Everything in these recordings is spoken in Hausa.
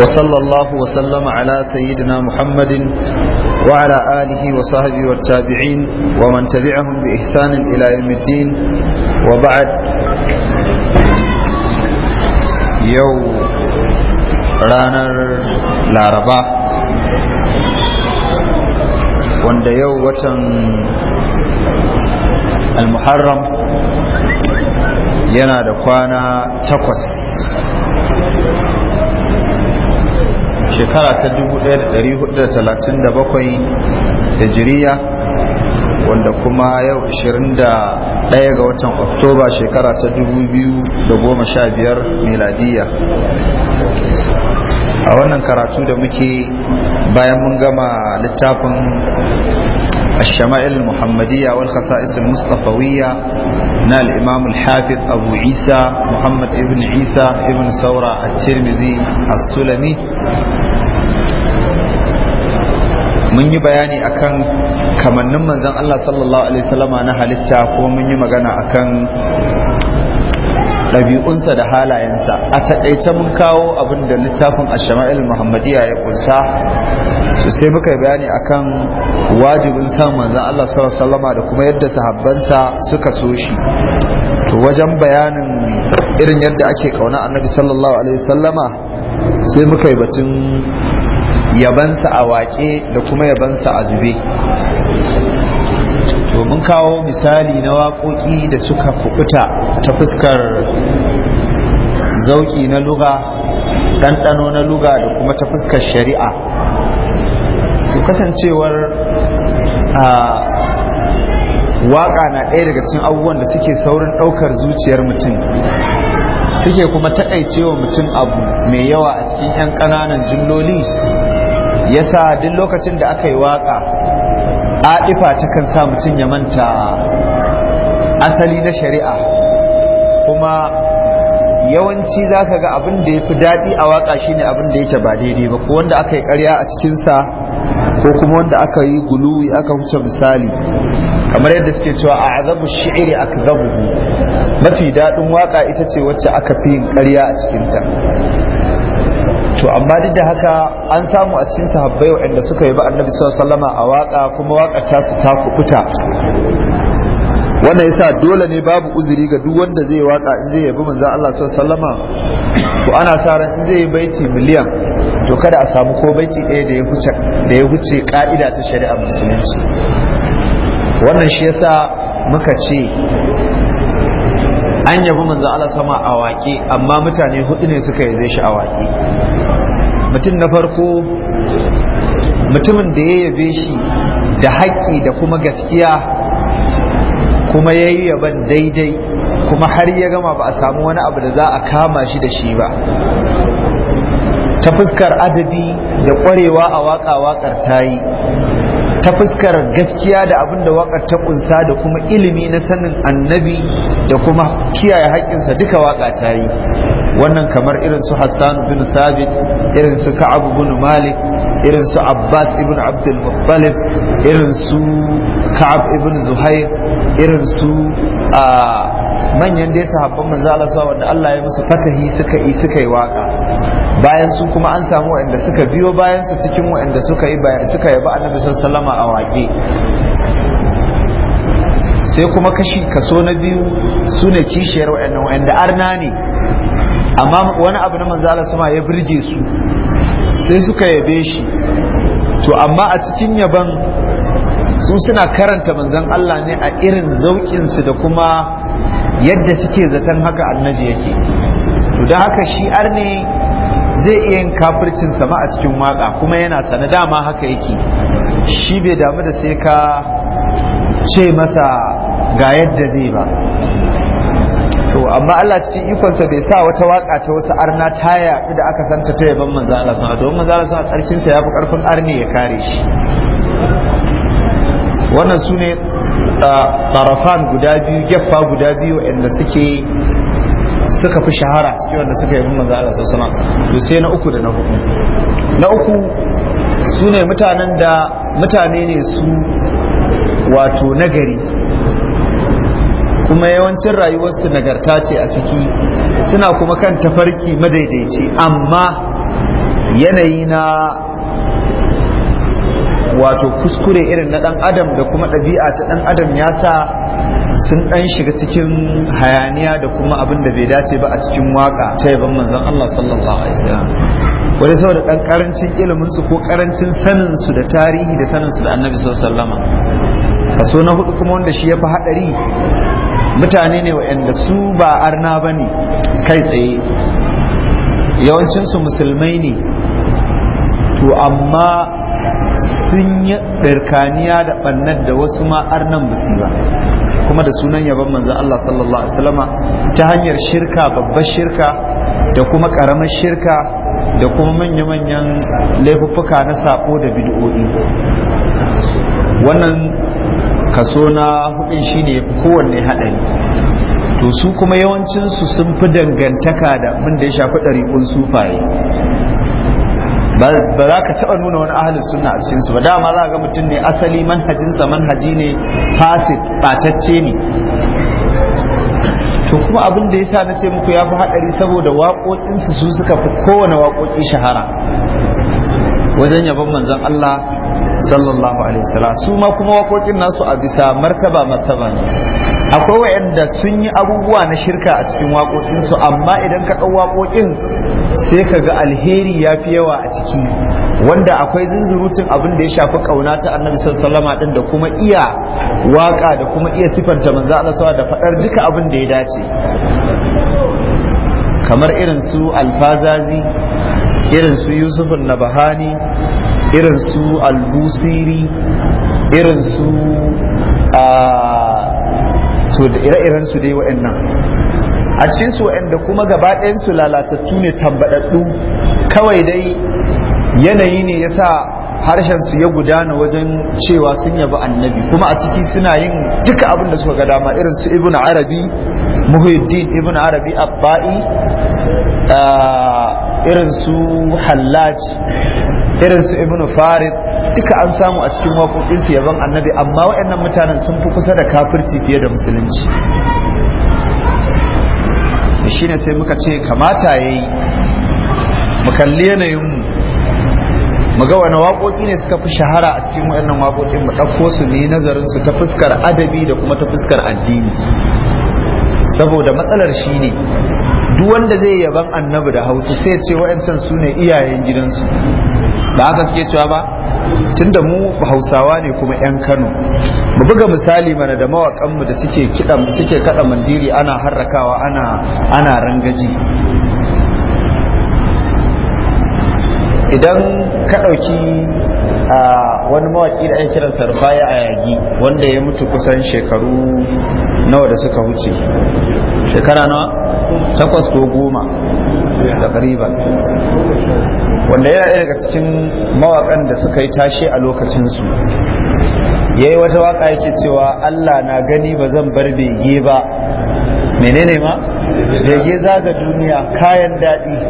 وصلى الله وسلم على سيدنا محمد وعلى آله وصحبه والتابعين ومن تبعهم بإحسان إلى يوم الدين وبعد يوم ranar laraba wanda yau watan almuharram yana da kwana takwas shekara ta da 1437 jiriya wanda kuma yau 21 ga watan oktoba shekara ta goma sha biyar miladiya a wannan karatu da muke bayan mun gama littafin الشمائل المحمدية والخصائص المصطفوية من الإمام الحافظ أبو عيسى محمد ابن عيسى ابن ثورة الترمذي السلمي mun yi bayani akan kamannin manzon Allah sallallahu alaihi wasallama na halitta ko mun yi magana akan ɗabi'unsa da halayensa a taƙaice mun kawo abinda da littafin ashama'il muhammadiyya ya kunsa sai muka yi bayani akan wajibin san manzon Allah sallallahu alaihi da kuma yadda sahabbansa suka so shi to wajen bayanin irin yadda ake kauna annabi sallallahu alaihi wasallama sai muka yi batun yabansa a waƙe da kuma yabansa a zube to mun kawo misali na waƙoƙi da suka kubuta ta fuskar zauki na luga ɗanɗano na luga da kuma ta fuskar shari'a to kasancewar a Waka na ɗaya daga cikin abubuwan da suke saurin ɗaukar zuciyar mutum suke kuma taƙaicewa mutum abu mai yawa a cikin 'yan ƙananan jimloli sa duk lokacin da aka yi waka, aɗifa takan sa mutum ya manta asali na shari'a kuma yawanci za ka ga abin da ya fi daɗi a waƙa shine abin da yake ba daidai ba ko wanda aka yi ƙarya a cikinsa ko kuma wanda aka yi guluwi aka wuce misali kamar yadda suke cewa a azabu shi'iri a zabuhu mafi daɗin waƙa ita ce wacce aka fi yin karya a cikinta to amma duk da haka an samu a cikin sahabbai waɗanda suka yi ba annabi sallama a waƙa kuma waƙa ta su ta kukuta wannan yasa dole ne babu uzuri ga duk wanda zai waƙa in zai yabi manzo Allah sallama to ana sa ran in zai yi baiti miliyan to kada a samu ko baiti ɗaya da ya huce da ya huce ka'ida ta shari'a musulunci wannan shi yasa muka ce an yabi manzo Allah sama a amma mutane hudu ne suka yabe shi a waƙe mutum na farko mutumin da ya yabe shi da haƙƙi da kuma gaskiya kuma ya yi yaban daidai kuma har ya gama ba a samu wani abu da za a kama shi da shi ba ta fuskar adabi da ƙwarewa a waƙa waƙar ta yi ta fuskar gaskiya da abin da waƙar ta ƙunsa da kuma ilimi na sanin annabi da kuma kiyaye haƙƙinsa duka waƙa ta yi wannan kamar irin su hassan bin sabit irin su ka'ab bin malik irin su abbas ibn abdul muttalib irin su ka'ab ibn zuhair irin su ah, manyan dai sahabban manzo Allah wanda Allah ya musu fatahi suka yi suka yi waka bayan su kuma an samu wanda suka biyo bayan su cikin wanda suka yi bayan suka yi ba Annabi sallallahu alaihi a waƙe sai kuma kashi kaso na biyu su ne kishiyar wa'annan wa'anda arna ne amma wani abu na manzo Allah sama ya birge su sai suka yabe shi to amma a cikin yaban su suna karanta manzan Allah ne a irin zauƙinsu da kuma yadda suke zaton haka annabi yake to da haka shi arne zai iya yin kafircin sama a cikin waka kuma yana sana dama haka yake shi bai damu da sai ka ce masa ga yadda zai ba to amma Allah cikin ikonsa bai sa wata waka ta wasu arna ta yaɗu da aka santa ta yaban manzo Allah sa don manzo Allah sa tsarkin sa yafi karfin arne ya kare shi wannan sune tarafan guda biyu geffa guda biyu inda suke suka fi shahara suke wanda suka yi manzo Allah sallallahu alaihi wasallam na uku da na hudu na uku su ne mutanen da mutane ne su wato nagari kuma yawancin rayuwarsu nagarta ce a ciki suna kuma kan tafarki madaidaici amma yanayi na wato kuskure irin na dan adam da kuma ɗabi'a ta dan adam ya sa sun dan shiga cikin hayaniya da kuma abin da bai dace ba a cikin waka ta yaban manzon Allah sallallahu alaihi wasallam wani saboda dan karancin ilimin su ko karancin sanin su da tarihi da sanin su da annabi sallallahu alaihi wasallam na hudu kuma wanda shi ya fi hadari mutane ne waɗanda su ba arna ba ne. kai tsaye yawancinsu musulmai ne to amma sun yi ɗarkaniya da ɓannar da wasu ma'ar nan musu ba kuma da sunan yaban manzan Allah sallallahu Alaihi wasallama ta hanyar shirka babbar shirka da kuma ƙaramar shirka da kuma manya-manyan laifuffuka na sako da bid'o'i wannan kaso na hudun shine ne kowanne haɗari to su kuma yawancinsu sun fi dangantaka da abin da ya shafi ɗari'un sufaye ba za ka taɓa nuna wani ahalin sunna a cikinsu ba dama za ga mutum ne asali manhajinsa manhaji ne fasit batacce ne to kuma abin da yasa na ce muku ya fi haɗari saboda waƙoƙinsu su suka fi kowane waƙoƙi shahara wajen yabon manzon Allah sallallahu alaihi wasallam su ma kuma waƙoƙin nasu a bisa martaba martaba ne akwai waɗanda sun yi abubuwa na shirka a cikin waƙoƙinsu amma idan ka ɗau waƙoƙin sai ka ga alheri ya fi yawa a ciki wanda akwai zunzurutun abin da ya shafi ƙauna ta annabi sallama ɗin da kuma iya waƙa da kuma iya sifanta manzo Allah sawa da faɗar duka abin da ya dace kamar irin su alfazazi irin su yusuf nabahani irin su albusiri irin su ah, to da ire-iren su dai wa'annan a cikin su wa'anda kuma gaba su lalatattu ne tambadaddu kawai dai yanayi ne ya sa harshen su ya gudana wajen cewa sun yabi annabi kuma a ciki suna yin duka abin da suka ga dama irin su ibn arabi muhiddin ibn arabi abba'i ah, irin su hallaj irin su ibnu farid duka an samu a cikin waƙoƙin su yaban annabi amma waɗannan mutanen sun fi kusa da kafirci fiye da musulunci ne sai muka ce kamata yayi mu kalli yanayin mu muga ga wani waƙoƙi ne suka fi shahara a cikin waɗannan waƙoƙin mu ɗauko su ne nazarin su ta fuskar adabi da kuma ta fuskar addini saboda matsalar shi ne duk wanda zai yaban annabi da hausa sai ce wa'ancan su ne iyayen gidansu ba haka suke cewa ba tunda mu hausawa ne kuma 'yan kano mu buga misali mana da mawakanmu da suke kiɗan suke kaɗa mandiri ana harrakawa ana ana rangaji idan ka ɗauki wani mawaki da ake kiran sarfaya a yagi wanda ya mutu kusan shekaru nawa da suka wuce shekara na takwas ko goma da kariba wanda yana daga cikin mawakan da suka yi tashe a lokacinsu ya yi wata waka yake cewa allah na gani ba zan bar bege ba menene ma bege ga duniya kayan daɗi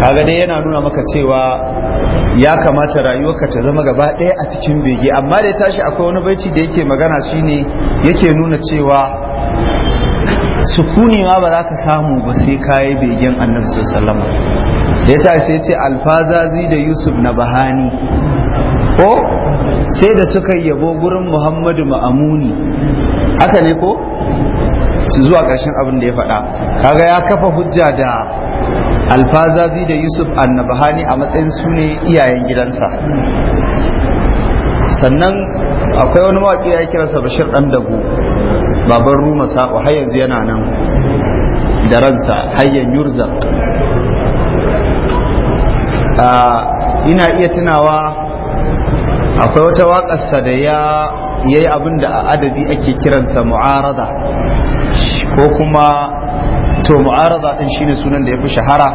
kaga dai yana nuna maka cewa ya kamata ka ta zama gaba ɗaya a cikin bege amma da ya tashi akwai wani bacci da yake magana shine yake nuna cewa sukuni ma ba za ka samu ba sai kayi yi begen annabi sallama da ya ta sai ce alfazazi da yusuf na bahani ko sai da suka yabo gurin muhammadu ma'amuni haka ne ko zuwa ƙarshen abin da ya faɗa kaga ya kafa hujja da alfazazi da yusuf annabahani a matsayin su ne iyayen gidansa sannan akwai wani waƙi ya kiransa bashir ɗan dago baban ruma saƙo har yanzu yana nan da ransa hayyan yurza ina iya tunawa akwai wata waƙarsa da ya yi abin da a adabi ake kiransa mu'arada ko kuma to mu'arada din shine sunan da yafi shahara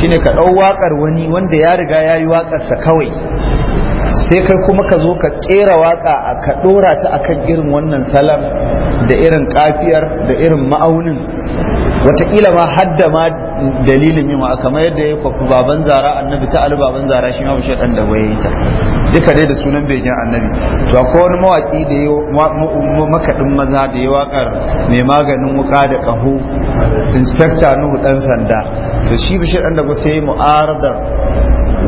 shine ka ɗau wakar wani wanda ya riga ya yi waƙarsa kawai sai kai kuma ka zo ka tsera waƙa a ka ɗora ta akan irin wannan salam da irin kafiyar da irin ma'aunin wataƙila ma hadda ma dalilin yima kamar yadda ya kwafi baban zara annabi ta alu baban zara shi ma bishe ɗan da waye ta duka dai da sunan bejin annabi to ko wani mawaƙi da ya makaɗin maza da ya waƙar mai maganin wuka da ƙaho inspector nuhu ɗan sanda to shi bishe ɗan da sai mu'aradar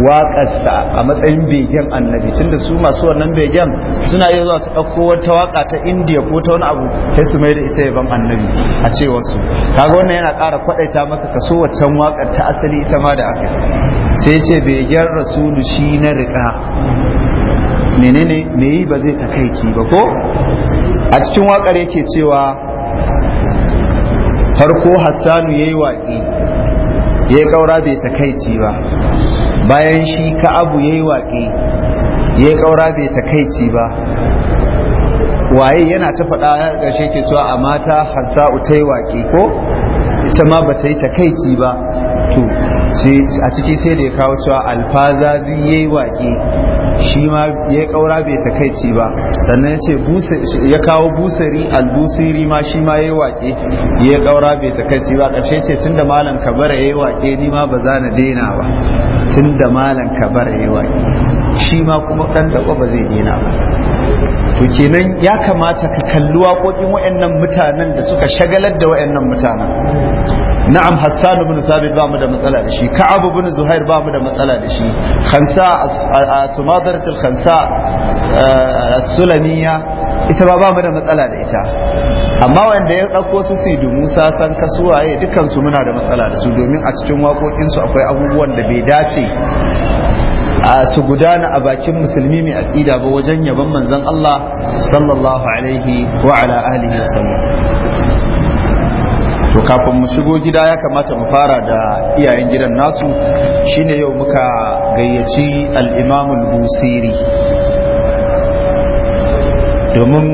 waƙarsa a matsayin begen annabi tunda su masu wannan begen suna iya zuwa su ɗauko wata waƙa ta indiya ko ta wani abu sai su mai da ita yaban annabi a ce wasu kaga wannan yana ƙara kwaɗaita maka kaso waccan waƙar ta asali ita ma da aka sai ce begen rasulu shi na riƙa menene me yi ba zai takaici ba ko a cikin waƙar yake cewa farko hassanu ya yi waƙi ya yi ƙaura bai takaici ba bayan shi ka abu ya yi waƙe ya yi ƙaura bai takaici ba waye yana ta faɗa ya ƙarshe ke cewa a mata hassa'u ta yi waƙe ko ita ma ba ta yi ci ba to a ciki sai da ya kawo cewa alfazazi ya yi waƙe shi ma ya kaura bai takaici ba sannan ya ce ya kawo busari albusiri ma shi ma ya waƙe ya kaura bai takaici ba ƙarshe ce tun da malam kabara ya waƙe ni ma ba za na daina ba tun da malam kabara ya yi waƙe shi ma kuma ɗan daɓa ba zai daina ba to kenan ya kamata ka kalli waƙoƙin waɗannan mutanen da suka shagalar da waɗannan mutanen na'am hassan ibn thabit ba mu da matsala da shi ka'ab ibn zuhair ba mu da matsala da shi uh, sulamiya ita ba mu da matsala da ita amma wanda ya ɗauko su sidu musa san kasuwaye dukansu muna da matsala da su domin a cikin waƙoƙinsu akwai abubuwan da bai dace a su gudana a bakin musulmi mai aƙida ba wajen yaban manzon Allah sallallahu alaihi wa ala alihi wa to kafin mu shigo gida ya kamata mu fara da iyayen gidan nasu shine yau muka gayyaci al'imamul busiri domin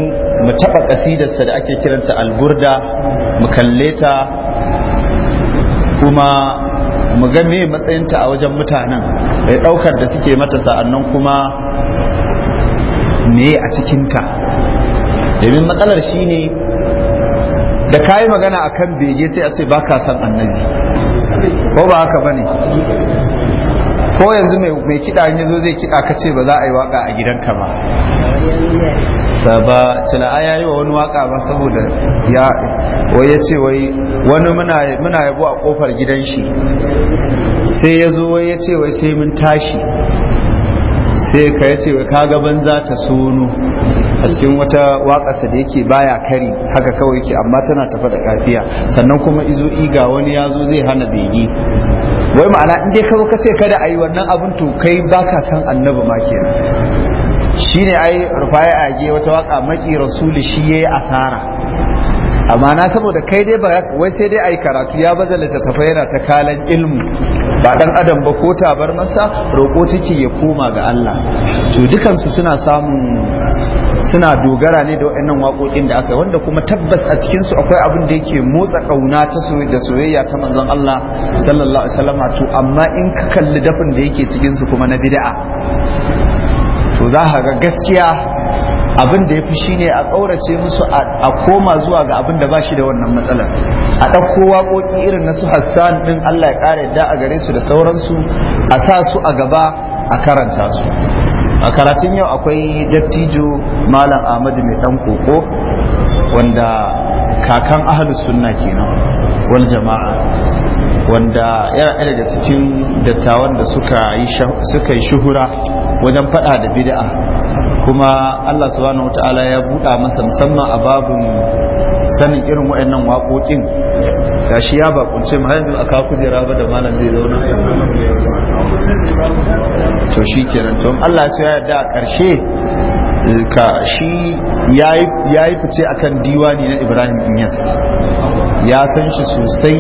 mu taɓa ƙasidarsa da ake kiranta alburda mu kalle ta kuma mu ga me matsayinta a wajen mutanen da ɗaukar da suke mata sa'annan kuma me a cikinta domin matsalar shine da kayi magana a kan beje sai a ce ba ka san annabi ko ba haka bane ko yanzu mai kiɗa in zo zai kiɗa ka ce ba za a yi waka a gidanka ba ba ba cila ya yayi wa wani waka ba saboda ya wai ya ce wai wani muna yabo a kofar gidan shi sai ya zo wai ya ce wai sai mun tashi sai ka ya ce wai kaga banza ta sunu a cikin wata waƙasa da yake baya kari haka kawai yake amma tana tafa da kafiya sannan kuma izo iga wani ya zo zai hana bege wai ma'ana in dai kawo kace kada a yi wannan abin to kai baka san annabi ma kenan shine ai rufaya age wata waka maki rasuli shi yayi asara amma na saboda kai dai ba wai sai dai ai karatu ya bazala ta tafa yana ta kalan ilmu ba dan adam ba ko tabar masa roƙo take ya koma ga Allah to dukansu suna samun suna dogara ne da waɗannan waƙoƙin da aka yi wanda kuma tabbas a cikinsu akwai abin da yake motsa ƙauna ta da soyayya ta manzon Allah sallallahu alaihi wasallam to amma in ka kalli dafin da yake cikinsu kuma na bid'a to za ka ga gaskiya abin da ya fi shine a ƙaurace musu a koma zuwa ga abin da ba shi da wannan matsalar a ɗauko waƙoƙi irin na su Hassan ɗin Allah ya ƙara yadda a gare su da sauransu a sa su a gaba a karanta su a karatun yau akwai dattijo malam ahmadu mai dan koko wanda kakan ahalus sunna kenan wani jama'a wanda yana ɗaya daga cikin dattawan da suka yi shuhura wajen faɗa da bida'a. kuma Allah subhanahu wata'ala ya buɗa masa musamman a babin sanin irin waɗannan waƙoƙin shi ya bakunce ma yanzu aka kujera ba da malam zai zauna to shi kenan to Allah ya ya yarda a karshe ka shi yi fice akan diwani na Ibrahim Inyas ya san shi sosai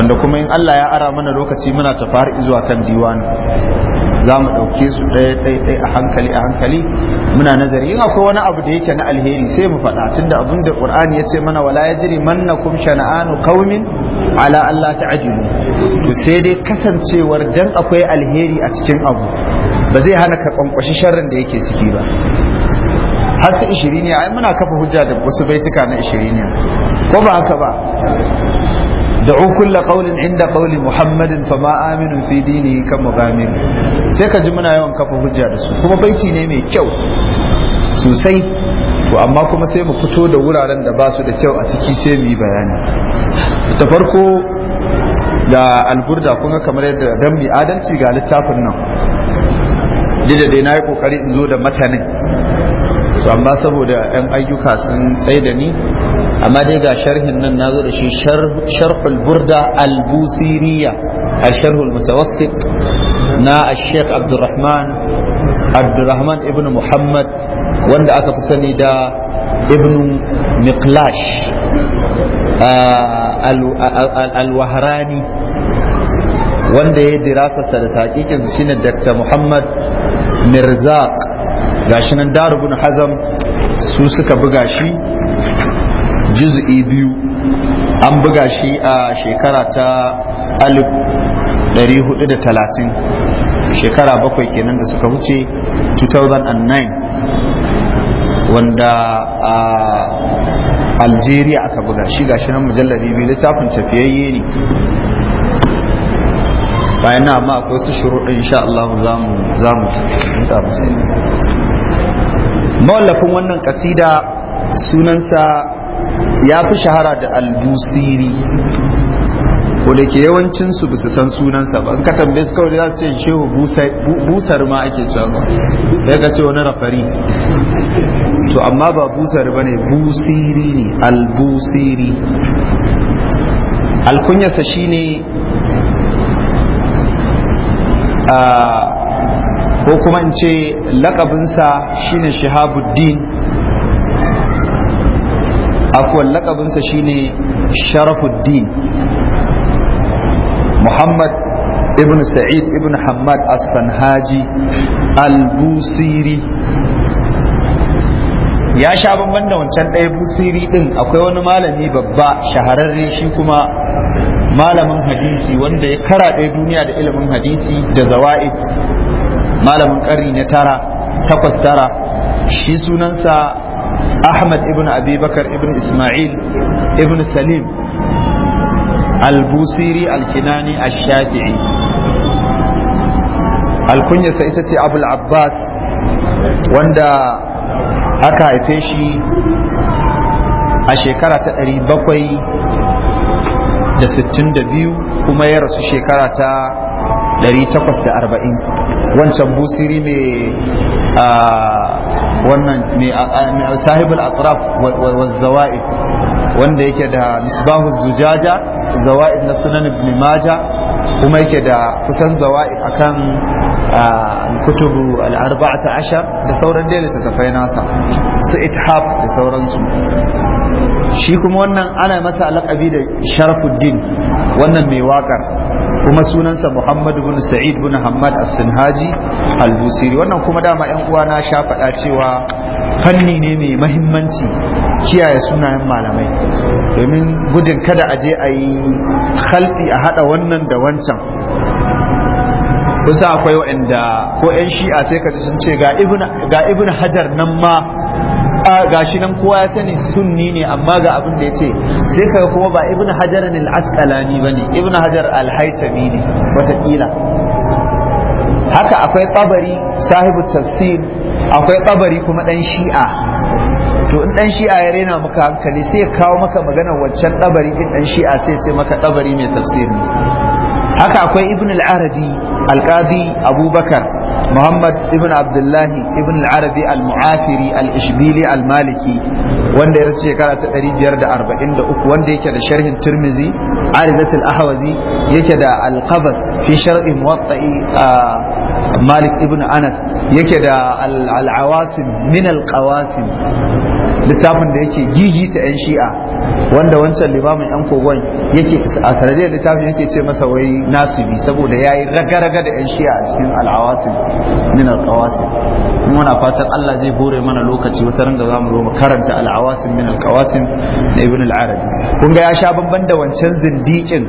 wanda kuma in Allah ya ara mana lokaci muna tafari zuwa kan diwani za mu ɗauke su ɗaya ɗaya a hankali a hankali muna nazari in akwai wani abu da yake na alheri sai mu faɗa tunda abin da qur'ani ya ce mana wala yajri mannakum shana'anu qaumin ala Allah ta'jilu to sai dai kasancewar dan akwai alheri a cikin abu ba zai hana ka kwankwashi sharrin da yake ciki ba har su ishiriniya ai muna kafa hujja da wasu baituka na ishiriniya ko ba haka ba da'u ukulla qawlin inda qawli muhammadin fa ma aminu fi dinihi kan mugamin sai ka ji muna yawan kafa hujja da su kuma baiti ne mai kyau sosai to amma kuma sai mu fito da wuraren da ba su da kyau a ciki sai mu yi bayani da farko da alburda kun ga kamar yadda dan mi adalci ga littafin nan da dai na yi kokari in zo da matanin to amma saboda yan ayyuka sun tsaye da ni amma dai ga sharhin nan na zo da shi sharhul burda al-busiriya al-sharhul mutawassit na al-sheikh abdurrahman abdurrahman ibn muhammad wanda aka fi sani da ibn miklash ah, al-wahrani wanda ya dirasarsa da taƙiƙinsa shine dr muhammad mirzaq gashi nan darubun hazam su suka buga shi juz'i biyu an buga shi a shekara ta 1430 shekara bakwai kenan da suka wuce 2009 wanda a algeria aka buga shi ga shi nan mujallar biyu littafin tafiyayye ne bayan na amma akwai su shuruɗin sha Allah za mu mawallafin wannan kasida sunansa ya fi shahara da albusiri wanda ke yawancinsu ba san sunansa ba in ka tambaye su kawai za su ce shehu busar ma ake cewa ba sai ka ce wani rafari to amma ba busar ba ne busiri ne albusiri alkunyarsa shine ne ah, ko kuma in ce lakabinsa shine shahabuddin akwai lakabinsa shine sharafuddin muhammad ibn sa'id ibn hamad Haji al-busiri ya sha banban da wancan ɗaya busiri ɗin akwai wani malami babba shahararre shi kuma malamin hadisi wanda ya kara ɗaya duniya da ilimin hadisi da zawa'i malamin ƙari na tara takwas tara shi sunansa ahmad ibn Abibakar bakar ibn isma'il ibn salim al-busiri al-kinani al-shafi'i alkunyarsa ita ce abul abbas wanda aka haife shi a shekara ta biyu kuma ya rasu shekarata shekara da arba'in wancan busiri a. wannan sahibul atraf wa zawaid wanda yake da misbahu zujaja zawaid na sunan ibn majah kuma yake da kusan zawaid akan kutubu al-arba'ata ashar da sauran dai littattafai nasa su ithab da sauransu shi kuma wannan ana masa alakabi da sharafuddin wannan mai wakar kuma sunansa Muhammadu bin sa'id bin hamad as al wannan kuma dama yan uwa na sha faɗa cewa fanni ne mai mahimmanci kiyaye sunayen malamai domin gudun kada a je a yi halɗi a haɗa wannan da wancan kusa akwai waɗanda ko 'yan shi'a sai ka ci sun ce ga ibn hajar nan ma gashi nan kowa ya sani sunni ne amma ga abin da ya ce sai kai kuma ba ibn hajar al-asqalani bane ibn hajar al-haytami ne watakila haka akwai tsabari sahibu tafsir akwai tsabari kuma dan shi'a to in dan shi'a ya rena maka hankali sai ya kawo maka magana waccan tsabari din dan shi'a sai ce maka tsabari mai tafsir haka akwai ibn al-arabi al-qadi abubakar Muhammad ibn Abdullahi ibn al-Arabi al-Mu'afiri al-Ishbili al-Maliki wanda ya rasu shekara ta uku wanda yake da sharhin Tirmidhi Aridat al-Ahwazi yake da al-Qabas fi shar'i Muwatta'i Malik ibn Anas yake da al'awasin min alqawasim littafin da yake gigi ta yan shi'a wanda wancan limamin yan kogon yake a sanadiyar littafin yake ce masa wai nasibi saboda ya yi raga-raga da yan shi'a a cikin al'awasin min Kuma wana fatan Allah zai bore mana lokaci wata ranga za mu zo mu karanta al'awasin min alqawasim na ibn al-arabi kun ga ya sha bamban da wancan zindikin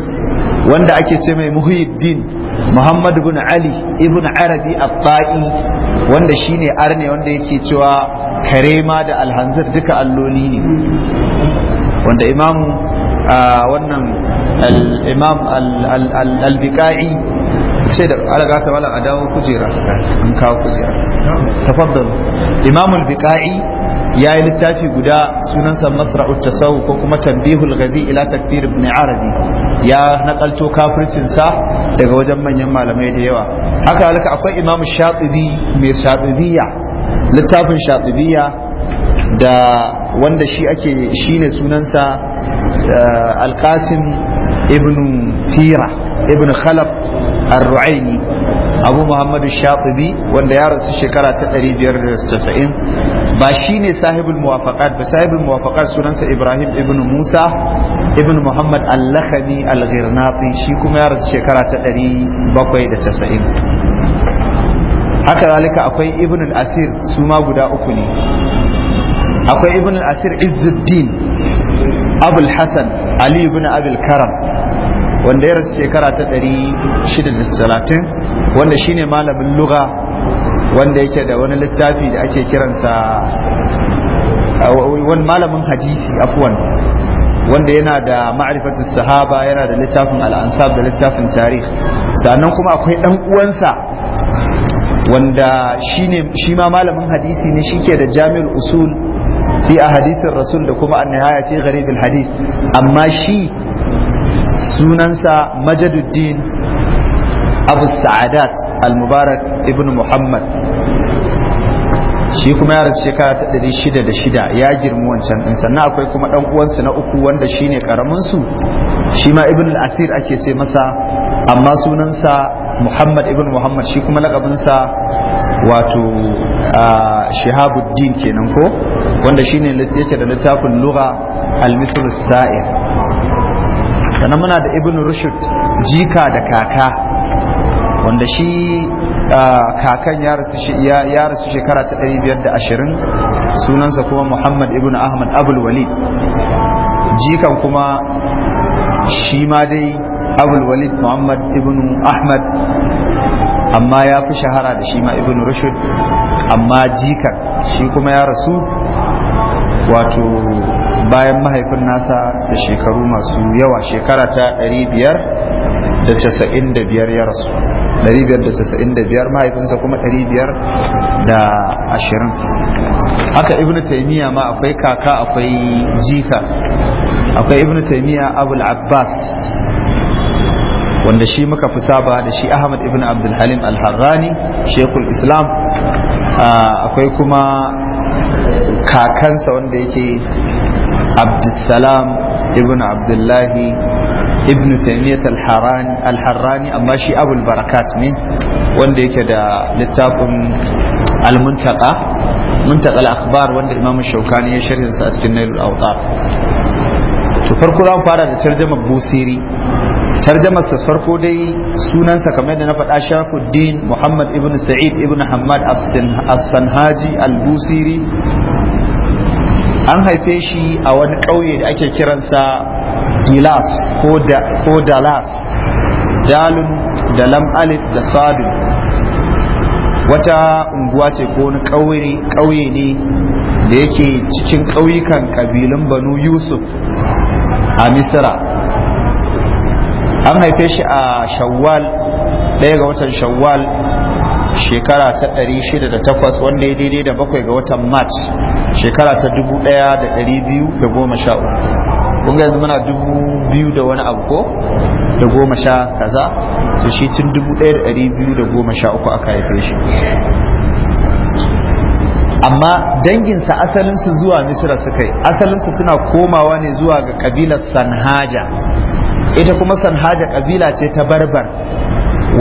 wanda ake ce mai muhyiddin محمد بن Ali ابن Arabi الطائي tai wanda shine arne wanda yake cewa karema da alhanzir duka alloli ne wanda imam wannan al-imam al sai da alaga ta wala a dawo kujera an kawo kujera tafaddal imam al bikai ya yi littafi guda sunansa masra'ut tasawu ko kuma tanbihul gabi ila takfir ibn arabi ya nakalto kafircinsa daga wajen manyan malamai da yawa haka halaka akwai imamu shatibi mai shatibiya littafin shatibiya da wanda shi ake shine sunansa eh, alkasim ibn tira ibn khalaf ar-ru'aini abu muhammadu shafibi wanda ya rasu shekara ta 590 ba shi ne sahibul muwafaqat ba sahibul muwafaqat sunansa ibrahim ibn musa ibn muhammad al-lakhami al shi kuma ya rasu shekara ta 790 haka zalika akwai ibn al-asir su ma guda uku ne akwai ibn al-asir izzuddin abul hasan ali ibn abul karam wanda ya rasu shekara ta 630 wanda shine malamin lugha wanda yake da wani littafi da ake kiransa uh, wani malamin hadisi afwan wanda yana da ma'rifatul sahaba yana da littafin al'ansab da littafin tarih sannan kuma akwai ɗan uwansa wanda shine shi ma malamin hadisi ne shike da jami'ul usul fi hadisin rasul da kuma an-nihaya fi gharib hadith amma shi sunansa majaduddin abu sa'adat al-mubarak ibn muhammad shi kuma ya rasu shekara ta ɗari shida da shida ya girmi wancan ɗin sannan akwai kuma ɗan uwansu na uku wanda shi ne ƙaraminsu shi ma ibn al-asir ake ce masa amma sunansa muhammad ibn muhammad shi kuma laƙabinsa wato shahabuddin kenan ko wanda shi ne yake da littafin lura al-mithl sa'ir sannan muna da ibn rushd jika da kaka wanda shi kakan ya rasu shekara ta 520 sunansa kuma muhammad ibn ahmad abul walid jikan kuma shi ma dai abul walid muhammad ibn ahmad amma ya fi shahara da shi ma ibn rushd amma jikan shi kuma ya rasu wato bayan mahaifin nasa da shekaru masu yawa shekara ta biyar. da casa'in da biyar ya rasu ɗari biyar da casa'in da biyar mahaifinsa kuma ɗari biyar da ashirin haka ibn taimiyya ma akwai kaka akwai jika akwai ibn taimiyya abul abbas wanda shi muka fi saba da shi ahmad ibn abdulhalim al-harrani shekul islam akwai kuma kakansa wanda yake abdulsalam ibn abdullahi ibn taymiyyah al-harani al harani amma shi abul barakat ne wanda yake da littafin al-muntaqa muntaqa al-akhbar wanda imam shaukani ya sharhi sa a cikin nailul awtar to farko zan fara da Tarjuma busiri Tarjuma sa farko dai sunansa kamar da na faɗa Shafuddin Muhammad ibn Sa'id ibn Hammad as-Sanhaji al-Busiri an haife shi a wani ƙauye da ake kiransa gilas ko dalas dalun da lam alif da sadun wata unguwa ce ko wani ƙauye ne da yake cikin ƙauyukan ƙabilun banu yusuf a misira an haife shi a shawwal ɗaya ga watan shawwal shekara ta 608 wanda ya daidai da bakwai ga watan march shekara ta 1213 kun yanzu muna dubu biyu da wani abu ko da goma sha kaza da shi tun dubu ɗaya da ɗari biyu da goma sha uku aka haife shi amma danginsa asalinsu zuwa misira suka yi asalinsu suna komawa ne zuwa ga kabilar sanhaja ita kuma sanhaja ƙabila ce ta barbar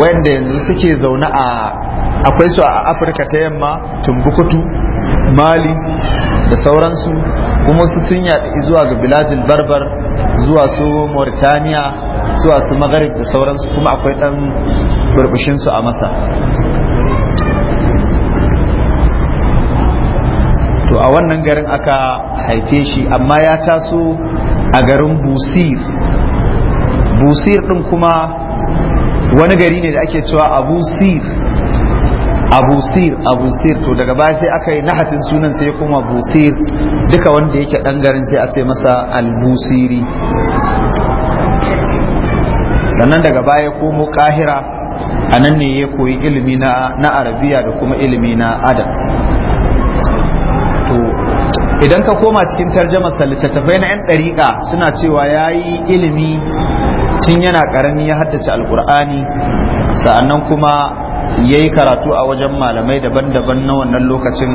wanda yanzu suke zaune a akwai su a afirka ta yamma tumbukutu mali da sauransu kuma su sun yaɗi zuwa ga biladil barbar zuwa su mauritaniya zuwa su magharib da sauransu kuma akwai ɗan burbushinsu a masa to a wannan garin aka haife shi amma ya taso a garin busir busir ɗin kuma wani gari ne da ake cewa abu sir abusir abusir to daga baya sai aka yi nahatin sunan sai ya koma busir duka wanda yake dan garin sai a ce masa albusiri sannan daga baya ya komo kahira a nan ne ya koyi ilimi na arabiya da kuma ilimi na adam to idan ka koma cikin tarjama littattafai na 'yan ɗariƙa suna cewa ya yi ilimi tun yana ƙarami ya haddace alƙur'ani sa'annan kuma ya yi karatu a wajen malamai daban-daban na wannan lokacin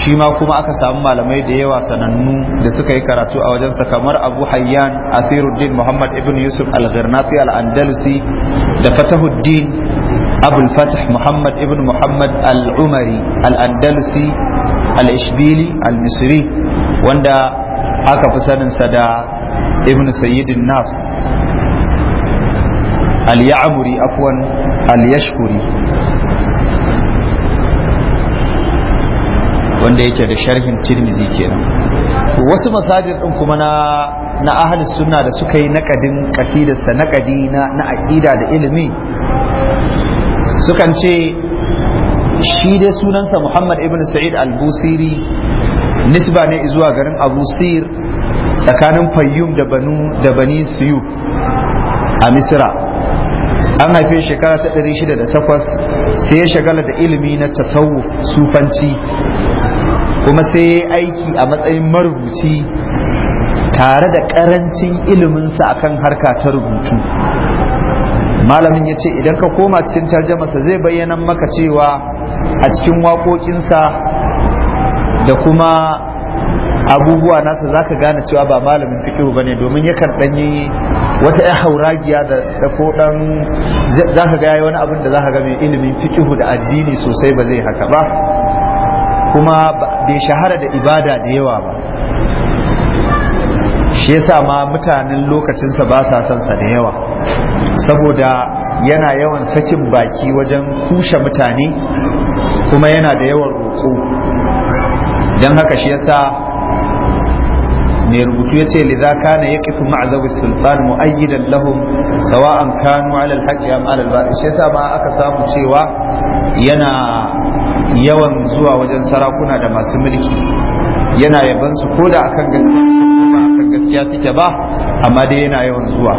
shi ma kuma aka samu malamai da yawa sanannu da suka yi karatu a wajensa kamar abu hayyan asiruddin muhammad ibn yusuf al-ghirnati al-andalusi da fatahuddin abul fatah muhammad ibn muhammad al-umari al-andalusi al-ishbili al-misri wanda aka fi sanin sa da ibn sayyidin nas al-ya'muri afwan al-yashkuri wanda yake da sharhin tirmizi kenan wasu masajid din kuma na na ahli sunna da suka yi naqadin qasidarsa naqadi na na aqida da ilimi sukan ce shi dai sunansa Muhammad ibn Sa'id al-Busiri nisba ne zuwa garin Abu Sir tsakanin Fayyum da Banu da Bani Suyu a Misra an haife shekara ta ɗari takwas sai ya shagala da ilimi na tasawuf sufanci kuma sai ya aiki a matsayin marubuci tare da ƙarancin iliminsa akan harka ta rubutu malamin ya ce idan ka koma cikin tarjamasa zai bayyana maka cewa a cikin waƙoƙinsa da kuma abubuwa nasa zaka gane cewa ba malamin fikihu ne domin yakan ɗanyi wata ya hauragiya da ko dan zaka ga yayi wani abin da zaka ga mai ilimin fiqhu da addini sosai ba zai haka ba kuma bai shahara da ibada da yawa ba shi yasa ma mutanen lokacinsa ba sa son sa da yawa saboda yana yawan sakin baki wajen kushe mutane kuma yana da yawan roƙo don haka shi yasa mai rubutu ya ce liza kana ya kifi ma'azawi sultan mu'ayyidan lahum sawa'an kanu alal haqqi am alal batil shi yasa ma aka samu cewa yana yawan zuwa wajen sarakuna da masu mulki yana yabansu koda ko da akan gaskiya ba akan gaskiya suke ba amma dai yana yawan zuwa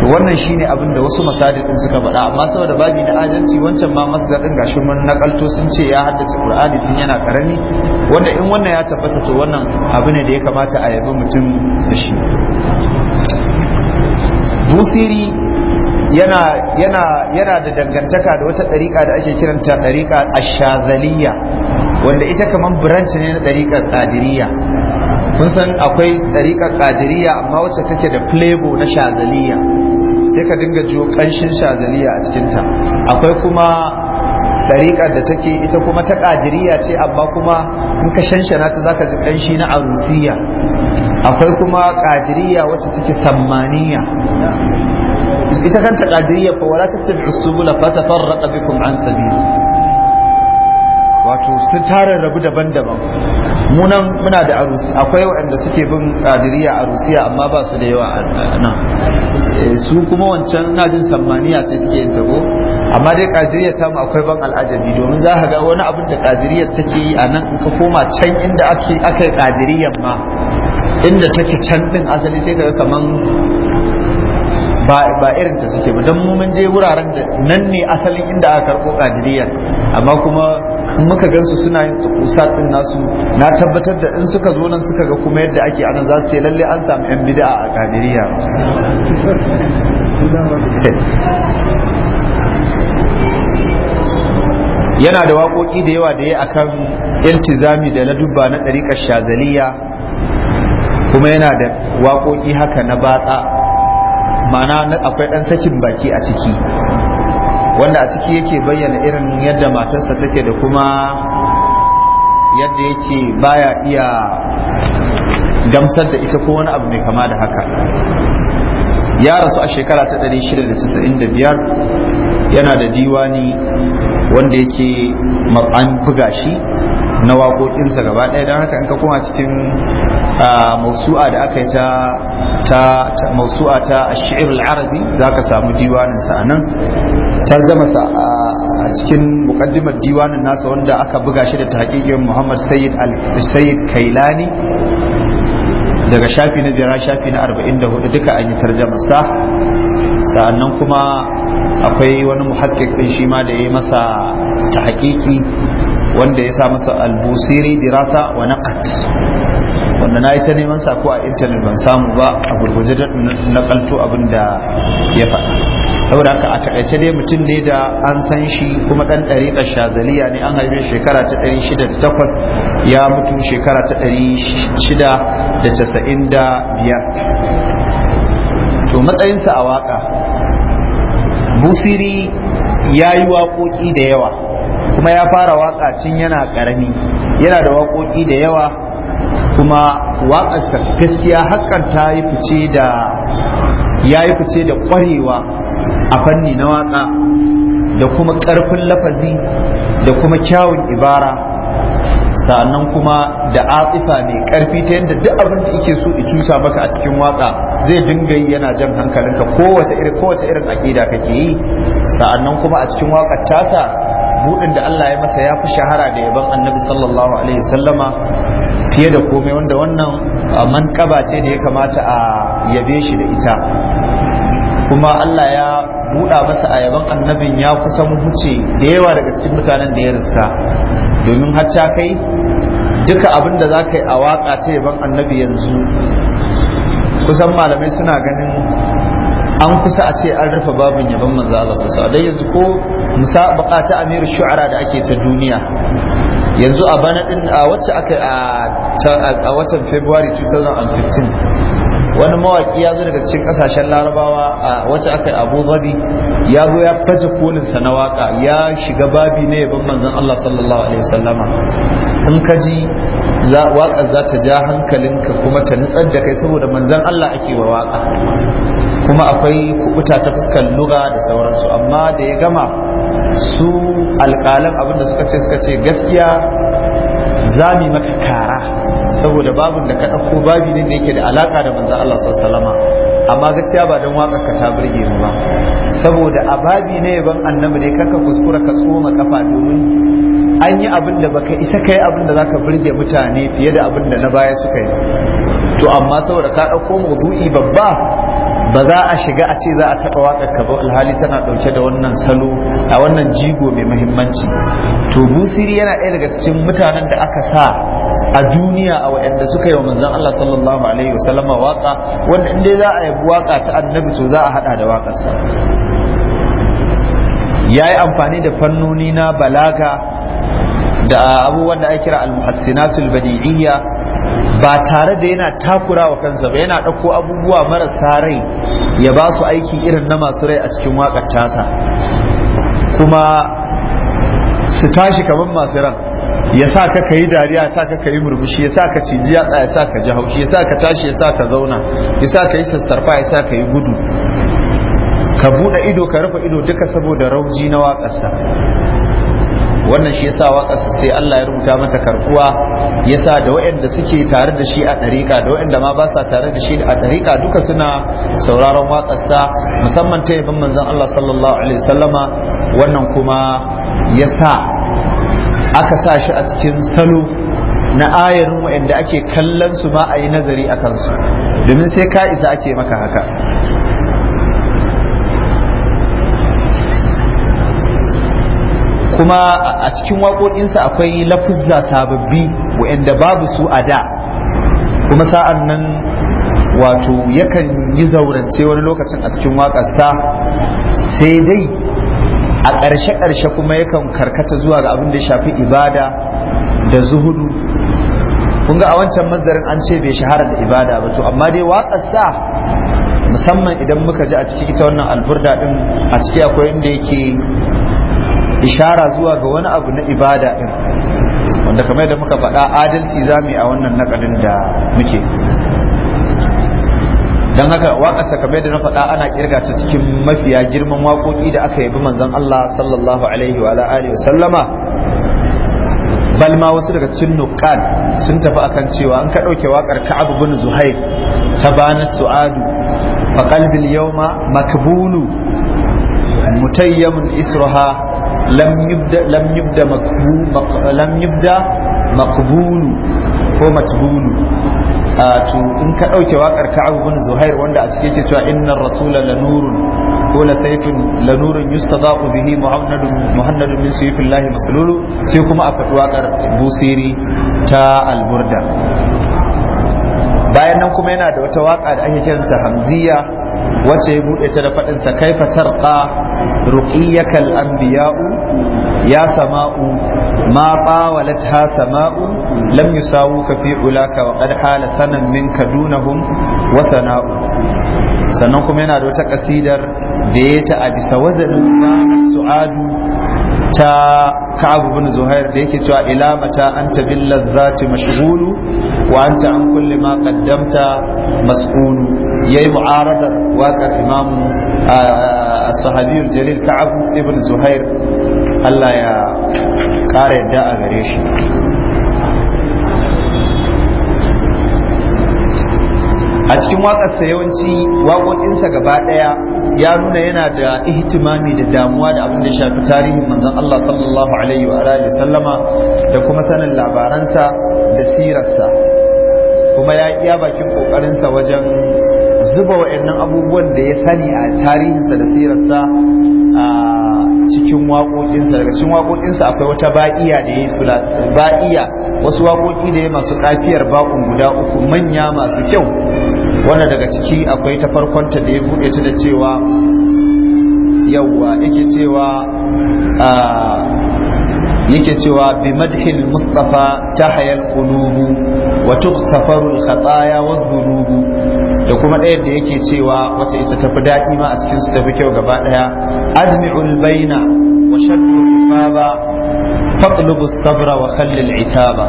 to wannan shine abin da wasu masajid din suka faɗa amma saboda babi na adalci wancan ma masdar din gashi mun nakalto sun ce ya haddace qur'ani tun yana karami wanda in wannan ya tabbata to wannan abu ne da ya kamata a yabi mutum da shi busiri yana yana yana da dangantaka da wata ɗariƙa da ake kiranta ɗariƙa ashazaliya wanda ita kamar branch ne na ɗariƙar ƙadiriya kun san akwai ɗariƙar ƙadiriya amma wacce take da flavor na shazaliya sai ka dinga jiwo ƙanshin shazaliya a cikinta akwai kuma ɗariƙar da take ita kuma ta ƙadiriya ce amma kuma in ka shanshana ta zaka ji ƙanshi na arusiya akwai kuma ƙadiriya wacce take sammaniya ita kanta ƙadiriya fa wala tattabi'us subula fatafarraqa bikum an sabili wato sun tara rabu daban-daban munan muna da arusi akwai waɗanda suke bin kadiriya a rusiya amma ba su da yawa a nan eh, su kuma wancan najin sammaniya ce suke yin tabo amma dai ƙadiriya ta akwai ban al'ajabi domin za ka ga wani abin da kadiriya take yi a nan in ka koma can inda aka yi kadiriyan ma inda take can ɗin asali sai ka kaman ba irin ta suke ba don mu mun je wuraren da nan ne asalin inda aka karɓo kadiriyar amma kuma in muka gansu suna yin tsakusa din nasu na tabbatar da in suka zo nan suka ga kuma yadda ake anan za su yi lalle an samu yan bid'a a kadiriya yana da waƙoƙi da yawa da ya akan iltizami da ladubba na ɗariƙar shazaliya kuma yana da waƙoƙi haka na batsa mana akwai ɗan sakin baki a ciki wanda a ciki yake bayyana irin yadda matarsa take da kuma yadda yake baya iya gamsar da ita ko wani abu mai kama da haka ya rasu a shekara ta 695 yana da diwani wanda yake an buga shi na waƙoƙinsa gaba ɗaya don haka in ka koma cikin mausu'a da aka yi ta ta mausu'a ta al-arabi za ka samu diwaninsa a nan tarjamasa a cikin mukaddimar diwanin nasa wanda aka buga shi da tahqiqin Muhammad Sayyid Al-Sayyid Kailani daga shafi na jira shafi na 44 duka an yi sa sa'annan kuma akwai wani muhaqqiq din shi ma da yayi masa tahqiqi wanda ya sa masa Al-Busiri dirasa wa naqat wanda na yi ta neman sako a intanet ban samu ba a gurguje da nakaltu abin da ya faɗa saboda haka a takaice dai mutum ne da an san shi kuma dan ɗariƙar shazaliya ne an haife shekara ta ɗari ya mutu shekara ta ɗari shida casa'in to matsayinsa a waƙa busiri ya yi waƙoƙi da yawa kuma ya fara waƙa cin yana ƙarami yana da waƙoƙi da yawa kuma waƙarsa gaskiya hakan ta yi fice da ya yi fice da ƙwarewa a fanni na waka da kuma ƙarfin lafazi da kuma kyawun ibara sannan kuma da atsifa mai karfi ta yadda duk abin da yake so i cusa maka a cikin waka zai dinga yi yana jan hankalinka kowace irin kowace irin aƙida kake yi sa'annan kuma a cikin waƙar tasa buɗin da Allah ya masa ya fi shahara da yaban annabi sallallahu alaihi sallama fiye da komai wanda wannan kaba ah, ce da ya kamata a yabe shi da ita kuma Allah ya buɗa masa ayaban annabin ya kusa wuce da yawa daga cikin mutanen da ya riska domin ta kai duka abin da za ka yi a waka ta yaban annabi yanzu kusan malamai suna ganin an kusa a ce an rufe babin yaban manzo Allah sa dai yanzu ko musa bukata Amir Shu'ara da ake ta duniya yanzu a bana din a wacce aka a watan February 2015 wani mawaki ya zo daga cikin kasashen larabawa a wacce aka yi abu zabi ya zo ya baje kolinsa na waka ya shiga babi ne yabon manzan Allah sallallahu alaihi wasallama in ka ji waka za ta ja hankalinka kuma ta nutsar da kai saboda manzan Allah ake wa waka kuma akwai kubuta ta fuskar lura da sauransu amma da ya gama su abin abinda suka ce suka ce gaskiya za yi maka kara saboda babin da ka ɗauko babi ne da yake da alaka da manzon Allah sallallahu amma gaskiya ba dan waka ka ta ba saboda a babi ne ban annabi ne kanka kuskura ka tsoma kafa domin an yi abin da baka isa kai abin da zaka burge mutane fiye da abin da na baya suka yi to amma saboda ka ɗauko maudu'i babba ba za a shiga a ce za a taɓa waƙar ka ba alhali tana ɗauke da wannan salo a wannan jigo mai muhimmanci to busiri yana ɗaya daga cikin mutanen da aka sa a duniya a waɗanda suka yi wa manzon Allah sallallahu alaihi wasallama waƙa wanda in dai za a yabi waka ta annabi to za a haɗa da waƙarsa ya yi amfani da fannoni na balaga da abubuwan da ake kira al badi'iyya ba tare da yana takura wa kansa ba yana ɗauko abubuwa marasa rai ya ba su aiki irin na masu rai a cikin waƙar tasa kuma su tashi kamar masu ran ya sa ka kayi dariya ya sa ka yi murmushi ya sa ka ciji yasa ya sa ka ji haushi ya sa ka tashi ya sa ka zauna ya sa ka yi sassarfa ya sa ka yi gudu ka buɗe ido ka rufe ido duka saboda rauji na waƙarsa wannan shi yasa waƙarsa sai Allah ya rubuta mata karkuwa yasa da waɗanda suke tare da shi a ɗariƙa da waɗanda ma ba sa tare da shi a ɗariƙa duka suna sauraron waƙarsa musamman ta yi manzon Allah sallallahu alaihi wasallama wannan kuma yasa aka sa shi a cikin salo na ayarin waɗanda ake kallon su ma a yi nazari a kansu domin sai ka isa ake maka haka kuma a cikin waƙoƙinsa akwai lafuzza sababbi wa'anda babu su a da kuma sa'an nan wato yakan yi zaurance wani lokacin a cikin waƙarsa sai dai a ƙarshe-ƙarshe kuma yakan karkata zuwa ga abin da ya shafi ibada da zuhudu kun ga a wancan mazarin an ce bai shahara da ibada ba to amma dai waƙar sa musamman idan muka ji a cikin ita wannan alburda din a ciki akwai inda yake ishara zuwa ga wani abu na ibada din wanda kamar yadda muka faɗa adalci za mu yi a wannan nakalin da muke don haka waƙarsa kamar da na faɗa ana kirga ta cikin mafiya girman waƙoƙi da aka yabi manzon Allah sallallahu alaihi wa alihi sallama bal ma wasu daga cikin nuqad sun tafi akan cewa an ka ɗauke waƙar Ka'ab bin Zuhair ta banat su'adu fa qalbil yawma makbulu mutayyamun isruha lam yubda lam yubda lam yubda makbulu ko matbulu to in ka ɗauke waƙar abu bin zuhair wanda a cike ke cewa innar rasula la nurun ko la sayfin la nurun yustadaqu bihi muhammadun muhammadun min sayfillahi maslulu sai kuma a faɗi waƙar busiri ta alburda bayan nan kuma yana da wata waƙa da ake kiranta hamziya wacce ya buɗe ta da faɗin sa kaifa tarqa ruqiyakal anbiya'u ya sama'u ma qawalat ha sama'u lam sawu ka fi ulaka wa qad hala sanan minka dunahum wa sana'u sannan kuma yana da wata ƙasidar da ya ta a bisa wazanin su'adu ta ka'ab bin zuhair da yake cewa ila mata anta bil ladzati mashghulu wa anta an kulli ma qaddamta mas'ulu yayi mu'aradar waqar imam as-sahabi jalil ka'ab ibn zuhair Allah ya kare da a gare shi a cikin sa yawanci waƙoƙinsa gaba ɗaya ya nuna yana da ihtimami da damuwa da abin da shafi tarihin manzon Allah sallallahu alaihi wa alihi sallama da kuma sanin labaransa da sirarsa kuma ya iya bakin ƙoƙarinsa wajen zuba wa'annan abubuwan da ya sani a tarihinsa da sirarsa a cikin waƙoƙinsa daga cikin waƙoƙinsa akwai wata ba'iya da ya ba'iya wasu waƙoƙi da ya masu ƙafiyar bakun guda uku manya masu kyau wanda daga ciki akwai ta farkonta da ya buɗe ta da cewa yawwa yake cewa yake cewa bi madhil mustafa tahayal qulubu wa tughtafaru al khataya wa dhunubu da kuma ɗaya da yake cewa wace ita tafi daɗi ma a cikin su tafi kyau gaba ɗaya azmi'ul baina wa shaddu ifaba fatlubu sabra wa khallil itaba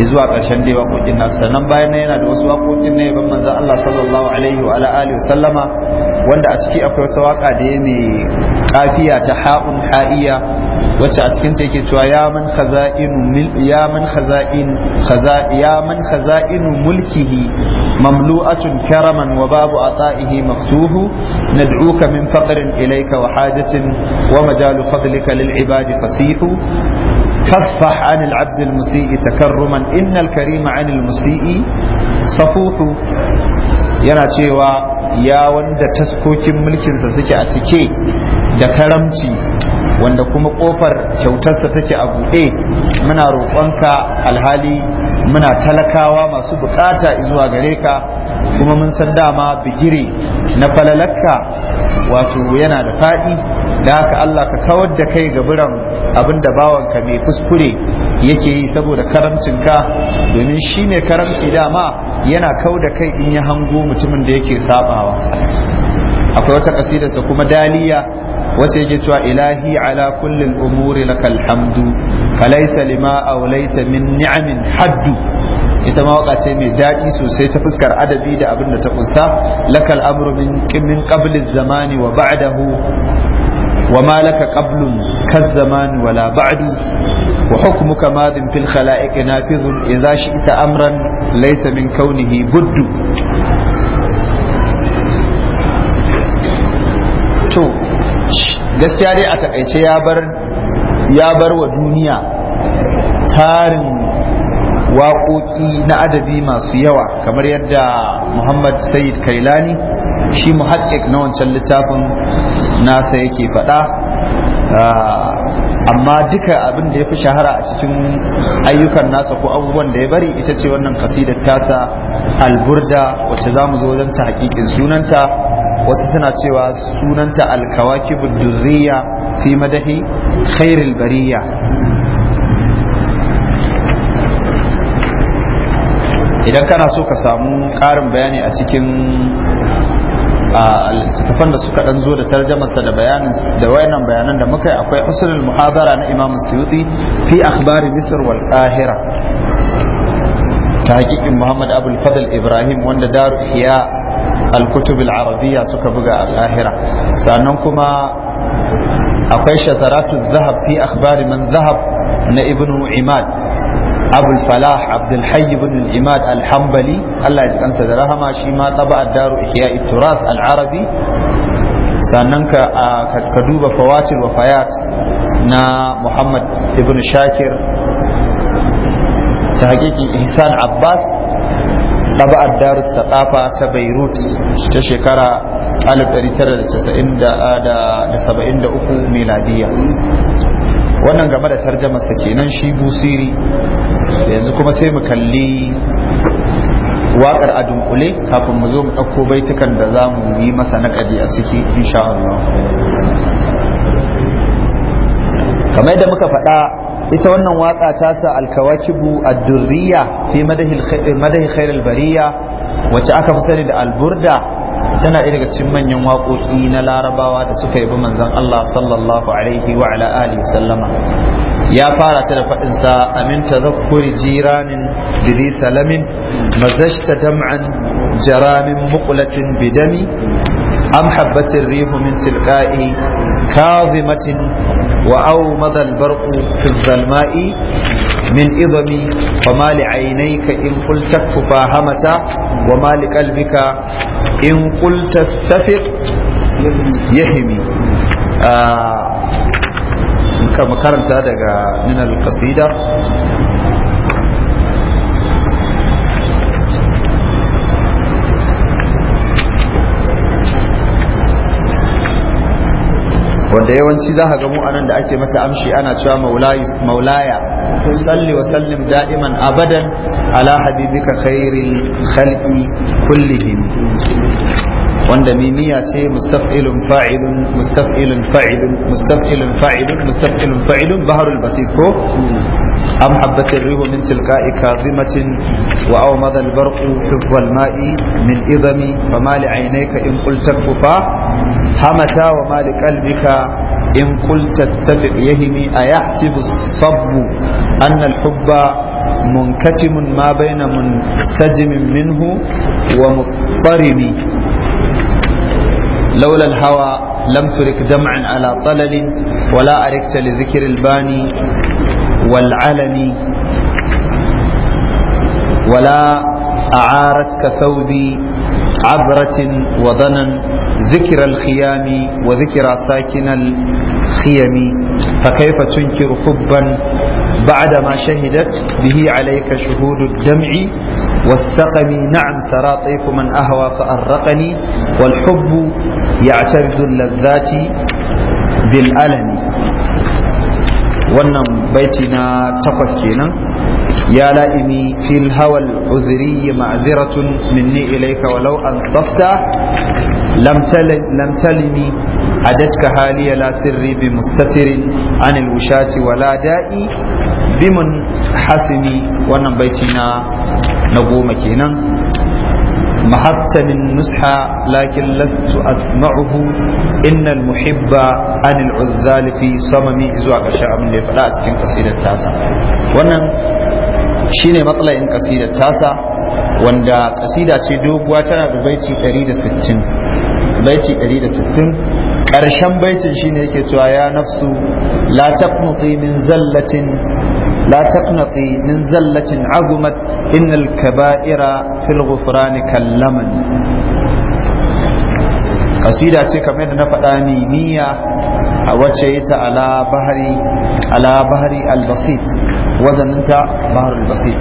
zuwa ƙarshen dai waƙoƙin nasu sannan bayan na yana da wasu waƙoƙin na yaban manzon Allah sallallahu alaihi wa alihi sallama wanda a ciki akwai wata waƙa da ya mai kafiya ta ha'un ha'iya wacce a cikin ta yake cewa ya man khaza'inu ya man khaza'in khaza ya man khaza'inu mulkihi mamlu'atun karaman wa babu ata'ihi maftuhu nad'uka min faqrin ilayka wa hajatin wa majalu fadlika lil ibadi fasihu فاصفح عن العبد المسيء تكرما إن الكريم عن المسيء صفوح yana cewa ya wanda taskokin mulkinsa suke a cike da karamci wanda kuma kofar kyautarsa take a buɗe muna roƙonka alhali muna talakawa masu bukata zuwa gare ka kuma mun san dama bigire na falalakka wato yana da faɗi da haka Allah ka kawar da kai ga biran abinda bawanka mai kuskure yake yi saboda ka domin shi mai karamci dama yana kau da kai in ya hango mutumin da yake sabawa akwai wata kasidarsa kuma daliya wace yake cewa ilahi ala kulli umuri lakal hamdu kalaisa lima awlaita min ni'amin haddu ita ma waka ce mai daɗi sosai ta fuskar adabi da abin da ta kunsa lakal amru min min qabli zamani wa ba'dahu وما لك قبل كالزمان ولا بعد وحكمك ماض في الخلائق نافذ إذا شئت أمرا ليس من كونه بد to gaskiya dai a takaice ya bar ya bar wa duniya tarin waƙoƙi na adabi masu yawa kamar yadda muhammad sayyid kailani shi muhakkik na wancan littafin nasa yake faɗa ah, amma duka abin da ya fi shahara a cikin ayyukan nasa ko abubuwan da ya bari ita ce wannan kasidar tasa alburda wacce za mu zo wajen ta hakikin sunanta wasu suna cewa sunanta alkawaki budurriya fi madahi khairul bariya idan kana so ka samu ƙarin bayani a cikin littattafan da suka dan zo da tarjamarsa da bayanin da wayannan bayanan da muka yi akwai husnul muhadara na Imam Suyuti fi akhbari Misr wal ta tahqiqin Muhammad Abul Ibrahim wanda daru iya al-kutub al-arabiyya suka buga a Qahira sannan kuma akwai shataratu dhahab fi akhbari man dhahab na Ibn Imad abul falah abdul hayy ibn al imad al hanbali Allah ya kansa da rahama shi ma taba daru ihya turas al arabi sannan ka ka duba fawatir wafayat na muhammad ibn shakir ta hakikin ihsan abbas taba daru dar saqafa ta beirut ta shekara 1973 miladiya wannan game da tarjamarsa kenan shi busiri yanzu kuma sai mu kalli waƙar a dunkule kafin mu zo mu ɗauko baitukan da za mu yi masa naƙadi a ciki insha Allah kamar yadda muka faɗa ita wannan waƙa ta sa alkawakibu ad-durriya fi madahi khairul bariya wacce aka fi sani da alburda tana ɗaya daga cikin manyan waƙoƙi na larabawa da suka yi bi manzon Allah sallallahu alaihi wa ala alihi sallama ya fara ta da faɗin sa amin tazakkuri jiranin bidi salamin mazashta dam'an jaramin muqlatin bidami am habbatin rihu min tilqa'i kazimatin wa aw madal barqu fi zalma'i من إضمي فما لعينيك إن قلت ففاهمتا وما لقلبك إن قلت استفق يهمي آه كما كرمت هذا من القصيدة wanda yawanci za ga mu anan da ake mata amshi ana cewa maulaya salli wa sallim da'iman abadan ala habibika khairil khalqi kullihim wanda mimiya ce mustaf'ilun fa'ilun mustaf'ilun fa'ilun mustaf'ilun fa'ilun mustaf'ilun fa'ilun baharul basit ko am habbatir rihu min tilka'i kazimatin wa aw madal barqu hifdhal ma'i min idami fa ma li aynayka in qulta kufa hamata wa ma li qalbika in qulta tastafiq yahimi ayahsibu sabbu anna al hubba منكتم ما بين منسجم منه ومضطرم لولا الهوى لم ترك دمعا على طلل ولا أركت لذكر الباني والعلن ولا أعارتك ثوبي عبرة وضنا ذكر الخيام وذكر ساكن الخيم فكيف تنكر حبا بعدما شهدت به عليك شهود الدمع والسقمي نعم سرى طيف من أهوى فأرقني والحب يعترض اللذات بالألم wannan baiti takwas kenan ya la'imi fil hawal uzuri ma'aziratun minni ilaika walau an safta lamtalimi a dajka haliya la sirri bi mustatirin anil wala da'i bimun hasimi wannan baiti na na goma kenan mahatta min nusha lakin lastu asma'uhu innal muhibba anil uzzali fi samami zuwa ƙarshen abin da ya faɗa a cikin kasidar tasa wannan shine matsalayin kasidar tasa wanda kasida ce doguwa tana da baiti 160 baiti 160 ƙarshen baitin shine yake cewa ya nafsu la taqnuti min zallatin لا تقنطي من زلة عظمت إن الكبائر في الغفران كاللمن قصيدة كما نفع نيمية وجهت على بحري على بحري البسيط وزننت بحر البسيط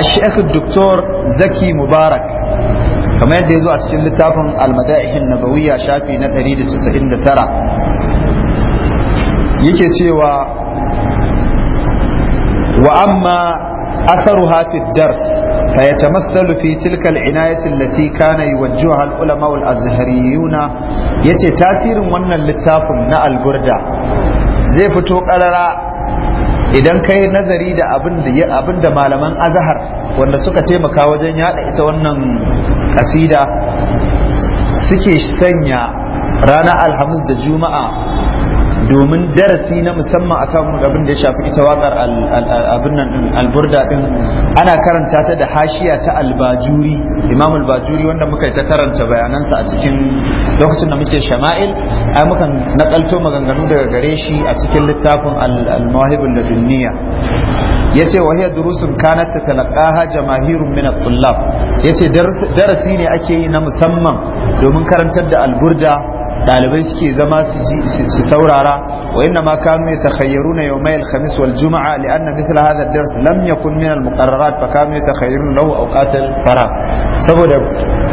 الشيخ الدكتور زكي مبارك kamar yadda ya zo a cikin littafin almada'ihin nabawiya shafi na 199 yake cewa وأما أثرها في الدرس فيتمثل في تلك العناية التي كان يوجهها العلماء الأزهريون يتي tasirin wannan اللتاف na البردة زي fito قرر idan kai nazari da abin da malaman azhar wanda suka taimaka wajen yada ita wannan kasida suke sanya ranar alhamis da juma'a domin darasi na musamman akan abin da ya shafi ita waƙar ɗin. alburda ɗin ana karanta ta da hashiya ta albajuri imam albajuri wanda muka yi ta karanta bayanansa a cikin lokacin da muke shama'il ai muka nakalto maganganu daga gare shi a cikin littafin da duniya ya yace wa hiyar durusun ta tatalaqaha jamaahirun min at-tullab ce darasi ne ake yi na musamman domin karantar da alburda ɗalibai suke zama su saurara وإنما كانوا يتخيرون يومي الخميس والجمعة لأن مثل هذا الدرس لم يكن من المقررات فكانوا يتخيرون له أوقات الفراغ saboda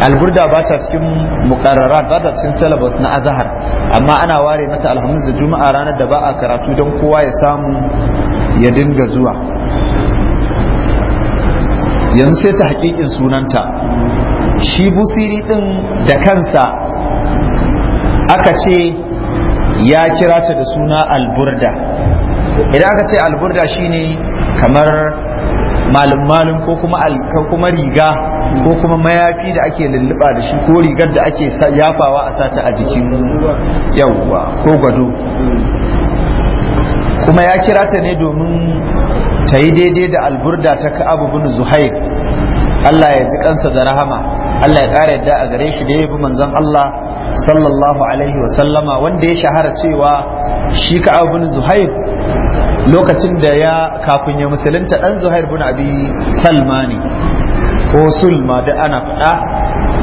alburda ba ta cikin mukarrarat ba ta cikin syllabus na azhar amma ana ware mata alhamis da juma'a ranar da ba a karatu don kowa ya samu ya dinga zuwa yanzu sai ta hakikin sunanta shi busiri din da kansa aka ce ya kira ta da suna alburda idan aka ce alburda shine kamar malum-malum ko kuma kuma riga ko kuma mayafi da ake lulluɓa da shi ko rigar da ake yafawa a sata a jikin yawwa ko gado. kuma ya kira ta ne domin ta yi daidai da alburda ta ka bin zuhair Allah ya ji kansa da rahama Allah ya ƙara yadda a gare shi da ya bi manzon Allah sallallahu alaihi wa wanda ya shahara cewa shi ka abin Zuhair lokacin da ya kafin ya musulunta dan Zuhair bin Abi Salma ne ko Sulma da ana faɗa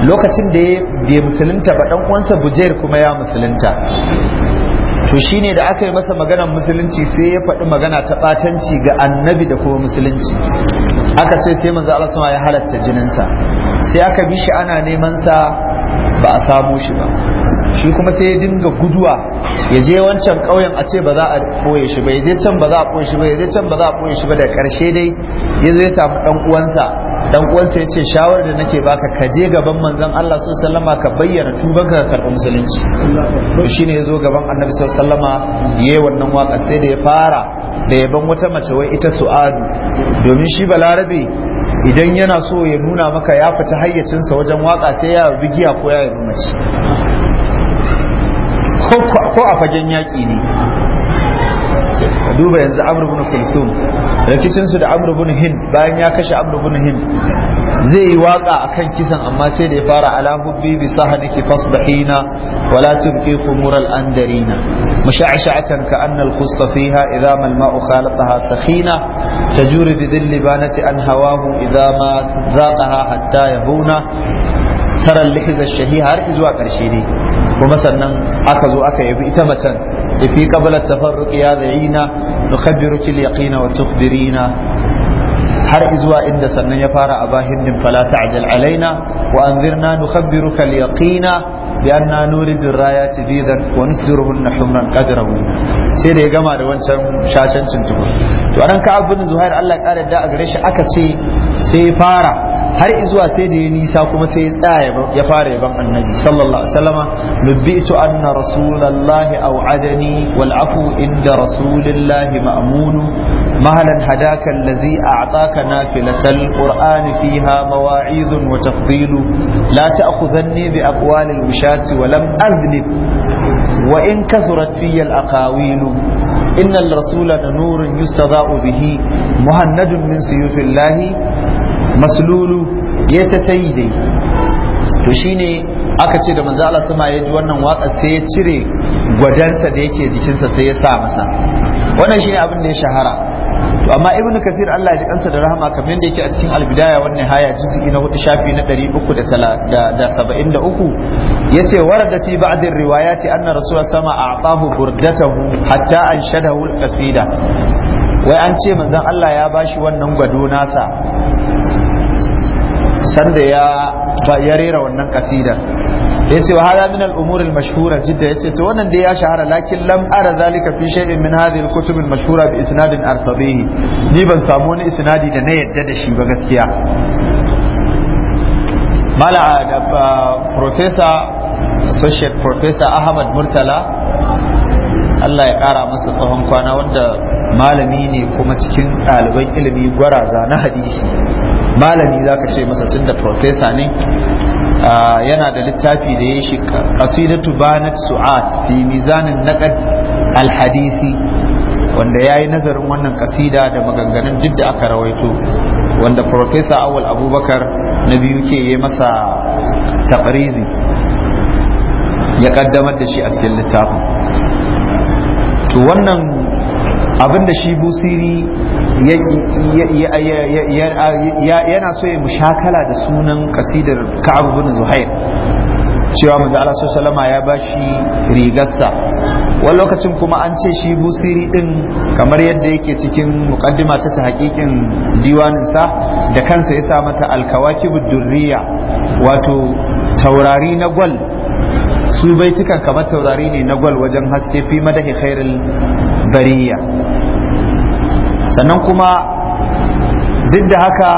lokacin da ya musulunta ba ɗan uwansa Bujair kuma ya musulunta to shi ne da aka yi masa maganar musulunci sai ya faɗi magana ta ɓatanci ga annabi da kuma musulunci aka ce sai manzo Allah sama ya halatta jininsa sai aka bi shi ana neman sa ba a samu shi ba shi kuma sai ya dinga guduwa ya je wancan ƙauyen a ce ba za a koye shi ba ya je can ba za a koye shi ba ya je can ba za a koye shi ba da ƙarshe dai ya zo ya samu ɗan uwansa dan uwansa ya ce shawarar da nake baka ka je gaban manzon Allah sallallahu alaihi ka bayyana tubanka ka karɓi musulunci to shine yazo gaban annabi sallallahu alaihi wasallama yayi wannan waka sai da ya fara da ya ban wata mace wai ita su'adu domin shi balarabe idan yana so ya nuna maka ya fita hayyacinsa wajen waka sai ya bigiya ko ya yi mace ko a fagen yaƙi ne duba yanzu amr ibn kulsum da amr ibn hind bayan ya kashe amr ibn hind zai yi waka akan kisan amma sai da ya fara ala hubbi bi sahaniki fasbahina wala tubqi khumur al andarina masha'sha'atan ka anna al qussa fiha idha ma al ma'u khalataha sakhina tajuri bi dhilli banati an hawahu idha ma zaqaha hatta yahuna tara al al shahiha har zuwa karshe ne kuma sannan aka zo aka yabi ita macen في قبل التفرق يا ذعينا نخبرك اليقين وتخبرينا har izuwa inda sannan ya fara a bahin din fala ta'jal alaina wa anzirna nukhabbiruka al-yaqina bi anna nurijur rayati didan wa nusdiruhunna humran wa. sai da ya gama da wancan shashancin tukun to anan ka abin zuhair Allah ya kare da a gare shi aka ce sai fara har izuwa sai da ya nisa kuma sai ya tsaya ya fara yaban annabi sallallahu alaihi wasallama nubitu anna rasulullahi aw adani wal afu inda rasulillahi ma'munu mahalan hadaka allazi a'taka nafilatal qur'an fiha mawa'iz wa tafdhilu la ta'khudhanni bi aqwalil mushat wa lam aznib wa in kathurat fi al aqawil inna ar-rasula nurun yustada'u bihi muhannadun min suyufillahi maslulu ya ta ta yi dai to shine aka ce da manzo Allah sama ya ji wannan waka sai ya cire gwadansa da yake jikinsa sai ya sa masa wannan shine abin da ya shahara to amma ibnu kasir Allah ya ji kansa da rahama kamar yadda yake a cikin albidaya wannan haya juz'i na hudu shafi na 373 yace warada fi ba'd ar-riwayati anna rasulullah sama a'tahu burdatahu hatta anshadahu al-qasida wai an ce manzan Allah ya bashi wannan gwado nasa sanda ya ya rera wannan kasidar ya ce wa hada min al-umur al-mashhura jidda ya ce to wannan dai ya shahara lakin lam ara zalika fi shay'in min hadhihi al-kutub al-mashhura bi isnadin artadihi ni ban samu wani isnadi da na yadda da shi ba gaskiya mala da uh, uh, professor associate professor Ahmad Murtala Allah ya ƙara masa tsawon kwana wanda malami ne kuma cikin ɗaliban ilimi gwaraza na hadisi malami za ka ce masa tun da profesa ne yana da littafi da ya shi ƙasidatu banat su'ad fi mizanin naqad alhadisi wanda ya yi nazarin wannan kasida da maganganun duk da aka rawaito wanda profesa awal abubakar na biyu ke yi masa taɓarizi ya ƙaddamar da shi a cikin littafin to wannan abin da shi busiri yana so ya mushakala da sunan kasidar ka'ab bin zuhair cewa manzo Allah ya bashi rigarsa wani lokacin kuma an ce shi busiri din kamar yadda yake cikin mukaddima ta ta hakikin diwaninsa da kansa ya sa mata alkawakibud durriya wato taurari na gwal su baitukan kamar taurari ne na gwal wajen haske fi madahi khairul bariya sannan kuma duk da haka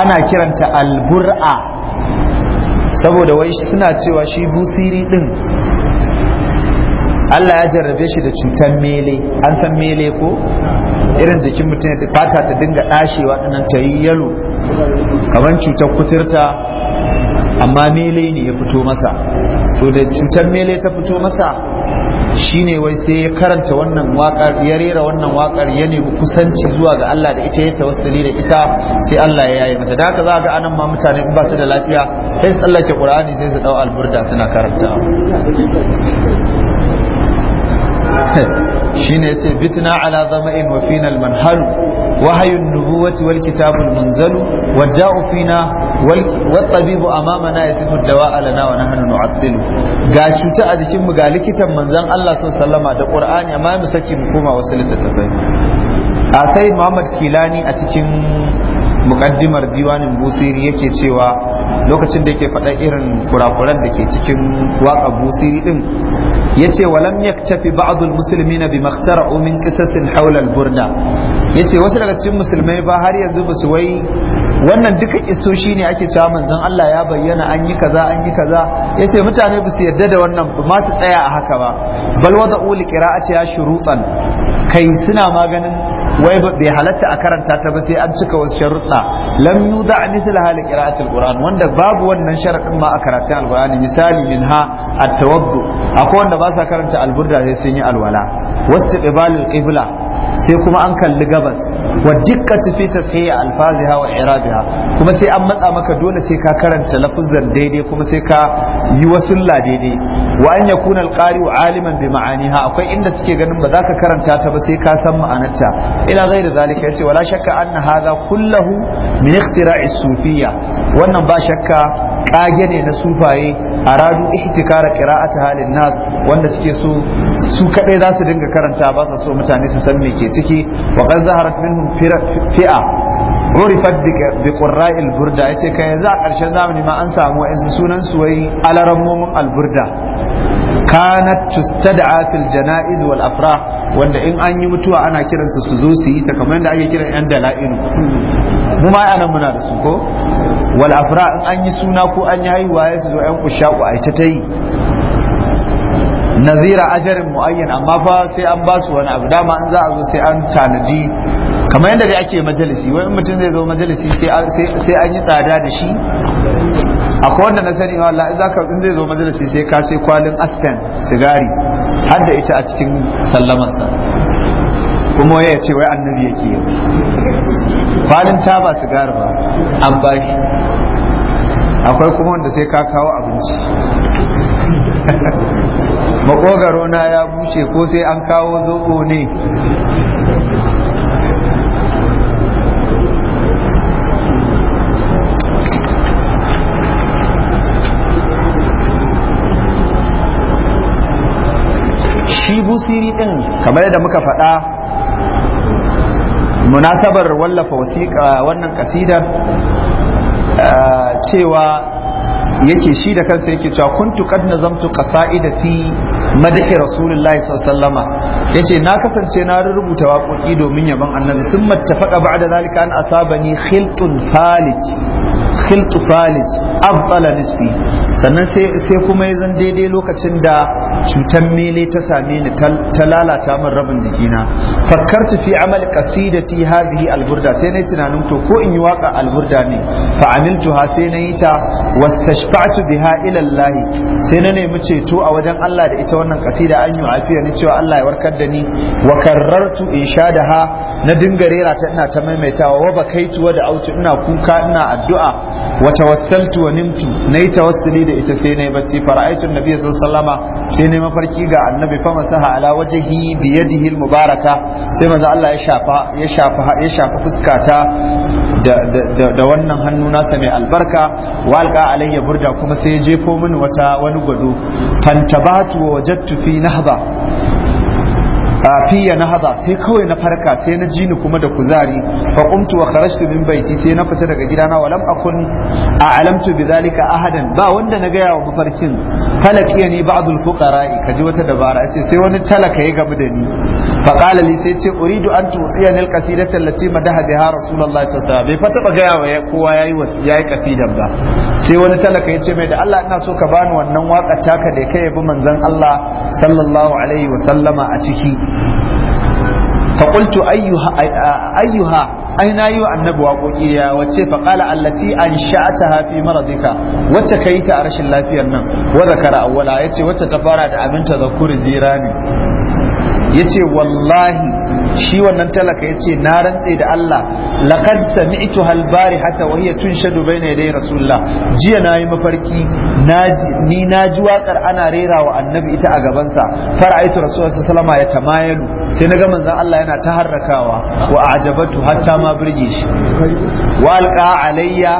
ana kiranta albur'a saboda wai suna cewa shi busiri din Allah ya jarrabe shi da cutar mele an san mele ko irin jikin mutum da fata ta dinga dashewa nan ta yi yalo kamar cutar kuturta amma mele ne ya fito masa to da cutar mele ta fito masa shine wai sai ya karanta wannan waƙar ya rera wannan wakar ya nemi kusanci zuwa ga Allah da ita ya tawassuli da ita sai Allah ya yaye masa da haka za ga anan ma mutane in ba su da lafiya sai tsallake Qur'ani sai su dau alburda suna karanta shine yace bitna ala zama'in wa fina al-manhalu wahayun nubuwati wal kitabul munzalu wadda fina والطبيب امامنا يصف الدواء لنا ونحن نعطله ga cuta a jikin mu ga likitan manzon Allah sun sallama da Qur'ani amma mu saki mu koma wasu littattafai a sai Muhammad Kilani a cikin mukaddimar diwanin busiri yake cewa lokacin da yake faɗa irin kurakuran da ke cikin waka busiri din yace walam yaktafi na almuslimina bima ikhtarahu min qisasin hawla alburda yace wasu daga cikin musulmai ba har yanzu ba su wai wannan duka isoshi ne ake cewa manzon Allah ya bayyana an yi kaza an yi kaza yace mutane ba su yarda da wannan ba su tsaya a haka ba bal wada uli qira'ati ya shurutan kai suna maganin wai bai halatta a karanta ta ba sai an cika wasu sharuɗa lam yuda mithl hali a qur'an wanda babu wannan sharadin ma a karatun alqur'ani misali minha at-tawaddu akwai wanda ba sa karanta alburda sai sun yi alwala wasu wastiqbalul qibla sai kuma an kalli gabas wa dikkatu fi tashihi alfaziha wa irabiha kuma sai an matsa maka dole sai ka karanta lafuzan daidai kuma sai ka yi wasulla daidai wa an yakuna alqari aliman bi ma'aniha akwai inda take ganin ba za ka karanta ta ba sai ka san ma'anarta ila ghairi zalika yace wala shakka anna hadha kullahu min ikhtira'i Sufiya wannan ba shakka kage ne na sufaye aradu ihtikara qira'ata halin nas wanda suke so su kadai za su dinga karanta ba su so mutane su san me alkhairi ke ciki wa kan zaharat minhum fi'a urifat bi qurra'il burda yace kai yanzu a ƙarshen zamani ma an samu wa'ansu sunan su wai alarammomin alburda kanat tustad'a fil janaiz wal afrah wanda in an yi mutuwa ana kiransu su zo su yi ta kamar yadda ake kiran yan dala'ilu mu ma anan muna da su ko wal afra in an yi suna ko an yi haihuwa ya su zo yan kushaku a ita ta yi nazira ajarin mu'ayyan amma fa sai an ba su wani abu dama an za a zo sai an tanadi kamar yadda dai ake majalisi wai in mutum zai zo majalisi sai an yi tsada da shi akwai wanda na sani wallah in zaka in zai zo majalisi sai ka sai kwalin askan sigari har da ita a cikin sallamarsa kuma ya ce wai annabi yake yi kwalin ba sigari ba an shi akwai kuma wanda sai ka kawo abinci makogaro na ya bushe ko sai an kawo zobo ne shi busiri din kamar yadda muka faɗa munasabar wallafa wasiƙa wannan ƙasidar cewa yake shi da kansa yake cewa kuntu qad nazamtu qasaidati madaki rasulullahi sallama ya ce na kasance na rubuta waƙoƙi domin yaban annabi sun mattafaƙa ba da zalika an asabani khiltun falit khiltu falis afdala sannan sai kuma ya zan daidai lokacin da cutar mele ta same ni ta lalata min rabin jikina fakkartu fi amal qasidati hadhihi alburda sai nayi tunanin to ko in yi waka alburda ne fa ha sai nayi ta wastashfa'tu biha ila Allah sai na nemi ceto a wajen Allah da ita wannan kasida an yi afiya ni cewa Allah ya warkar da ni wa karrartu ha na dinga rera ta ina ta maimaitawa wa bakaitu wa da autu ina kuka ina addu'a wa tawassaltu wa nimtu nayi tawassuli da ita sai nayi bacci fara'aitu annabi sallallahu alaihi sai nayi mafarki ga annabi fa masaha ala wajhi bi yadihi mubaraka. sai manzo Allah ya shafa ya shafa ya shafa fuskata da da wannan hannu nasa mai albarka wa alqa alayya burda kuma sai ya jefo mini wata wani gwado fantabatu wa fi nahba afiya na haza sai kawai na farka sai na jini kuma da kuzari fa qumtu wa kharajtu min baiti sai na fita daga gidana wa lam akun a'lamtu bidhalika ahadan ba wanda na gaya wa mafarkin falakiya ni ba'dul fuqara'i kaji wata dabara ce sai wani talaka ya gamu da ni faƙala li sai ce uridu an tutsiya nil qasidata allati madaha biha rasulullahi sallallahu alaihi wasallam bai taba gaya wa kowa yayi yayi qasidan ba sai wani talaka yace mai da Allah ina so ka bani wannan waƙar ka da kai yabi manzon Allah sallallahu alaihi wasallama a ciki fa qultu ayyuha ayyuha ai na yi wa annabi waƙoƙi ya wacce faƙala allati an hafi mara maradika wacce ka yi ta a rashin lafiyar nan wa zakara awwala yace wacce ta fara da abin tazakkur jirani ya ce wallahi shi wannan talaka ya ce na rantse da Allah laqad sami'tu halbari hata wa hiya tunshadu bayna yaday rasulullah jiya na yi mafarki ni na ji waƙar ana rera wa annabi ita a gabansa fara'aitu rasulullah sallallahu alaihi wasallam ya tamayalu sai na gama zan Allah yana ta harrakawa wa ajabatu hatta ma burge shi wa alqa alayya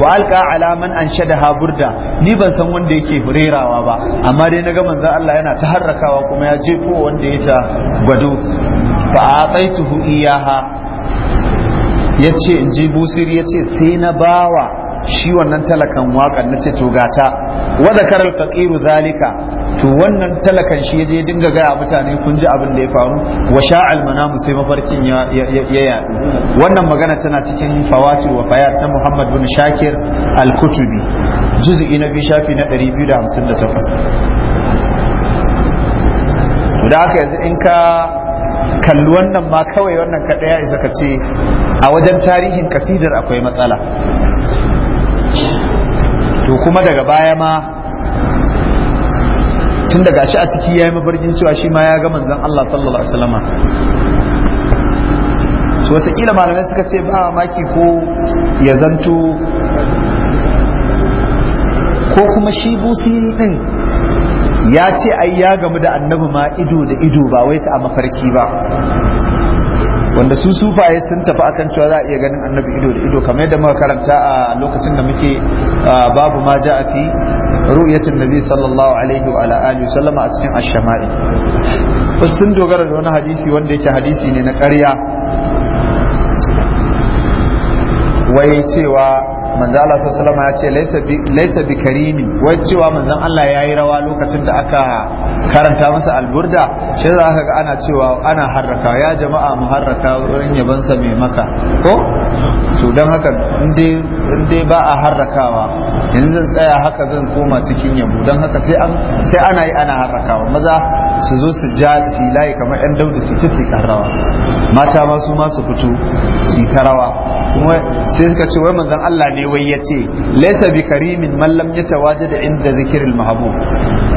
wa alqa ala man shada haburda ni ban san wanda yake burerawa ba amma dai na gama zan Allah yana ta harrakawa kuma ya je ko wanda ya ta gwado fa tsaituhu iyaha yace in ji busiri yace sai na bawa shi wannan talakan waƙar na ce togata gata karar faƙiru zalika to wannan talakan shi je dinga gaya mutane kun ji abin da ya faru wa sha'al manamu sai mafarkin ya yaɗu wannan magana tana cikin fawatir wa fayat na Muhammad bin Shakir al-Kutubi juz'i na biyu shafi na 258 da haka yanzu in ka kalli wannan ma kawai wannan kaɗaya isa ka ce a wajen tarihin kasidar akwai matsala to kuma daga baya ma tun daga shi a ciki ya yi mafarkin cewa shi ma ya ga manzon Allah sallallahu alaihi wasallam To wataƙila malamai suka ce ba maki ko ya zanto ko kuma shi busi din ya ce ai ya gamu da annabi ma ido da ido ba wai ta a mafarki ba wanda su sufaye sun tafi akan cewa za a iya ganin annabi ido da ido kamar yadda muka karanta a lokacin da muke babu ma ja'a fi ru'yatin nabi sallallahu alaihi wa alihi sallama a cikin ashama'i. shamai sun dogara da wani hadisi wanda yake hadisi ne na ƙarya wai cewa manzo Allah sallallahu ya ce laysa bi karimi wai cewa manzon Allah ya yi rawa lokacin da aka karanta masa alburda shi za ka ga ana cewa ana harraka ya jama'a muharraka wurin yabansa mai maka ko to don haka in dai ba a harrakawa yanzu zan tsaya haka zan koma cikin yabo don haka sai ana yi ana harrakawa maza su zo su ja su kamar yan daudu su ci rawa mata ma su ma fito su ta rawa kuma sai suka ce wai manzan Allah ne wai ya ce laisa bi karimin mallam ya tawaje da inda zikirin mahabu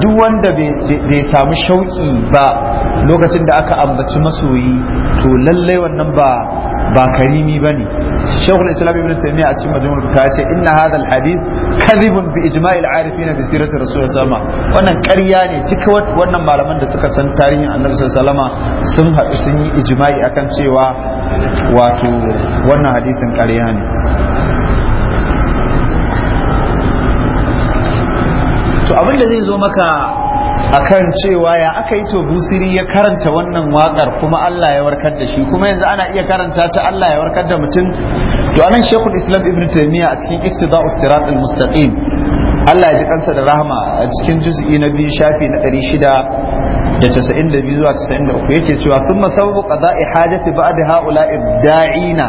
duk wanda bai samu shauki ba lokacin da aka ambaci masoyi to lallai wannan ba ba karimi ba ne shaykhul islam ibn taymiya a cikin majmu'ul fatawa ya ce inna hadha al hadith kadhibun bi ijma'il arifin bi sirati rasul sama wannan ƙarya ne duka wannan malaman da suka san tarihin annabi sallama sun haɗu sun yi ijima'i akan cewa wato wannan hadisin karya ne to abin da zai zo maka akan cewa ya aka yi to busiri ya karanta wannan waƙar kuma Allah ya warkar da shi kuma yanzu ana iya karanta ta Allah ya warkar da mutum to anan Sheikhul Islam Ibn Taymiyyah a cikin Iqtida'us Sirat al-Mustaqim Allah ya ji kansa da rahama a cikin juz'i na biyu shafi na 692 zuwa 93 yake cewa thumma sababu qada'i hajati ba'd ha'ula'i da'ina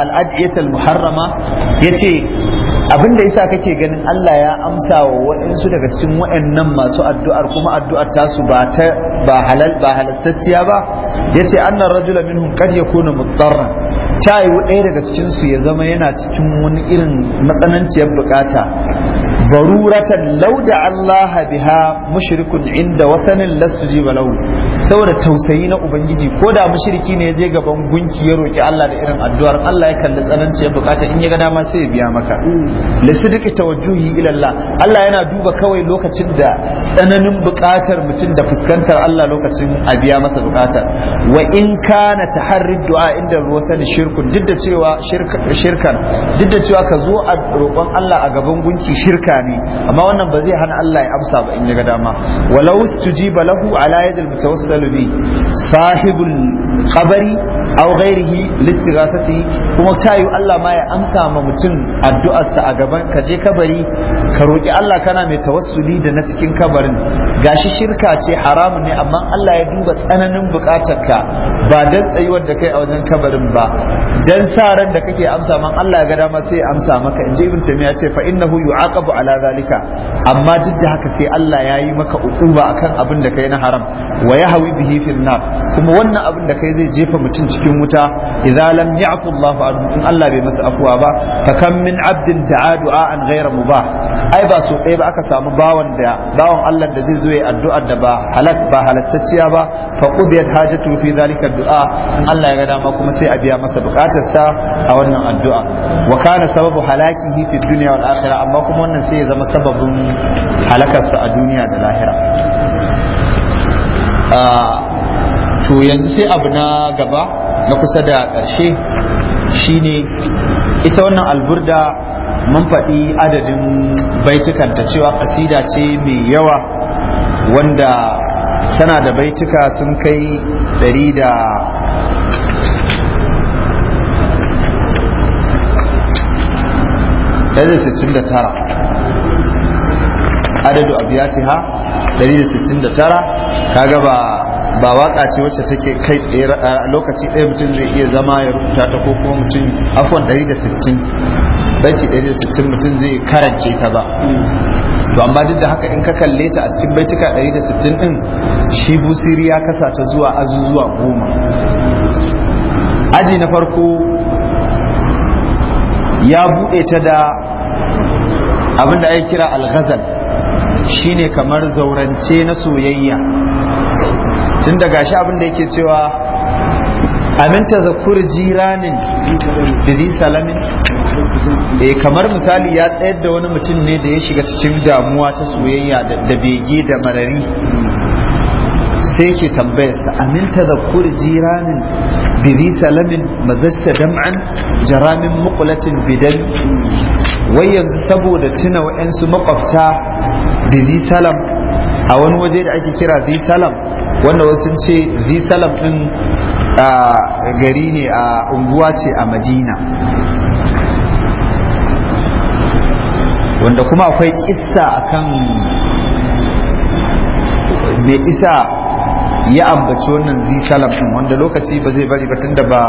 al-ad'iyat al-muharrama yace Abin da isa kake ganin Allah ya amsa wa waɗansu daga cikin waɗannan masu addu'ar kuma addu'ar tasu ba ta ba halal ba halattacciya ba yace annar rajula minhum kad yakuna mudarra ta yi ɗaya daga cikinsu ya zama yana cikin wani irin matsananciyar bukata baruratan lauda Allah biha mushrikun inda wasanin lastujiba lahu saboda tausayi na ubangiji ko da mushriki ne je gaban gunki ya roki Allah da irin addu'ar Allah ya kalli tsananci ya bukata in ya ga dama sai ya biya maka lisidiki tawajjuhi ila Allah Allah yana duba kawai lokacin da tsananin bukatar mutum da fuskantar Allah lokacin a biya masa bukatar wa in kana taharrid du'a inda wasan shirkun duk da cewa shirkan duk da cewa ka zo a roƙon Allah a gaban gunki shirka sahabi amma wannan ba zai hana Allah ya amsa ba in ya ga dama walau tujiba lahu ala yadil mutawassil bi sahibul qabri aw ghayrihi listighathati kuma tayu Allah ma ya amsa ma mutum addu'arsa a gaban ka je kabari ka roki Allah kana mai tawassuli da na cikin kabarin gashi shirka ce haramun ne amma Allah ya duba tsananin bukatarka ba dan tsayuwar da kai a wajen kabarin ba dan sa ran da kake amsa man Allah ya ga dama sai ya amsa maka inji ibn tamiya ce fa innahu yu'aqabu ala zalika amma duk da haka sai Allah ya yi maka a akan abin da kai na haram wa ya hawi bihi fil nar kuma wannan abin da kai zai jefa mutum cikin wuta idza lam ya'fu Allahu anhu Allah bai masa afuwa ba fa kam min abdin da'a an ghayra mubah ai ba so ɗaya ba aka samu bawan da bawan Allah da zai zo ya addu'a da ba halak ba halattacciya ba fa qudiyat hajatu fi zalika du'a in Allah ya ga dama kuma sai a biya masa buƙatarsa a wannan addu'a wa kana sababu halakihi fi dunya wal akhirah amma kuma wannan sai ya zama sababin halakarsa a duniya da lahira to yanzu sai abu na gaba na kusa da ƙarshe shine ita wannan alburda mun faɗi adadin ta cewa ƙasida ce mai yawa wanda tana da baituka sun kai ɗari da tara adadu abiyatiha 169 kaga ba ba waka ce wacce take kai tsaye lokaci ɗaya mutum zai iya zama ya rubuta ta ko kuma mutum afon 160 baiti 160 mutum zai karance ta ba to amma duk da haka in ka kalle ta a cikin baituka 160 din shi busiri ya kasa ta zuwa azuzuwa goma aji na farko ya buɗe ta da abinda ake kira al-ghazal shine kamar zaurance na soyayya tun da gashi abin da yake cewa aminta zakur jiranin bizi salamin eh kamar misali ya tsayar da wani mutum ne da ya shiga cikin damuwa ta soyayya da bege da marari sai ke tambayarsa aminta zakur jiranin bizi salamin mazasta dam'an jaramin mukulatin bidan wai yanzu saboda tuna wa'yansu makwabta da zi salam a wani waje da ake kira zi salam wanda wasu ce zi salam din gari ne a unguwa ce a madina wanda kuma akwai kissa akan mai isa ya ambaci wannan zi salam din wanda lokaci ba zai bari ba tunda ba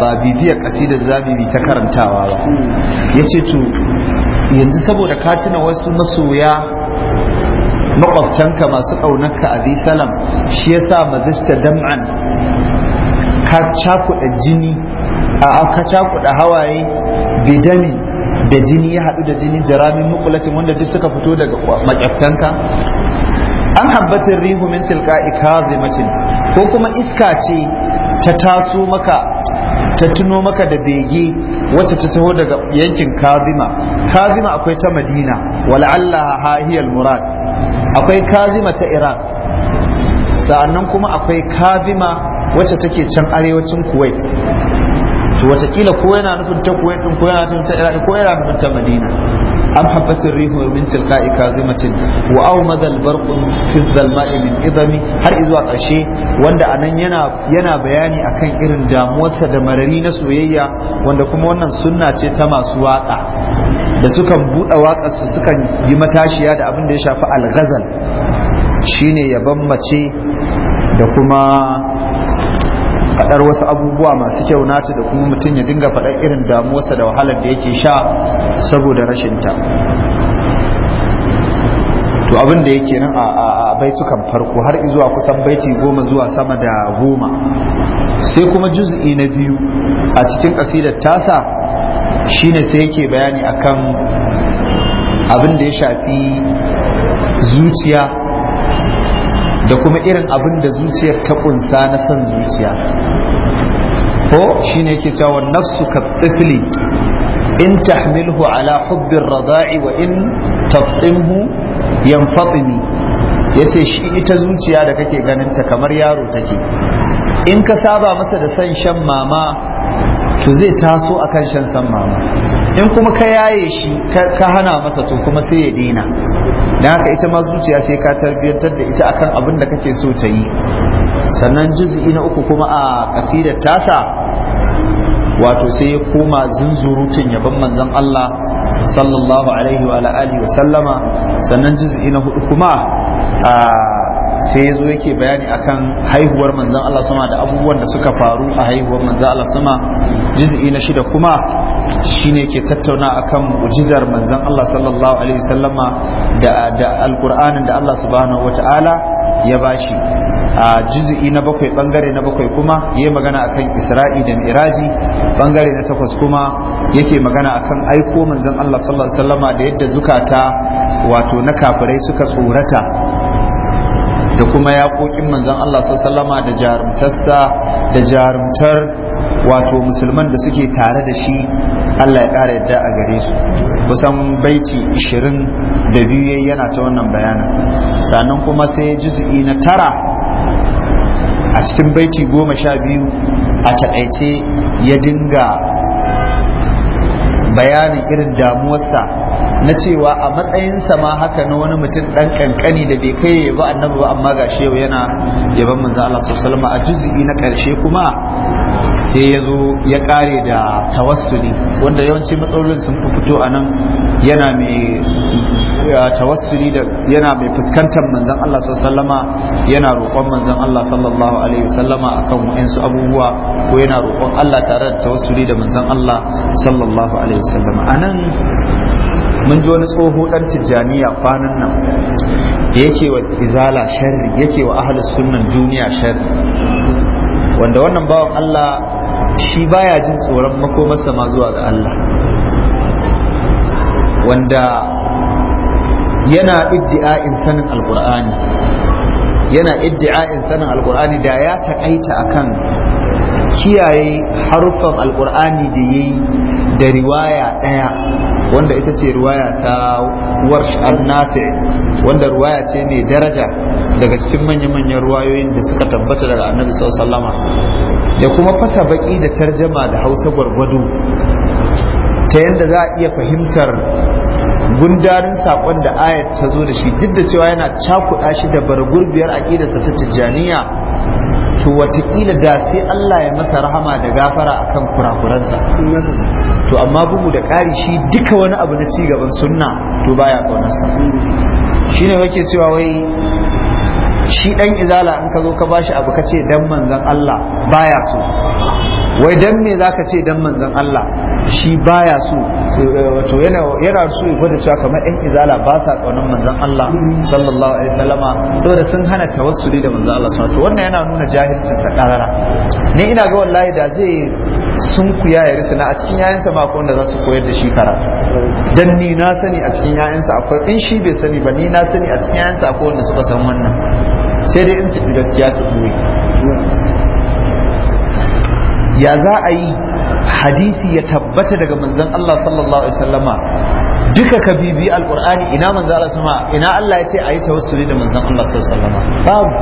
ba bibiyar kasidar zabibi ta karantawa ba ya ce to yanzu saboda ka tuna wasu masoya makwabtanka masu ƙaunarka a salam shi ya sa mazista dam'an ka cakuɗa jini a ka cakuɗa hawaye bidami da jini ya haɗu da jini jaramin mukulacin wanda duk suka fito daga makwabtanka an habbatin rihu min tilka macin ko kuma iska ce ta taso maka ta tuno maka da bege wacce ta taho daga yankin kazima kazima akwai ta madina wal'alla hahiyar murad akwai kazima ta iran sa'annan kuma akwai kazima wacce take can arewacin kuwait to watakila ko yana nufin ta kuwait ko yana nufin ta iran ko yana nufin ta madina أم حبت الريح من تلقاء كاظمة وأومد البرق في الظلماء من wanda هل yana وقع شيء وند أن ينا ينا بياني أكن إرن داموسة دمررين سويا وند كما ونن سنة masu سواقع da sukan buɗe su sukan yi matashiya da abin da ya shafi alghazal shine yaban mace da kuma faɗar wasu abubuwa masu kyau nata da kuma mutum ya dinga faɗar irin damuwarsa da wahalar da yake sha saboda rashin ta to abin yake nan a baitukan farko har zuwa kusan baiti goma zuwa sama da goma sai kuma juz'i na biyu a cikin kasidar tasa shine sai yake bayani akan abin da ya shafi zuciya da kuma irin abin da zuciyar ta kunsa na son zuciya ko shine yake cewa nafsu ka tsifili in tahmilhu ala حب الرضاع wa in tafsimhu yace shi ita zuciya da kake ganin ta kamar yaro take in ka saba masa da san shan mama to zai taso akan shan san mama in kuma ka yaye shi ka hana masa to kuma sai ya daina da haka ita ma zuciya sai ka tarbiyyantar da ita akan abin da kake so ta yi sannan juz'i na uku kuma a kasidar tasa wato sai ya koma zunzurutun yabon manzon Allah sallallahu alaihi wa alihi wa sallama sannan juz'i na hudu kuma sai ya zo yake bayani akan haihuwar manzon Allah sama da abubuwan da suka faru a haihuwar manzon Allah sama juz'i na shida kuma shine yake tattauna akan mu'jizar manzon Allah sallallahu alaihi wasallama da da alqur'anin da Allah subhanahu wataala ya bashi a juzu'i na bakwai bangare na bakwai kuma ya magana akan isra'i da miraji bangare na takwas kuma yake magana akan aiko manzon Allah sallallahu alaihi wasallama da yadda zukata wato na kafirai suka tsorata da kuma yaƙoƙin manzon Allah sallallahu alaihi wasallama da jarumtarsa da jarumtar wato musulman da suke tare da shi Allah ya ƙara yadda a gare su kusan baiti 20 da biyu yana ta wannan bayanin sannan kuma sai juzu'i na tara a cikin baiti goma sha biyu a taƙaice ya dinga bayanin irin damuwarsa na cewa a matsayinsa ma haka na wani mutum ɗan ƙanƙani da bai kai ya ba annabi ba amma ga shewa yana yaban manzo Allah sallallahu alaihi a juz'i na ƙarshe kuma sai ya zo ya kare da tawassuli wanda yawanci matsalolin sun fito a nan yana mai tawassuli da yana mai fuskantar manzon Allah sallama yana roƙon manzon Allah sallallahu alaihi wasallama akan wa'ansu abubuwa ko yana roƙon Allah tare da tawassuli da manzon Allah sallallahu alaihi wasallama anan mun ji wani tsoho dan tijjaniya kwanan nan yake wa izala sharri yake wa ahlus sunan duniya sharri wanda wannan bawan Allah shi baya jin tsoron makomarsa ma zuwa ga Allah wanda yana iddi'a'in sanin alkur'ani yana iddi'a'in sanin alkur'ani da ya takaita akan kiyaye haruffan alkur'ani da yayi da riwaya ɗaya wanda ita ce riwaya ta warsh an-nafi' wanda ruwaya ce mai daraja daga cikin manya-manyan ruwayoyin da suka tabbata daga annabi sallama ya kuma fasa baki da tarjama da hausa gwargwado ta yadda za a iya fahimtar gundarin saƙon da ayat ta zo da shi duk da cewa yana cakuɗa shi da bargurbiyar aƙidarsa ta tijjaniya to watakila da sai Allah ya masa rahama da gafara akan kurakuransa to amma bugu da ƙari shi duka wani abu na cigaban sunna to baya ƙaunarsa ne wake cewa wai shi ɗan izala in ka zo ka bashi abu kace dan manzon Allah baya so wai dan me zaka ce dan manzon Allah shi baya so wato yana yana so ya gwada cewa kamar ɗan izala ba sa kaunar manzon Allah sallallahu alaihi wasallama saboda sun hana tawassuli da manzon Allah sallallahu alaihi wannan yana nuna jahilcin sa karara ne ina ga wallahi da zai sun ku ya risala a cikin yayansa ba ko wanda za su koyar da shi kara dan ni na sani a cikin yayansa akwai in shi bai sani ba ni na sani a cikin yayansa akwai wanda suka san wannan sai dai in su gaskiya su koyi ya za a yi hadisi ya tabbata daga manzon Allah sallallahu alaihi wasallama duka ka bibi alqur'ani ina manzon Allah sama ina Allah ya ce ayi tawassuli da manzon Allah sallallahu alaihi wasallama babu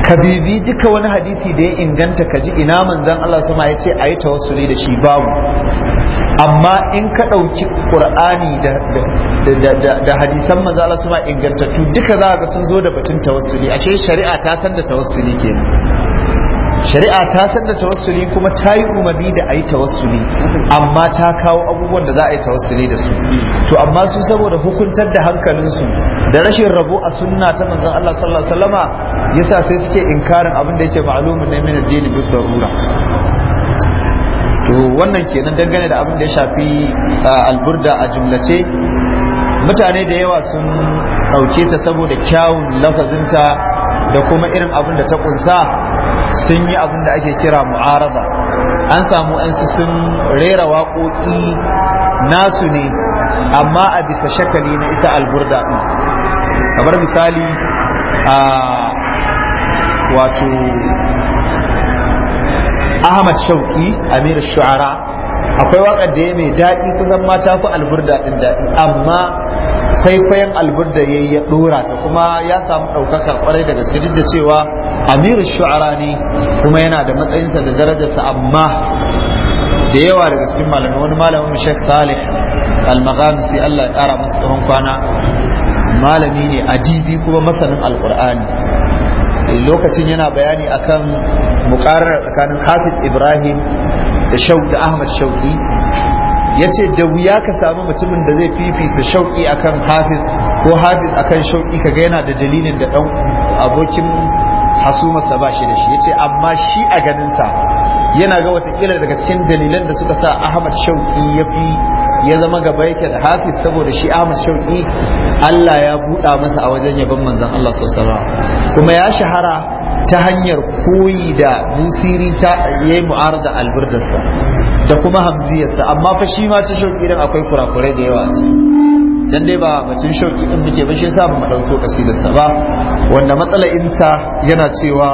ka bibi duka wani hadisi da ya inganta ka ji ina manzon Allah sama ya ce ayi tawassuli da shi babu amma in ka ɗauki ƙur'ani da hadisan maza Allah suma ingantattu duka za ga sun zo da batun tawassuli ashe shari'a ta san da tawassuli kenan shari'a ta san da tawassuli kuma ta yi umarni da a yi tawassuli amma ta kawo abubuwan da za a yi tawassuli da su to amma su saboda hukuntar da hankalinsu da rashin rabo a sunna ta manzon Allah sallallahu alaihi wasallama yasa sai suke inkarin abin da yake ma'lumun ne min addini bi darura to wannan kenan dangane da abin da ya shafi alburda a jumlace mutane da yawa sun ɗauke ta saboda kyawun lafazinta da kuma irin abin da ta kunsa sun yi abin da ake kira mu'arada an samu yansu sun rera waƙoƙi nasu ne amma a bisa shakali na ita alburda ɗin kamar misali a wato ahmad shauki amir shu'ara akwai waƙar da ya mai daɗi kusan mata fi alburda ɗin daɗi amma kwaikwayon alburda ya ya dora ta kuma ya samu ɗaukakar kwarai da gaske duk da cewa amiru shu'ara ne kuma yana da matsayinsa da darajarsa amma da yawa daga cikin malamai wani malamin shek salih al-maghamisi Allah ya kara masa tsawon kwana malami ne a adibi kuma masanin alqur'ani lokacin yana bayani akan muqarrar tsakanin hafiz ibrahim da shauki ahmad shauki ya ce da wuya ka samu mutumin da zai fifita shauƙi akan hafiz ko hafiz akan shauƙi kaga yana da dalilin da ɗan abokin hasumarsa ba shi da shi ya ce amma shi a ganinsa yana ga watakila daga cikin dalilan da suka sa ahmad shauƙi ya fi ya zama gaba yake da hafiz saboda shi ahmad shauƙi allah ya buɗa masa a wajen yabon manzan allah sosai kuma ya shahara ta hanyar koyi da musiri ta yi mu'ar da albirdarsa da kuma hamziyarsa amma fa shi ma ta shauki din akwai kurakurai da yawa ce dan dai ba batun shauki din muke ba shi yasa ba mu dauko kasidarsa ba wanda matsala inta yana cewa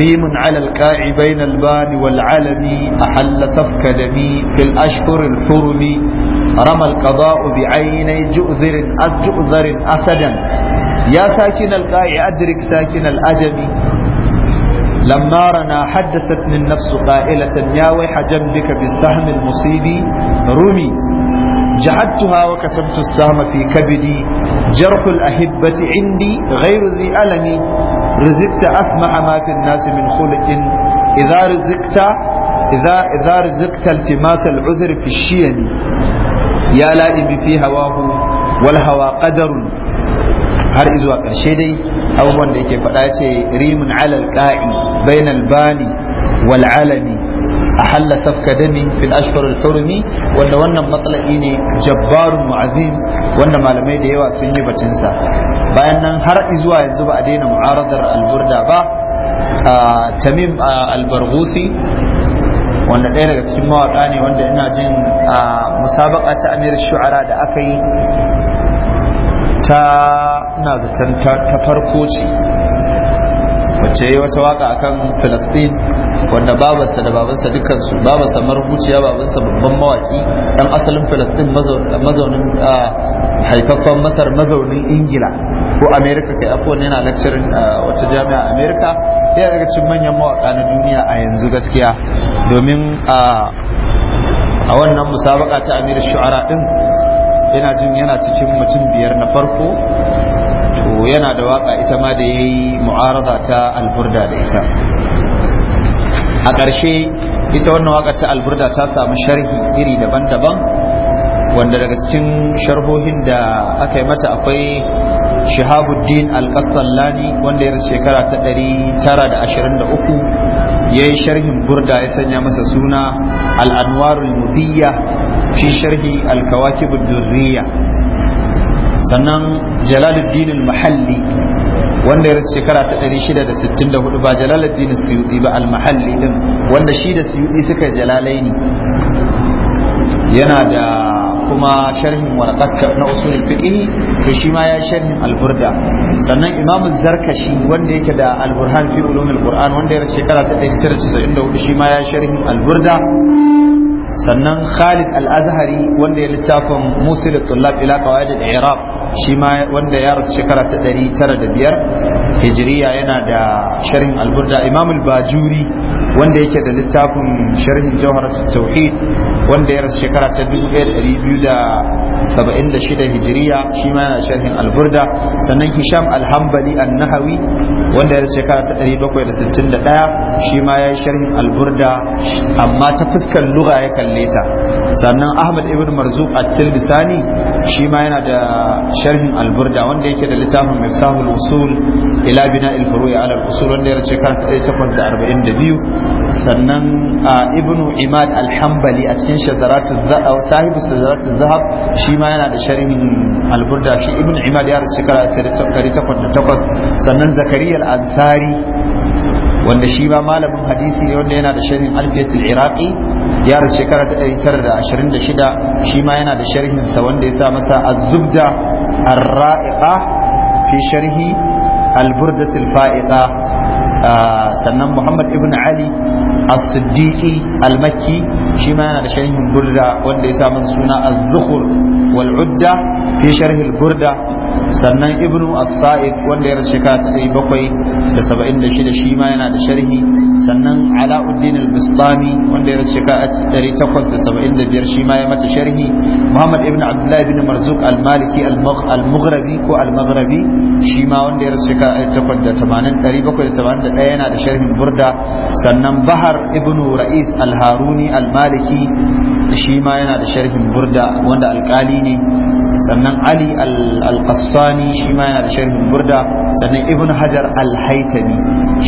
rimin alal qa'i bainal bani wal alami ahalla safka dami fil ashhuril hurumi رمى القضاء بعيني جؤذر أجؤذر أسدا يا ساكن القاع أدرك ساكن الأجم لما رنا حدثتني النفس قائلة يا ويح جنبك بالسهم المصيب رمي جحدتها وكتبت السهم في كبدي جرح الأهبة عندي غير ذي ألم رزقت أسمع ما في الناس من خلق إذا رزقت إذا إذا رزقت التماس العذر في الشين يا لائم في هواه والهوى قدر har izuwa ƙarshe dai abubuwan da yake faɗa ce rimin alal ka'i bainal bani wal alami a halla safka dami fil ashhar al hurmi wanda wannan matsalai ne jabbarun mu'azim wanda malamai da yawa sun yi batinsa bayan nan har izuwa yanzu ba a daina mu'aradar al-burda ba tamim albargusi wanda ɗaya daga cikin mawaƙa ne wanda ina jin a musabaka ta amir shu'ara da aka yi ta na zaton ta farko ce wacce yi wata waka a kan filistin wanda babarsa da babansa dukansu babarsa marubuciya babansa babban mawaki dan asalin filistin mazaunin haifaffen masar mazaunin ingila ko america kai afon yana lecturing wata jami'a america yana daga cikin manyan mawaka na duniya a yanzu gaskiya domin a wannan musabaka ta amir shu'ara din yana jin yana cikin mutum biyar na farko to yana da waka ita ma da yayi mu'arada ta alburda da ita a ƙarshe ita wannan waka ta alburda ta samu sharhi iri daban-daban wanda daga cikin sharhohin da aka yi mata akwai shahabuddin alkastallani wanda ya shekara ta 923 ya yi sharhin burda ya sanya masa suna al'anwarul mudiyya fi sharhi al-kawakib sannan jalaluddin al-mahalli wanda ya rasu shekara ta 664 ba jalaluddin suyudi ba al-mahalli din wanda shi da suyudi suka jalalai jalalaini yana da kuma sharhin warqat na usul fiqh to shi ma ya sharhin al-burda sannan imam zarkashi wanda yake da al-burhan fi ulum quran wanda ya rasu shekara ta 1994 shi ma ya sharhin al-burda sannan Khalid al-Azhari wanda ya littafin Musa al-Tullab ila qawaid al-Iraq shi ma wanda ya rasu shekara ta biyar Hijriya yana da sharhin al-Burda Imam al-Bajuri wanda yake da littafin sharhin Jawharat tauhid wanda ya rasu shekara ta 1276 hijiriya shi ma yana sharhin alburda sannan hisham alhambali annahawi wanda ya rasu shekara ta 761 shi ma ya yi sharhin alburda amma ta fuskar lura ya kalle ta sannan ahmad ibn marzuq at-tilbisani shi ma yana da sharhin alburda wanda yake da littafin mifsahul usul ila bina al-furu'i ala al-usul wanda ya rasu shekara ta 1842 sannan ibnu imad alhambali a cikin shazaratul zahab sahibu shazaratul zahab shi ma yana da sharhin alburda shi ibn imad ya rasu shekara takwas sannan zakariya al wanda shi ma malamin hadisi ne yana da sharhin alfiyatul iraqi ya rasu shekara ta ɗari da ashirin da shida shi yana da sharhin sa wanda ya sa masa az-zubda ar sharhi al-burdatul fa'iqa ah, sannan muhammad ibn ali as almaki. shi ma yana da sharhin burda wanda ya samu suna az-zukhur wal udda fi burda sannan ibnu as-sa'id wanda ya rasu shekara ta da da shi ma yana da sharhi sannan alauddin al-bistami wanda ya rasu shekara saba'in da shi ma ya mata sharhi muhammad ibn bin marzuk al-maliki al ko al shi ma wanda ya rasu shekara yana da sharhin burda sannan bahar ibnu ra'is al-haruni al maliki shi ma yana da sharhin burda wanda alkali ne sannan ali al-qassani shi ma yana da sharhin burda sannan ibn hajar al-haytami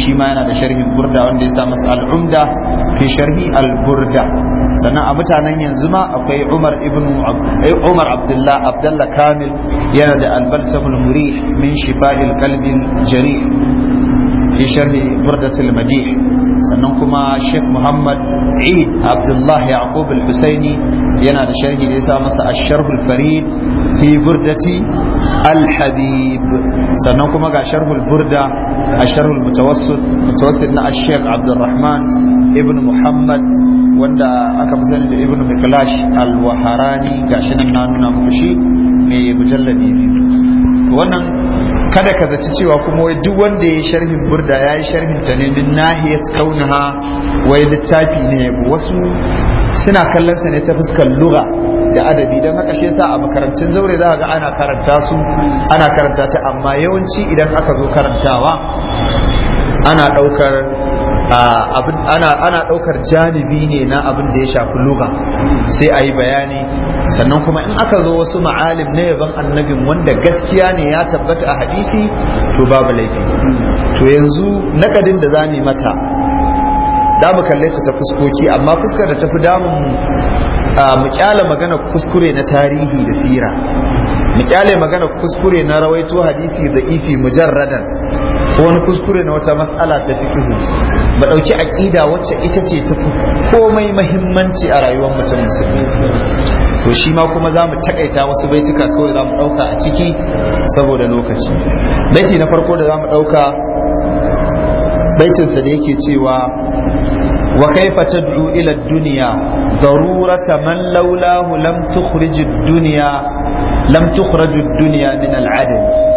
shi ma yana da sharhin burda wanda ya sa masa al-umda fi sharhi al-burda sannan a mutanen yanzu ma akwai umar ibn eh, umar abdullah abdullah kamil yana da al-balsamul murih min shifa'il qalbi jarih fi sharhi burdatul sannan kuma Sheikh Muhammad Eid Abdullah Yaqub al yana da sharhi da yasa masa a sharh farid fi burdati al sannan kuma ga sharh al-burda ash-sharh al-mutawassit mutawassit na ash-Sheikh Abdulrahman ibn Muhammad wanda aka fi sani da ibn Miklash al-Waharani gashi nan na mai mujalladi kada ka zaci cewa kuma wai duk wanda ya sharhin burda ya yi sharhin ta ne min nahiyat kaunaha wai littafi ne wasu suna kallon ne ta fuskar lura da adabi don haka shi yasa a makarantun zaure za ga ana karanta su ana karanta ta amma yawanci idan aka zo karantawa ana ɗaukar. ana ɗaukar janibi ne na abin da ya shafi luga sai a yi bayani sannan kuma in aka zo wasu ma'alim na yaban annabin wanda gaskiya ne ya tabbata a hadisi to babu laifi to yanzu nakadin da za mu mata da mu kalle ta ta fuskoki amma fuskar da ta fi damun mu ƙyale magana kuskure na tarihi da sira mu kyale magana kuskure na rawaito hadisi da ifi mujarradan ko wani kuskure na wata matsala ta fikihu ba ɗauki aƙida wacce ita ce ta fi komai mahimmanci a rayuwar mutum musulmi to shi ma kuma za mu takaita wasu baituka kawai za mu ɗauka a ciki saboda lokaci baiti na farko da za mu ɗauka baitinsa da yake cewa wa kaifa tad'u ila ad-dunya darurata man laulahu lam tukhrij ad-dunya lam tukhrij ad-dunya min al-'adl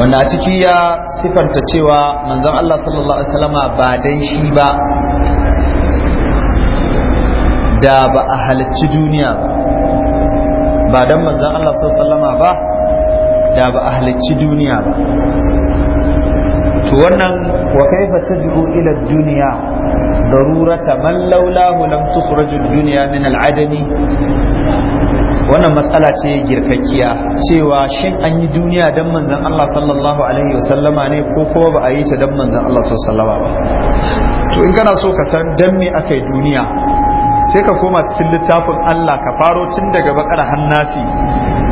wanda a ciki ya sifanta cewa manzon Allah sallallahu alaihi wasallama ba dan shi ba da ba a halicci duniya ba dan manzon Allah sallallahu alaihi wasallama ba da ba a halicci duniya ba to wannan wa kaifa tajru ila duniya darurata man laulahu lam tukhraju ad-dunya min al-adami wannan matsala ce girkakkiya cewa shin an yi duniya don manzan Allah sallallahu alaihi wasallama ne ko kuma ba a yi ta don manzan Allah sallallahu alaihi wasallama ba to in kana so ka san don me aka yi duniya sai ka koma cikin littafin Allah ka faro tun daga bakar hannati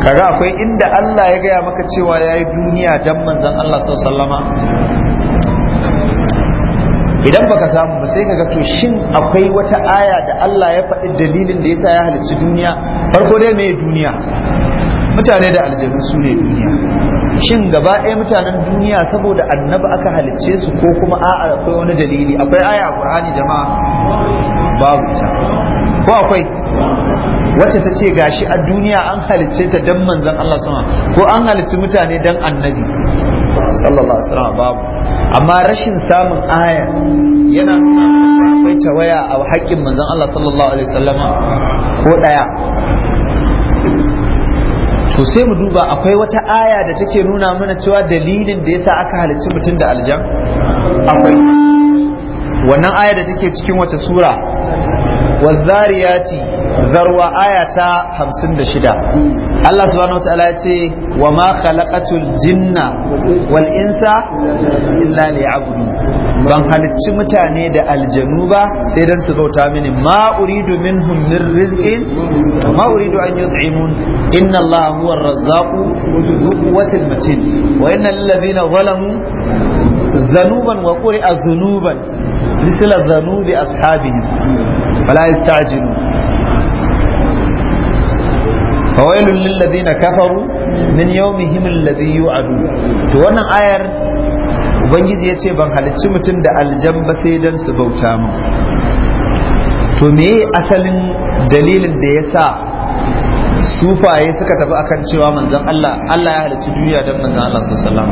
kaga akwai inda Allah ya gaya maka cewa ya yi duniya don manzan Allah sallallahu alaihi wasallama idan baka samu ba sai kaga to shin akwai wata aya da Allah ya faɗi dalilin da yasa ya halicci duniya farko dai me duniya mutane da aljanu su ne duniya shin gaba ɗaya mutanen duniya saboda annabi aka halicce su ko kuma a'a akwai wani dalili akwai aya a Qur'ani jama'a babu ita ko akwai wacce ta ce gashi a duniya an halicce ta dan manzon Allah sama ko an halicci mutane dan annabi sallallahu amma rashin samun aya yana nuna akwai tawaya a haƙƙin manzon Allah sallallahu alaihi wasallam ko daya to sai mu duba akwai wata aya da take nuna mana cewa dalilin da yasa aka halicci mutum da aljan akwai wannan aya da take cikin wata sura wazariyati zarwa hamsin da shida, Allah subhanahu wataala ce wa ma jinna wal insa illa liya'budu ban halicci mutane da aljanu ba sai dan su bauta mini ma uridu minhum min rizqin ma uridu an yut'imun inna Allah huwa ar-razzaqu dhu quwwatil matin wa inna lil zalamu zanuban wa quri'a zanuban misla zanubi فلا yasta'jilu فويل للذين كفروا kafaru min الذي alladhi تو wannan ayar ubangiji yace ban halicci mutum da aljamba sai dan su bauta mu to me asalin dalilin da yasa sufaye suka tafi akan cewa manzon Allah Allah ya halicci duniya dan manzon Allah sallallahu alaihi wasallam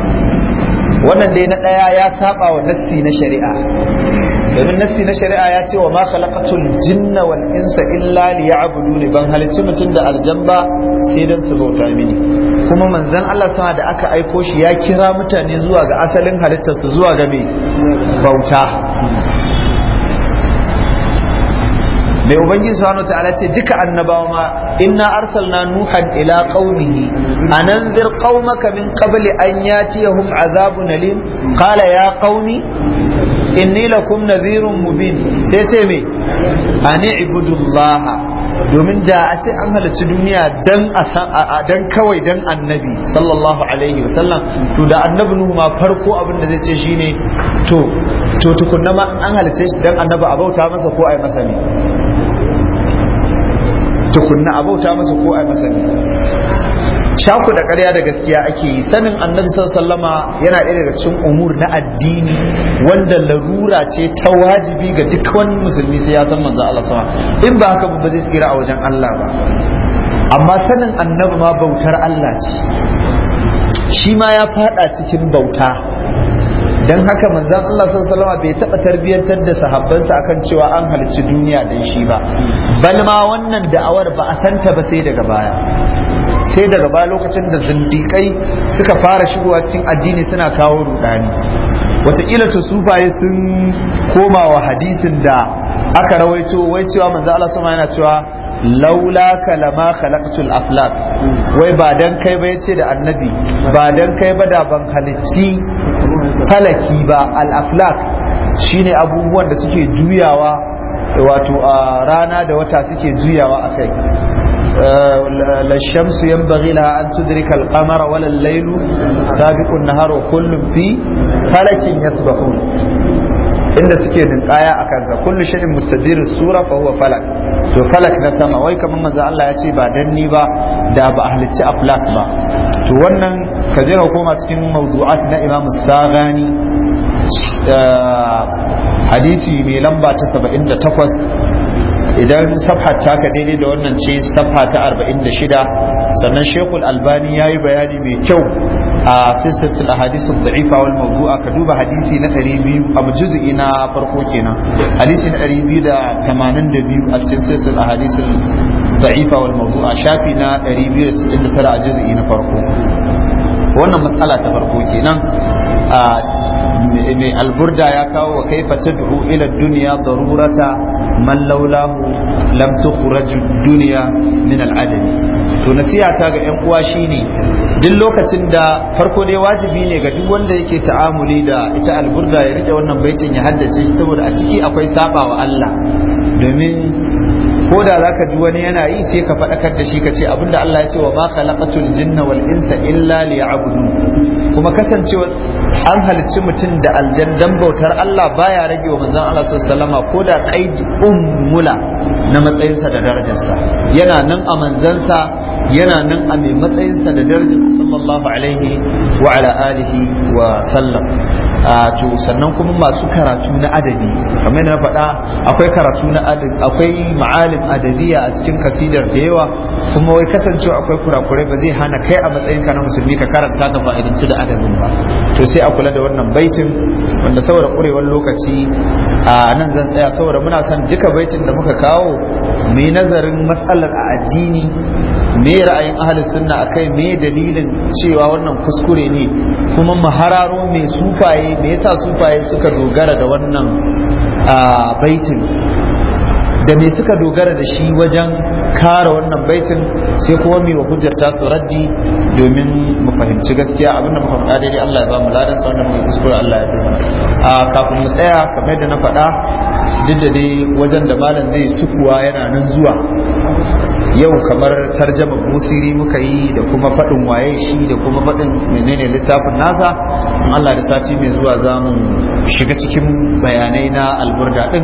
wannan dai na daya ya saba wa nassi na shari'a domin nassi na shari'a ya ce wa ma khalaqatul jinna wal ya illa ne ban halicci mutum da aljamba sai dan su bauta mini kuma manzon Allah sama da aka aiko shi ya kira mutane zuwa ga asalin halittar su zuwa ga me bauta mai ubangiji subhanahu ta'ala ce duka annabawa ma inna arsalna nuhan ila qaumihi ananzir qaumaka min qabli an yatiyahum azabun alim qala ya qaumi inni lakum nadhirun mubin sai ce me ani ibudullah domin da a ce an halarci duniya dan dan kawai dan annabi sallallahu alaihi wasallam to da annabi nuhu ma farko abin da zai ce shine to to tukunna ma an halarce shi dan annabi a bauta masa ko ai masa ne tukunna a bauta masa ko ai masa ne shaku da ƙarya da gaskiya ake yi sanin annabi sallama yana ɗaya daga cikin umur na addini wanda larura ce ta wajibi ga duk wani musulmi sai ya san manzo Allah sama in ba haka ba zai tsira a wajen Allah ba amma sanin annabi ma bautar Allah ce shi ma ya fada cikin bauta don haka manzan Allah sallallahu bai taɓa tarbiyyantar da sahabbansa akan cewa an halicci duniya don shi ba bal ma wannan da'awar ba a santa ba sai daga baya sai daga baya lokacin da zindikai suka fara shigowa cikin addini suna kawo rudani wataƙila ta sufaye sun koma wa hadisin da aka rawaito wai cewa manzo Allah sama yana cewa laula kalama khalaqtul aflak wai ba dan kai ba yace da annabi ba dan kai ba da ban halicci falaki ba al-aflak shine abubuwan da suke juyawa wato rana da wata suke juyawa a kai eh, lashamsu yan bagila an tudrika al-kamara wala lailu sabiqun nahar kullum fi falakin yasbahun inda suke dinkaya a kansa kullu shay'in mustadirus sura fa falak to falak na sama wai kamar manzo Allah ya ce ba danni ba da ba a halicci aflak ba to wannan ka je ka koma cikin mawdu'at na Imam Saghani eh, hadisi mai lamba ta 78 idan safha ta ka daidai da wannan ce safha ta 46 sannan shekul Albani ya yi bayani mai kyau a silsilatul ahadith ad-da'ifa wal mawdu'a ka duba hadisi na 200 abu juz'i na farko kenan hadisi na 282 a cikin silsilatul ahadith ad-da'ifa wal mawdu'a shafi na 299 a juz'i na farko wannan matsala ta farko kenan mai alburda ya kawo wa fata duhu ila dunya darurata man laulahu lam tukhraj duniya min al'adam to nasiha ta ga yan uwa shine duk lokacin da farko dai wajibi ne ga duk wanda yake ta'amuli da ita alburda ya rike wannan baitin ya haddace shi saboda a ciki akwai sabawa Allah domin ko da zaka ji wani yana yi sai ka faɗakar da shi ka ce abinda Allah ya ce wa ka khalaqatul jinna wal insa illa liya'budu kuma kasancewa an halicci mutum da aljan dan bautar Allah baya rage wa manzon Allah sallallahu ko da qaid ummula na matsayinsa da darajarsa yana nan a manzansa yana nan a mai matsayinsa da darajar sallallahu alaihi wa ala alihi wa sallam to sannan kuma masu karatu na adabi kamar na faɗa akwai karatu na adabi akwai ma'alim adabiya a cikin kasidar da yawa kuma wai kasancewa akwai kurakurai ba zai hana kai a matsayin ka na musulmi ka karanta ka fa'idanci da adabin ba to sai a kula da wannan baitin wanda saboda kurewar lokaci a nan zan tsaya saboda muna son duka baitin da muka kawo mai nazarin matsalar a addini me ra'ayin ahli sunna akai me dalilin cewa wannan kuskure ne kuma mahararo me sufaye me yasa sufaye suka dogara da wannan baitin da me suka dogara da shi wajen kare wannan baitin sai kuma mai wa hujjar ta su raddi domin mu fahimci gaskiya abin da muka faɗa daidai Allah ya ba mu ladan sa wannan kuskure Allah ya bi a kafin mu tsaya kamar yadda na faɗa duk da dai wajen da malam zai sukuwa yana nan zuwa yau kamar tarjama musiri muka yi da kuma faɗin waye shi da kuma faɗin menene littafin nasa in Allah da sati mai zuwa za mu shiga cikin bayanai na alburda ɗin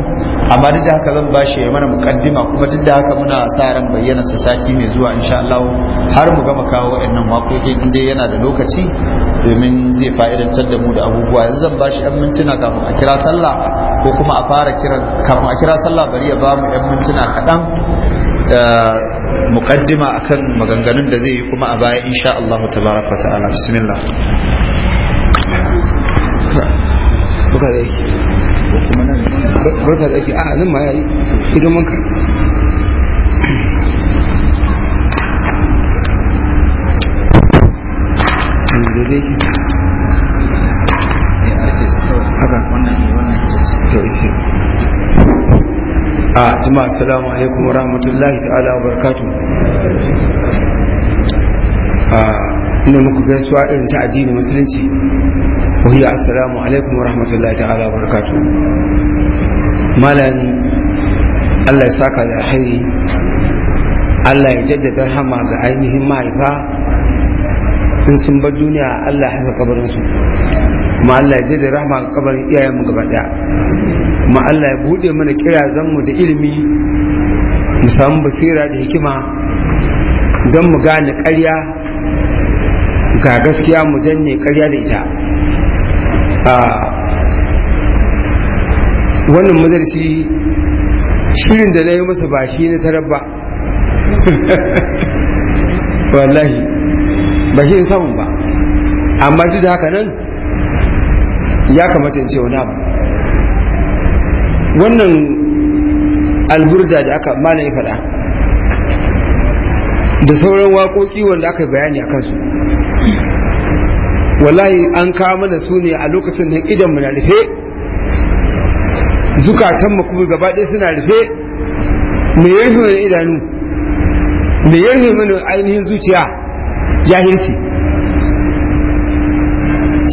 amma duk da haka zan ba shi mana mukaddima kuma duk da haka muna sa ran bayyana sa sati mai zuwa insha Allah har mu gama kawo wakoki in dai yana da lokaci domin zai fa'idantar da mu da abubuwa yanzu zan ba shi ɗan mintuna kafin a kira sallah ko kuma a fara kiran kafin a kira sallah bari ya ba mu ɗan mintuna kaɗan eh, muqaddima akan maganganun da zai yi kuma a baya insha Allah tabaraka ta'ala bismillah buka da yake da yake a nan ma yayi idan mun ka a ah, jama'a assalamu alaikum wa rahmatullahi ta'ala wa barakatu a ah, ina muku gaisuwa irin ta addini musulunci wa hiya assalamu alaikum wa rahmatullahi ta'ala wa barakatu malam Allah ya saka da alheri Allah ya jaddada rahama ga ainihin mahaifa in sun bar duniya Allah ya hasa kabarinsu kuma Allah ya je da rahama ga kabarin iyayenmu gaba daya kuma Allah ya bude mana mu da ilimi mu samu basira da hikima don mu gane ƙarya ga gaskiya mu janye ƙarya da ita wannan madarsi shirin da na yi masa ba shi na tarabba ba wallahi ba shi samun ba amma duk da haka nan ya kamata in ce wani abu wannan alburda da aka malam faɗa da sauran waƙoƙi wanda aka bayani a kansu wallahi an kawo mana su ne a lokacin da idan na rufe zukatan kuma gaba ɗaya suna rufe me ya rufe mana idanu me ya rufe mana ainihin zuciya jahilci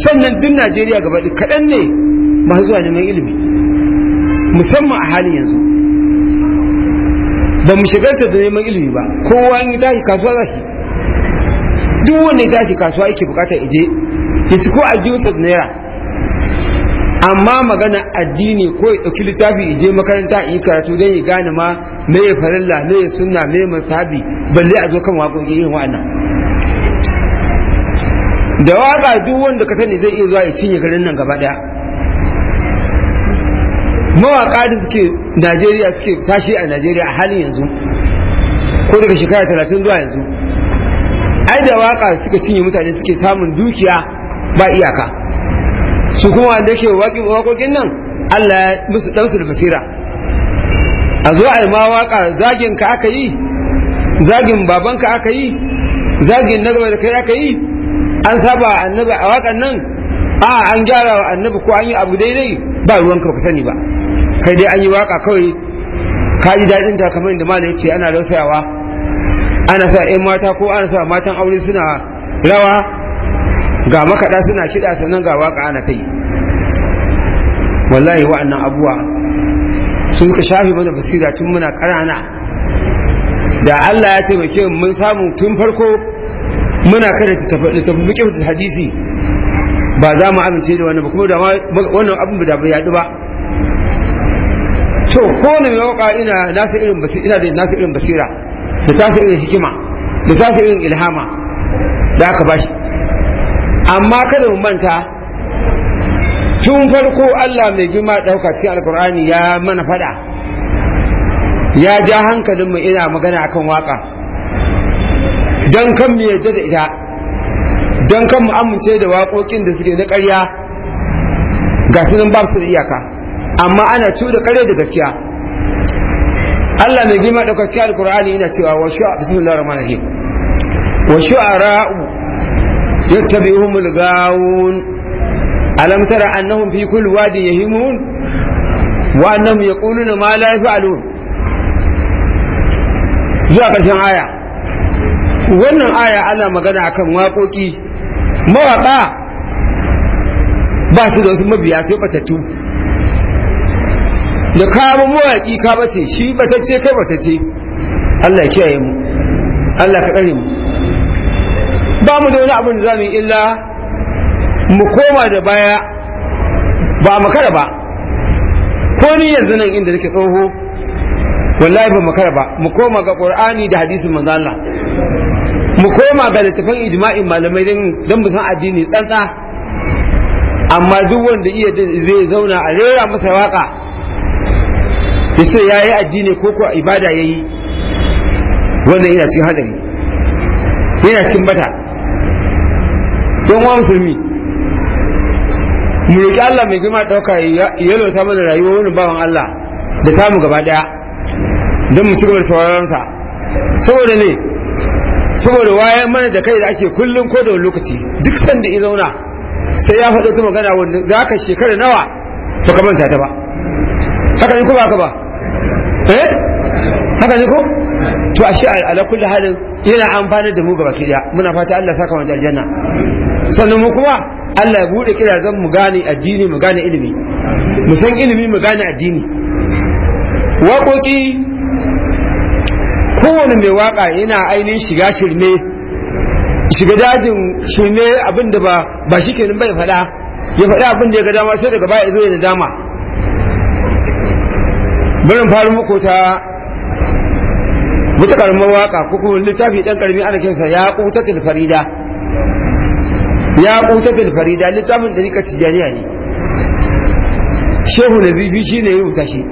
sannan duk najeriya gaba kaɗan ne masu zuwa neman ilimi musamman a halin yanzu ba mu shigarta da neman ilimi ba kowa in yi tashi kasuwa za shi duk wanda ya tashi kasuwa yake bukatar ije ya ci ko aljihunsa naira amma magana addini ko ya ɗauki littafi ije makaranta yi karatu don ya gane ma me ya farilla me ya sunna me ya masabi balle a zo kan waƙoƙi yin wa'annan da waka duk wanda ka sani zai iya zuwa ya cinye garin nan gaba daya mawaka da suke najeriya suke tashi a najeriya a halin yanzu ko daga shekara talatin zuwa yanzu ai da waka suka cinye mutane suke samun dukiya ba iyaka su kuma wanda ke waƙoƙin nan allah ya musu su da basira a zo a ma waka zagin ka aka yi zagin babanka aka yi zagin na gaba da kai aka yi an saba annabi a wakan nan a an gyara annabi ko an yi abu daidai ba ruwan ba ka sani ba kai dai an yi waka kawai ka ji daɗin ta kamar inda malam ce ana rausayawa ana sa ƴan mata ko ana sa matan aure suna rawa ga makaɗa suna kiɗa sannan ga waka ana ta yi wallahi wa'annan abuwa sun ka shafi mana basira tun muna ƙanana da Allah ya taimake mun samu tun farko muna karanta da hadisi ba za mu amince da wannan ba kuma da wannan abin da bai yadu ba to ko ne mai waka ina nasa irin basira ina da nasa irin basira da tasa irin hikima da tasa irin ilhama da aka bashi amma kada mu manta tun farko Allah mai girma dauka cikin alkur'ani ya mana fada ya ja hankalin mu ina magana akan waka don kan mu yadda da ita don kan mu amince da waƙoƙin da suke na ƙarya ga sunan ba su da iyaka amma ana da ƙarya da gaskiya Allah mai girma da gaskiya da alkur'ani yana cewa wa shu'a bismillahir rahmanir rahim wa shu'ara'u yattabi'uhumul mulgawun alam tara annahum fi kulli wadin yahimun wa annahum yaquluna ma la yaf'alun zuwa ƙarshen aya wannan aya ana magana akan waƙoƙi mawaƙa ba su da wasu mabiya sai batattu da kama mawaƙi ka bace shi batacce kai batacce Allah ya kiyaye mu Allah ka tsare mu ba mu da wani abin da zamu mu illa mu koma da baya ba mu kada ba ko ni yanzu nan inda nake tsoho wallahi ba makara ba mu koma ga qur'ani da hadisin manzo mu koma ga littafin ijma'in malamai don mu san addini tsantsa amma duk wanda iya zai zauna a rera masa waka ya ya yi addini ko ko ibada yayi yi wannan yana cikin hadari yana cikin bata don wa musulmi mu roƙi Allah mai girma dauka yalo ta mana rayuwar wani bawan Allah da samu gaba daya don mu cigaba da sauraron saboda ne saboda wayan mana da kai da ake kullum ko da wani lokaci duk sanda i zauna sai ya faɗo ta magana wanda za ka shekara nawa ba ka manta ta ba haka ne ko ba ka ba eh haka ne ko to ashe ala kulli halin yana amfani da mu gaba daya muna fata Allah saka mu aljanna sannan mu kuma Allah ya bude kirazan mu gane addini mu gane ilimi mu san ilimi mu gane addini waƙoƙi kowane mai waka yana ainihin shiga shirme shiga dajin shirme abin da ba ba shi kenan bai faɗa ya fada abin da ya ga dama sai daga baya zo ya da dama barin faru muku ta wata karamar waka ko kuma littafi dan karami ana kinsa ya qutatul farida ya qutatul farida littafin dariƙa tijaniya ne shehu nazifi shine ya rubuta shi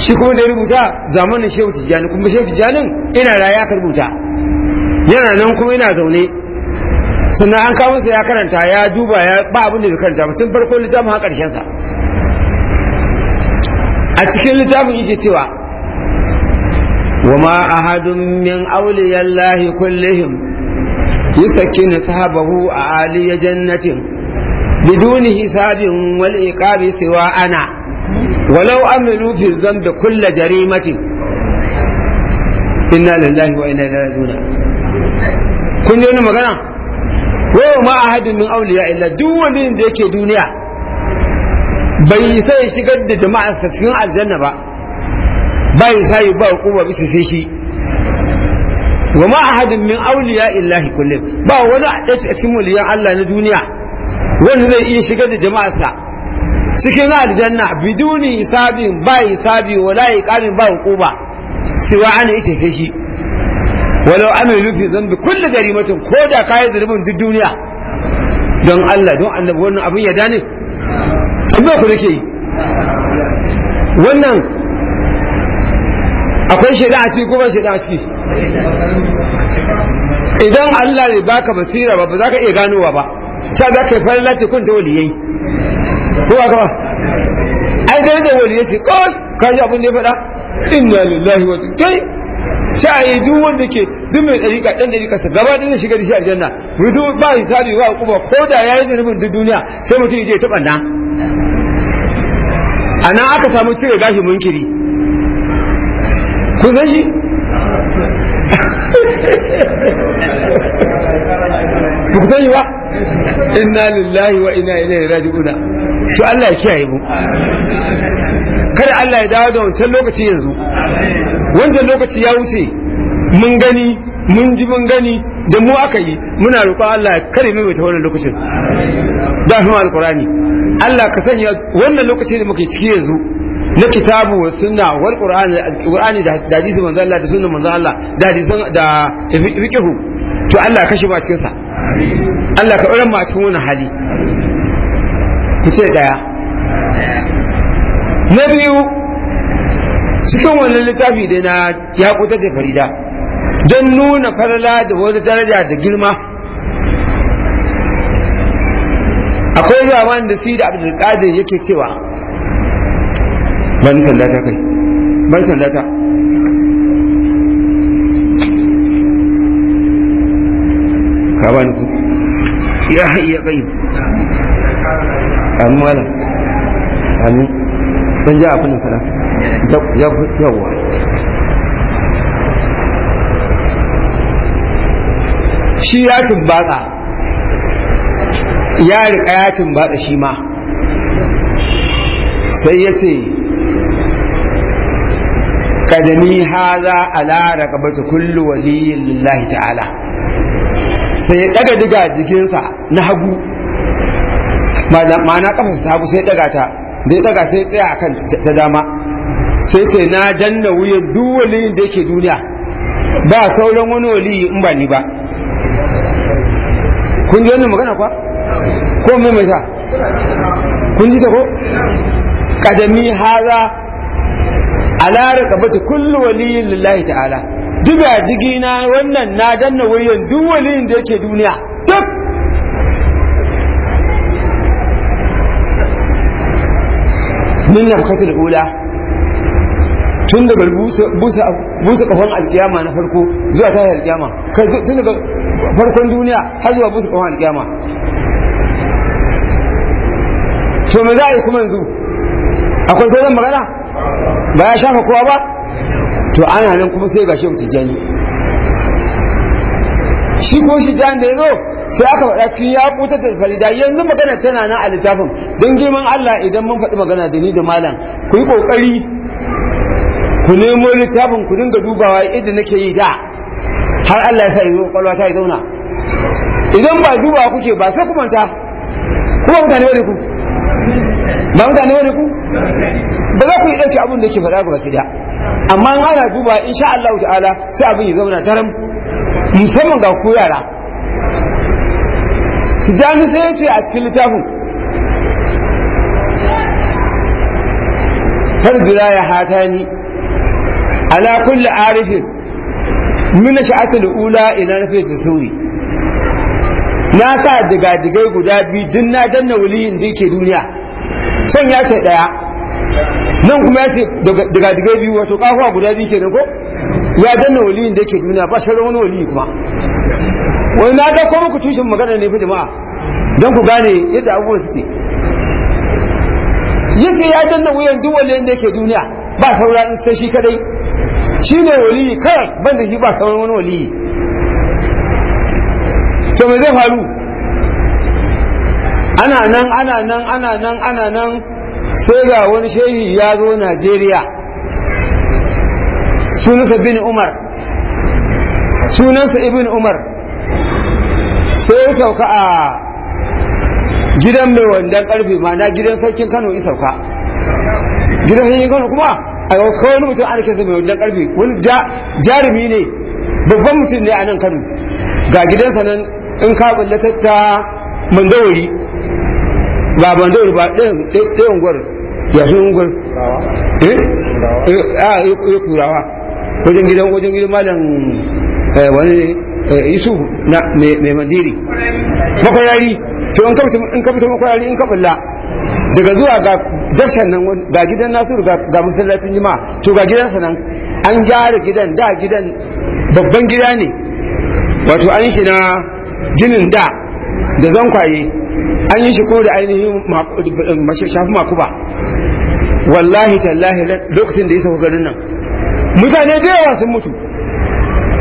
shi kuma da rubuta zamanin shehu tijjani kuma shehu tijjanin ina raya ya rubuta yana nan kuma yana zaune suna an kawo sa ya karanta ya duba ya ba abin da bai karanta mutum farko littafin har karshen sa a cikin littafin yake cewa wa ma ahadun min awliyallahi kullihim yusakkinu sahabahu a aliyya bidunihi biduni hisabin wal iqabi siwa ana ولو aminu fi الذنب kulla جريمة inna لله وإنا inna ilaihi كن kun ji wani magana ما ma ahadin أولياء إلا illa duk wani da yake duniya bai sai shigar da jama'ar sa cikin aljanna ba bai sai ba hukuma bisa sai shi wa ma ahadin min awliya illahi kullum ba wani a cikin waliyan Allah na duniya wanda zai iya shigar da jama'ar sa cikin aljanna biduni sabin ba wa wala iqamin ba hukuba siwa ana ita sai shi walau amilu fi kulle kulli mutum ko da kai zulubin duk duniya don Allah don annabi wannan abin ya dane Amma ku nake wannan akwai shari'a ciki, ko ba shari'a ciki. idan Allah ne baka basira ba ba za ka iya ganowa ba ta za ka yi farin lati kun ta waliyai ko ba kama ai da rike wani ya ce kawai ka ji abin da ya faɗa inna lillahi wa kai sha'ayi duk wanda ke duk mai ɗarika ɗan ɗarika sa gaba da shiga da shi aljanna wudu ba hisabi ba kuma ko da ya yi zanubin duk duniya sai mutum ya je taɓa na a nan aka samu cire gashi munkiri kun san shi ba ku san shi ba inna lillahi wa inna ilaihi raji'una to Allah ya kiyaye mu kada Allah ya dawo da wancan lokaci yanzu wancan lokaci ya wuce mun gani mun ji mun gani da mu aka yi muna roƙon Allah kare mu ta wannan lokacin da kuma alqurani Allah ka sanya wannan lokaci da muke ciki yanzu na kitabu wa sunna wal qur'ani da hadisi manzo Allah da sunna manzo Allah da hadisi da fiqhu to Allah ka shi ba cikin sa Allah ka ɗora mu a cikin wannan hali ce ɗaya na biyu cikin wannan littafi dai na ya kuta da farida don nuna farla da wata daraja da girma akwai zuwa wanda su da abdulkadir yake cewa ban sallata kai ban sallata ka bani ku ya hayya kai amin mala amin ji abin shi ya batsa, ya riƙa ya batsa shi ma sai ya ce kadami haza ka raqabati kullu waliyin lillahi ta'ala sai ya ɗaga diga jikinsa na hagu ma'ana kafa ta hagu sai daga ta zai daga sai tsaya kan ta dama sai ce na danna wuyan duwali da yake duniya ba sauran wani wali in ba ni ba kun ji wannan magana kwa ko mai mai sa kun ji ta ko kadami haza a ala raqabati kullu waliyin lillahi ta'ala diga jigina wannan na danna wuyan duwali da yake duniya min da ula tun daga busa kafan alkiyama na farko zuwa ta yi alkiyama tun daga farkon duniya har zuwa busa kafan alkiyama to me za a yi kuma yanzu akwai sauran magana ba ya shafa kowa ba to ana nan kuma sai ga shehu jani shi ko shi jani da ya zo sai aka faɗa cikin ya buta da farida yanzu magana tana na a littafin don girman Allah idan mun faɗi magana da ni da malam ku yi ƙoƙari ku nemo littafin ku dinga dubawa idan nake yi da har Allah ya sa yi ƙwaƙwalwa ta yi zauna idan ba dubawa kuke ba sai ku manta kuma mutane wani ku ba mutane wani ku ba za ku yi ɗauki abin da ke faɗa ba gaskiya amma ana duba insha Allah ta'ala sai abin ya zauna daram musamman ga ku yara su jami sai ya ce a cikin littafin farjira ya hata ni ala kulli arifin min sha'atul ula ila nafi tasuri na sa digai guda biyu din na danna waliyin da yake duniya san ya ce daya nan kuma ya ce digai biyu wato kafuwa guda biyu kenan ko ya danna waliyin da yake duniya ba shi wani waliyi kuma wani na ga ko muku tushen magana ne fi jama'a don ku gane yadda abubuwan suke ce ya danna wuyan duk wanda yake duniya ba sauran sai shi kadai ne, waliyi kawai da shi ba sauran wani waliyi to me zai faru ana nan ana nan ana nan ana nan sai ga wani shehi ya zo Najeriya sunansa bin Umar sunansa ibn Umar sai ya sauka a gidan mai wandan karfe na gidan sarkin kano ya sauka gidan sarkin kano kuma a kawai wani mutum ana kesa mai wandan karfe wani jarumi ne babban mutum ne a nan kano ga gidansa nan in ka kullata ta mandawari ba mandawari ba ɗayan gwar ya gwar eh? Eh, eh eh kurawa wajen gidan wajen gidan malam eh, wani ne Eh, yusuf na mai mandiri makwayari to in ka fito makwayari in ka bulla daga zuwa ga jashan nan ga gidan nasiru ga masallacin jima to ga gidansa nan an gyara gidan da gidan babban gida ne wato an shi na ginin da da zankwaye an yi shi ko da ainihin shafi makuba wallahi tallahi lokacin da ya sauka garin nan mutane da yawa sun mutu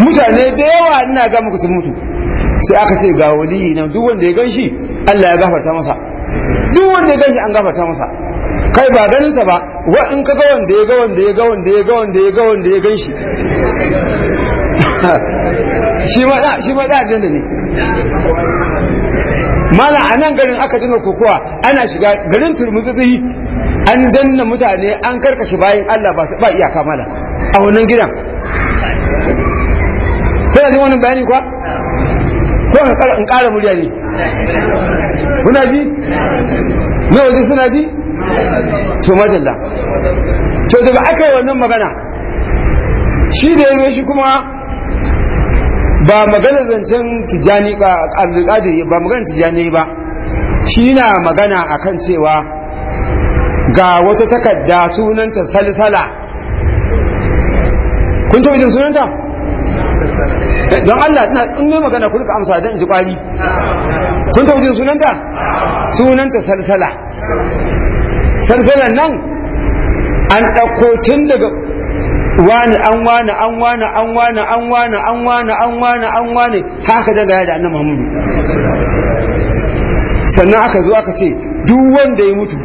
mutane da yawa ina ga muku sun mutu sai aka ce ga waliyi nan duk wanda ya ganshi Allah ya gafarta masa duk wanda ya ganshi an gafarta masa kai ba ganinsa ba wa in ka ga wanda ya ga wanda ya ga wanda ya ga wanda ya ga wanda ya ganshi shi ma da shi ma da ne mala a nan garin aka dinga kokowa ana shiga garin turmutsi an danna mutane an karkashi bayan Allah ba ba iyaka mala a wannan gidan kana jin wannan bayani kuwa ko in ƙara murya ne kuna ji na waje suna ji to madalla to daga aka yi wannan magana shi da ya shi kuma ba magana zancen tijjani ba abdulkadir ba magana tijjani ba shi na magana akan cewa ga wata takarda sunanta salisala kun taɓa jin sunanta don Allah ina ɗunne magana ku rika amsa don ji kwari kun taujin sunanta sunanta salsala salsalan nan an ɗauko tun daga wani an wani an wani an wani an wani an wani an wani an wani haka daga da annan Muhammadu sannan aka zo aka ce duk wanda ya mutu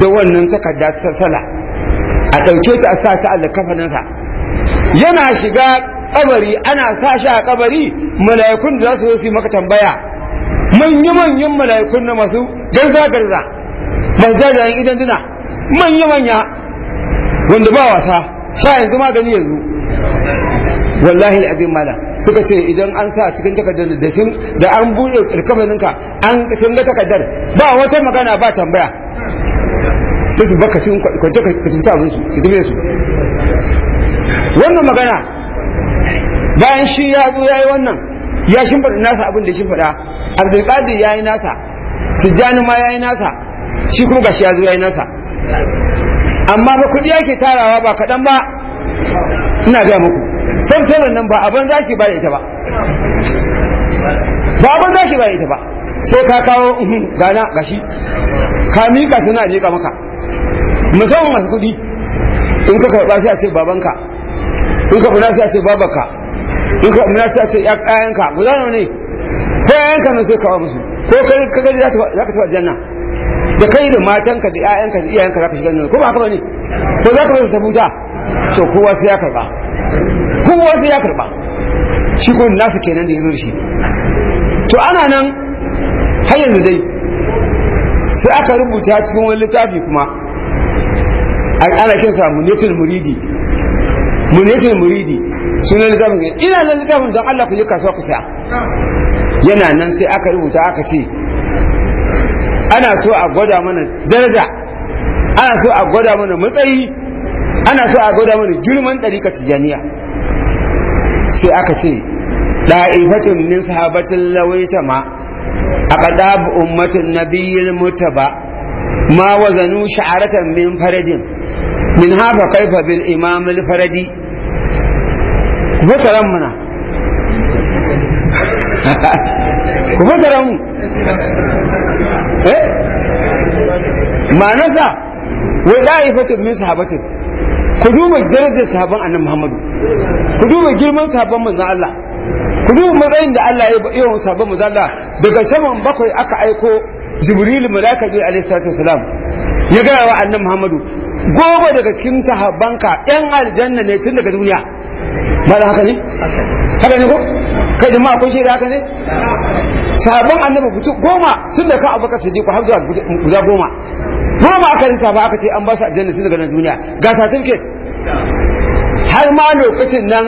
da wannan takarda salsala a ɗauke ta a sa ta a yana shiga kabari ana sa shi a kabari mala'ikun da za su zo yi maka tambaya manya-manyan mala'ikun na masu garza-garza masu da idan duna manya-manya wanda ba wasa sha yanzu magani yanzu wallahi al'azim mala suka ce idan an sa cikin takardar da sun da an buɗe alkabarinka an sun ga takardar ba wata magana ba tambaya sai su baka cikin kwance ka ta abin su su tafi su wannan magana bayan shi ya zo ya yi wannan ya shimfiɗa nasa abin da shimfiɗa abdulkadir ya yi nasa tijjani ma ya yi nasa shi kuma gashi ya zo ya yi nasa amma ba kuɗi yake tarawa ba kaɗan ba ina gaya muku sarsarar nan ba abin za ki ba ita ba ba abin za ki ba ita ba sai ka kawo uhm, gana gashi ka mika suna miƙa maka musamman masu kuɗi in ka karɓa sai a ce babanka in ka fina sai a ce babanka in ka muna ce a ce ƴaƴanka guda nawa ne ko ƴaƴanka ne sai kawo musu ko kai ka gani za ka taɓa janna da kai da matanka da ƴaƴanka da iyayenka za ka shiga janna ko ba haka bane ko za ka bar su ta buta to kowa sai ya karba kowa sai ya karba shi ko nasu kenan da ya zo shi to ana nan har yanzu dai sai aka rubuta cikin wani littafi kuma ana kinsa munitin muridi munitin muridi sunan littafin ina nan littafin don Allah ku yi kasuwa ku saya yana nan sai aka rubuta aka ce ana so a gwada mana daraja ana so a gwada mana matsayi ana so a gwada mana girman ɗarika tijaniya sai aka ce ɗa'ifatun min sahabatin lawaita ma a ƙaɗa ummatin nabiyyin mutaba ma wazanu sha'aratan min faradin min hafa kaifa bil imam al faradi ku fassara mu ku fassara mu eh ma'anarsa wai sahabatin ku duba darajar sahaban annabi Muhammadu ku duba girman sahaban manzon Allah ku duba matsayin da Allah ya yi wa sahaban manzon Allah daga saman bakwai aka aiko Jibril malaka bi alaihi salatu wasalam ya gaya wa annabi Muhammadu goma daga cikin sahabanka yan aljanna ne tun daga duniya ba da haka ne haka ne ko kai ma akwai da haka ne Sabon annabi mutu goma tun da ka abubakar siddiq har zuwa guda goma goma aka yi sabon aka ce an ba su da sun daga nan duniya ga certificate har ma lokacin nan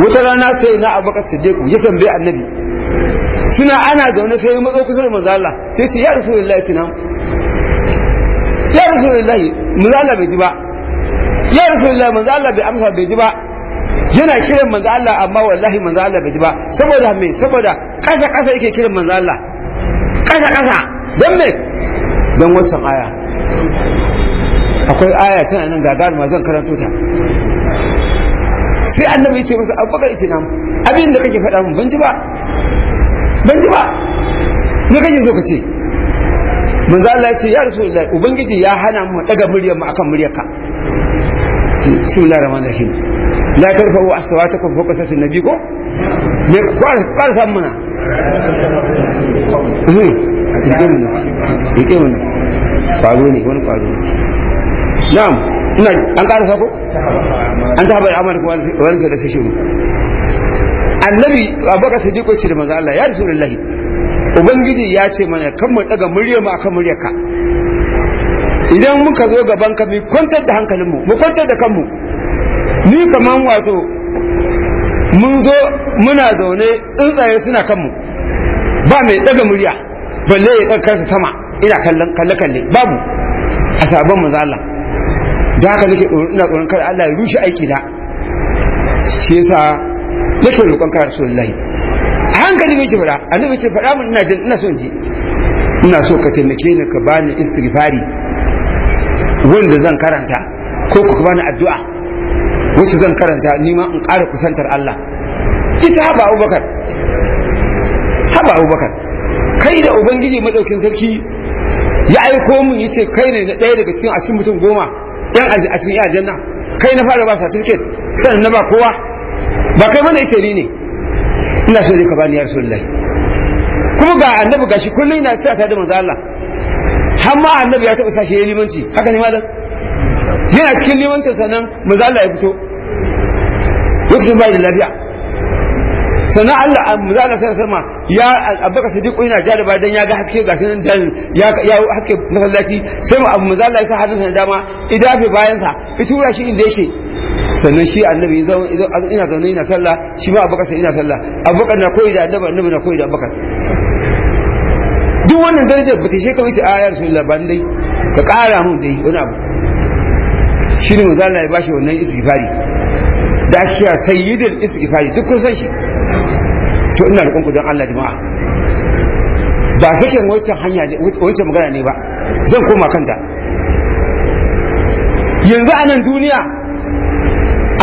wata rana sai na abubakar ku ya tambaye annabi suna ana zaune sai matso kusa da manzo Allah sai ce ya rasulullahi sinan ya rasulullahi manzo Allah bai ji ba ya rasulullahi manzo Allah bai amsa bai ji ba yana kiran manzo Allah amma wallahi manzo Allah bai ji ba saboda me saboda kasa kasa yake kiran manzo Allah kasa kasa dan me dan wannan aya akwai aya tana nan ma zan karanto ta sai annabi ce masa abubakar ce na abin da kake faɗa mun ban ji ba ban ji ba me kake so ka ce manzo Allah ya ce ya rasulullahi ubangiji ya hana mu daga muryar mu akan muryarka bismillahir rahmanir rahim la tarfa'u aswatakum fawqa sawti an-nabi ko me kwar san muna eh yake mun yake mun kwaro ne wani kwaro ne na'am ina an karasa ko an taɓa ko wani sai da sai shiru annabi abaka sai ko ce da manzo Allah ya rasulullahi ubangiji ya ce mana kan mu daga muryar mu akan muryar ka idan muka zo gaban ka mu kwantar da hankalinmu mu kwantar da kanmu ni kaman wato mun zo muna zaune tsuntsaye suna kanmu ba mai daga murya balle ya tsakar sama ina kallon kalle kalle babu a sabon manzo Allah da haka nake ina tsoron kar Allah ya rushe aiki na shi yasa nake roƙon ka Rasulullahi a hankali muke fara annabi ce fara mun ina jin ina son ji ina so ka taimake ni ka bani istighfari wanda zan karanta ko ku bani addu'a wasu zan karanta ni ma in ƙara kusantar Allah ita haba Abubakar haba Abubakar kai da ubangiji madaukin sarki ya aiko mun yace kai ne ɗaya daga cikin a cikin mutum goma yan a cikin janna kai na fara ba certificate sannan na ba kowa ba kai mana ishe ni ne ina so dai ka bani ya rasulullahi kuma ga annabi gashi kullum ina cewa ta da manzo Allah amma ma annabi ya taɓa sashi ya limanci haka ne malam yana cikin limancin sannan manzo Allah ya fito lokacin bai da lafiya sannan Allah manzo Allah sai sarma ya abbaka sadiqu yana ja da bayan ya ga haske ga sunan dan ya ya haske masallaci sai mu abu manzo Allah ya sa hadin sa dama idafe bayan sa itura shi inda yake sannan shi annabi idan ina zaune ina sallah shi ma abubakar sai ina sallah abubakar na koyi da annabi annabi na koyi da abubakar wannan darajar ba ta shi kawai a ya rasulullah ba dai ka kara mun dai wani abu shi ne manzo Allah ya bashi wannan istighfari da kiya sayyidul istighfari duk kun san shi to ina da kunkudan don Allah jama'a ba sakin wancan hanya wancan magana ne ba zan koma kanta yanzu a nan duniya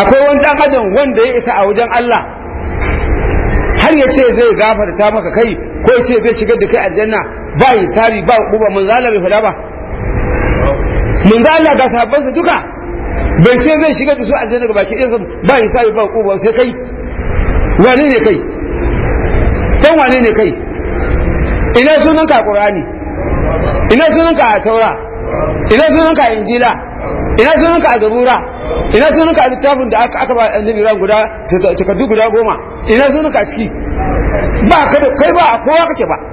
akwai wani dan adam wanda ya isa a wajen Allah har ya ce zai gafarta maka kai ko ya ce zai shigar da kai aljanna ba sari ba uba mun zala bai fada ba mun zala ga sahabbansa duka bai ce zai shiga da su a daga baki ɗinsa ba sari ba uba sai kai wane ne kai ɗan wane ne kai ina sunan ka qur'ani ina sunan ka taura ina sunan ka injila ina sunan ka zabura ina sunan ka littafin da aka aka ba annabi ran guda takardu guda goma ina sunan ka ciki ba kai ba kowa kake ba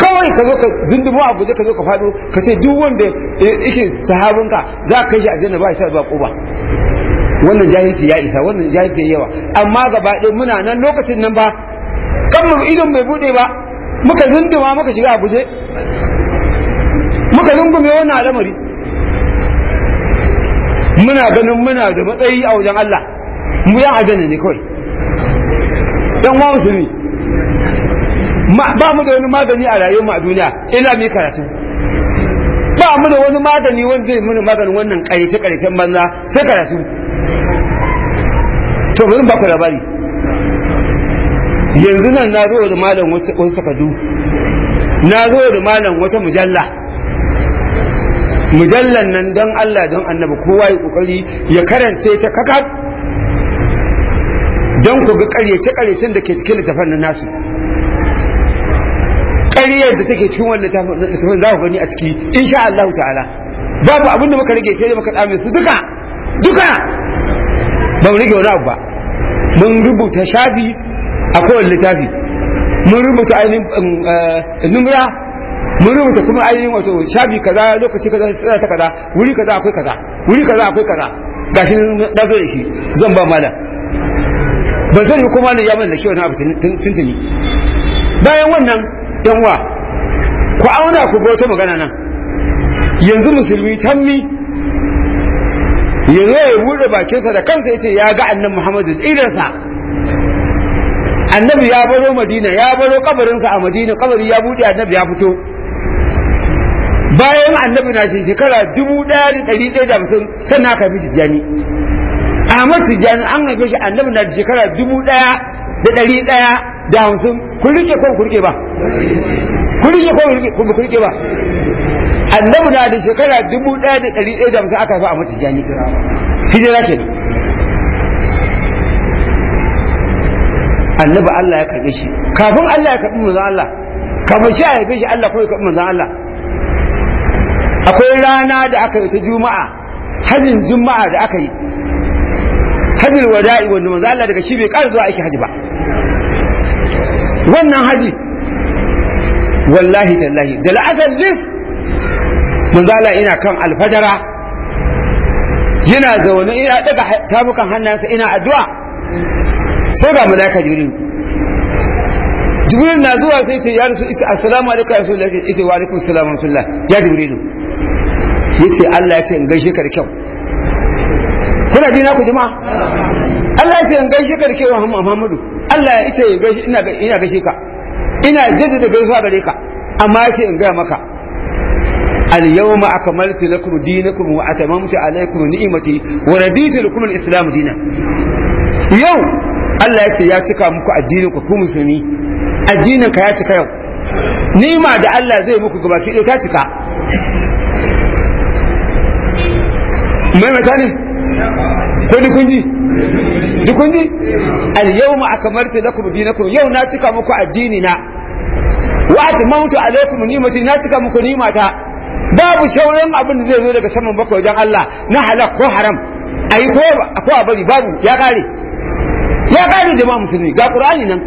kawai ka zo ka zindubu a guje ka zo ka faɗo ka ce duk wanda yake sahabinka za ka yi shi aljanna ba ya ba ko ba wannan jahilci ya isa wannan jahilci ya yawa amma gaba ɗaya muna nan lokacin nan ba kan mu idon bai bude ba muka zinduma muka shiga a guje muka lungume wannan al'amari muna ganin muna da matsayi a wajen Allah mu ya aljanna ne kawai dan wa musulmi ba mu da wani magani a rayuwar mu a duniya ina mai karatu ba mu da wani magani wanda zai mana maganin wannan ƙaryace ƙaryacen banza sai karatu to bari ba ku labari yanzu nan na zo da malam wasu takardu na zo da malam wata mujalla mujallan nan don Allah don annabi kowa ya kokari ya karance ta kakar don ku ga karyace karyacen da ke cikin littafin nan nasu ƙariyar da take cikin wannan littafin za ku gani a ciki insha Allah ta'ala babu abin da muka rage sai da muka tsame su duka duka ba mu rage wani abu ba mun rubuta shafi a kowane littafi mun rubuta ainihin um, eh, numra mun rubuta kuma ainihin wato shafi kaza lokaci kaza tsara ta kaza wuri kaza akwai kaza wuri kaza akwai kaza gashi na zo da shi zan ba mala ban sani kuma ne ya mallaki wani abu tuntuni bayan wannan yanwa ku auna ku bauta magana nan yanzu musulmi tanni yanzu ya buɗe bakinsa da kansa ya ce ya ga annan muhammadu idansa annabi ya baro madina ya baro kabarinsa a madina kabari ya buɗe annabi ya fito bayan annabi na ce shekara dubu da da hamsin sannan aka fi tijjani ahmad tijjani an haife shi annabi na shekara dubu da da hamsin kun rike ko kun ba kun rike ko kun ba annabi na da shekara dubu ɗaya da ɗari ɗaya da hamsin aka fi a mata jani hijira ke annabi Allah ya karɓe shi kafin Allah ya karɓi manzon Allah kafin shi a haife shi Allah ko ya karɓi manzon Allah akwai rana da aka yi ta juma'a hajjin juma'a da aka yi hajjin wada'i wanda manzo Allah daga shi bai ƙara zuwa aiki haji ba wannan haji wallahi tallahi da la'asar lis manzala ina kan alfadara yana zaune ina daga tabukan hannansa ina addu'a sai ga malaka jibril jibril na zuwa sai ce ya rasu isa assalamu alaikum rasulullah yace wa alaikum assalamu rasulullah ya jibril yace Allah ya ce in gaishe ka da kyau kuna dina ku jama'a Allah ya ce in gaishe ka da kewa Muhammadu Allah ya ce ina gaishe ka ina jaddada da gaishe gare ka amma ya ce in gaya maka al yawma akmaltu lakum dinakum wa atamamtu alaykum ni'mati wa raditu lakum al-islam dina yau Allah ya ce ya cika muku addinin ku ku musulmi addinin ka ya cika yau ni'ma da Allah zai muku gaba ki ta cika mai mai ko duk kun ji duk kun ji al yawma akmaltu lakum dinakum yau na cika muku addini na wa atmamtu alaykum ni'mati na cika muku ni'mata babu shauran abin da zai zo daga saman bakwai wajen Allah na halak ko haram ayi ko ko a bari babu ya kare ya kare jama'a musulmi ga qur'ani nan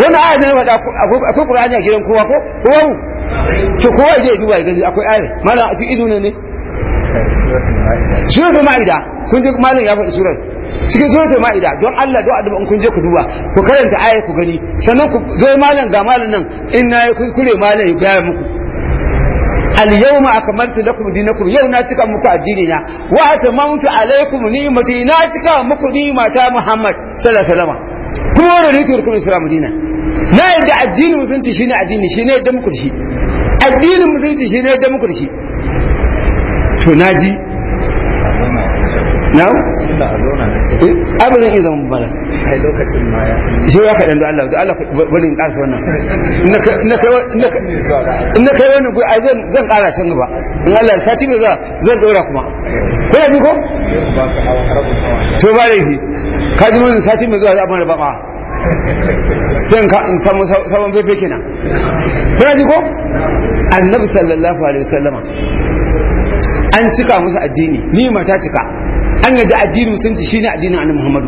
wannan aya da faɗa akwai qur'ani a gidan kowa ko kowa to kowa zai duba ya gani akwai aya malam asu izu ne ne suratul ma'ida kun je malin ya faɗi surar cikin suratul ma'ida don Allah don addu'a in kun je ku duba ku karanta aya ku gani sannan ku zo malam ga malam nan in na yi kuskure malam ya gaya muku al-yawma akmaltu lakum dinakum yau na cika muku addini na wa atamamtu alaykum ni'mati na cika muku ta Muhammad sallallahu alaihi wasallam kuma wa raditu lakum islam dinan na yadda addinin musulunci shine addini shine yadda muku shi addinin musulunci shine yadda muku shi to naji na? Eh, abin zan iya zama bala a lokacin maya shi ya kaɗan da Allah da Allah wani in ƙarsa wannan in na kai wani guri ai zan ƙara can gaba in Allah sati mai zuwa zan ɗora kuma ko ya ji ko? to ba da yi ka ji wani sati mai zuwa za a mana baka sai in samu sabon fefe kenan ko ya ji ko? annabi sallallahu alaihi wasallama an cika musu addini ni ta cika an yadda addinin ci shine addinin annabi Muhammadu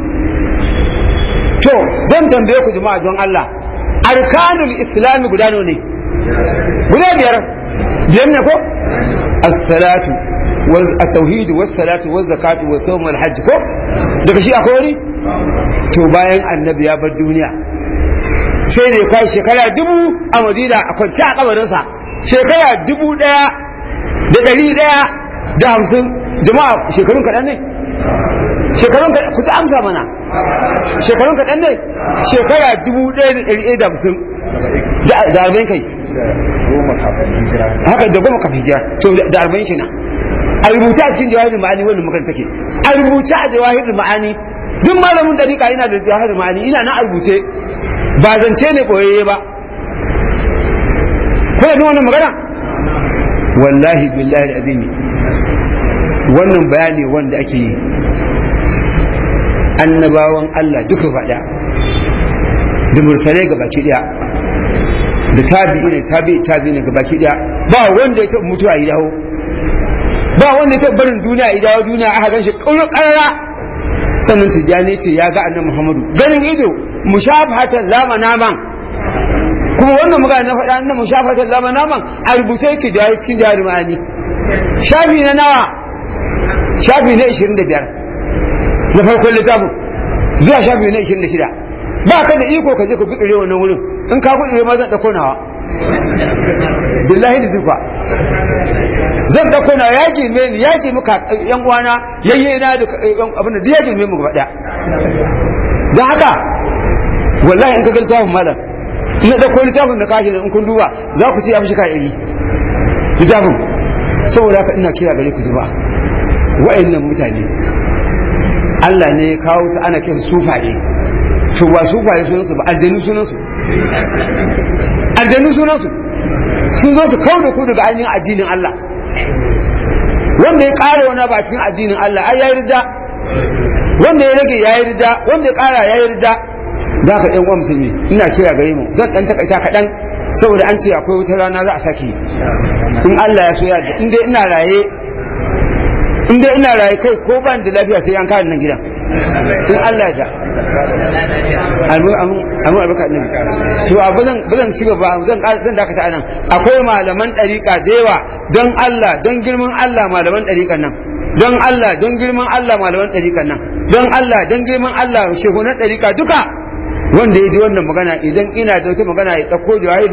to zan tambaye ku jama'a don Allah arkanul islami guda ne guda biyar biyar ne ko as-salatu wa tauhid wa salatu wa zakatu wa sawm wal hajj ko daga shi akwai wani to bayan annabi ya bar duniya sai da ya kwashi shekara dubu a madina a kwanci a kabarinsa shekara dubu daya da ɗari daya da hamsin jama'a shekarun kaɗan ne shekarun kaɗan ku ci amsa mana shekarun kaɗan ne shekara dubu ɗaya da ɗari ɗaya da hamsin da arba'in kai haka da goma kafin jira. to da arba'in kenan a rubuta a cikin jawahirin ma'ani wanda makaranta ke a rubuta a jawahirin ma'ani duk malamin dariƙa yana da jawahirin ma'ani ina na rubuce ba zance ne koyayye ba kuna da wannan magana wallahi billahi azim wannan bayani wanda ake yi annabawan Allah duka faɗa da mursalai ga baki daya da tabi'i ne tabi'i tabi'i ne ga baki daya ba wanda ya taɓa mutuwa ya dawo ba wanda ya taɓa barin duniya ya dawo duniya a aka shi ƙaunar ƙarara sannan tijjani ce ya ga annabi Muhammadu ganin ido mushabhatan lama man kuma wannan muka na faɗa na mushafatar zama naman a rubuce yake da ya cikin jarumani. ma'ani shafi na nawa shafi na 25 na farkon littafin zuwa shafi na 26 ba ka da iko ka je ka gutsure wannan wurin in ka gutsure ma zan ɗauko nawa billahi da zuwa zan ɗauko nawa ya me ni ya girme yan uwana yayyena da abin da ya me mu gaba ɗaya don haka wallahi in ka gantsa mu malam na da ɗauko littafin da kashe in kun duba za ku ce ya fi ka'iri iri littafin saboda haka ina kira gare ku duba wa'annan mutane Allah ne ya kawo su ana kiran sufaye to ba sufaye sunansu ba aljanu sunansu aljanu sunansu sun zo su kawo da ku daga ainihin addinin Allah wanda ya ƙara wani ba cikin addinin Allah ai ya rida wanda ya rage ya yi rida wanda ya ƙara ya yi rida za ka ɗan musulmi ina kira gare mu zan ɗan takaita kaɗan saboda an ce akwai wutar rana za a sake in Allah ya so ya in dai ina raye in dai ina raye kai ko ban da lafiya sai an kare nan gidan in Allah ya amin albarka annabi to a bazan ci gaba zan zan dakata anan akwai malaman dariƙa da yawa don Allah don girman Allah malaman ɗariƙan nan don Allah don girman Allah malaman ɗariƙan nan don Allah don girman Allah shehunan dariƙa duka wanda ya ji wannan magana idan ina da wata magana ya ɗauko wahayi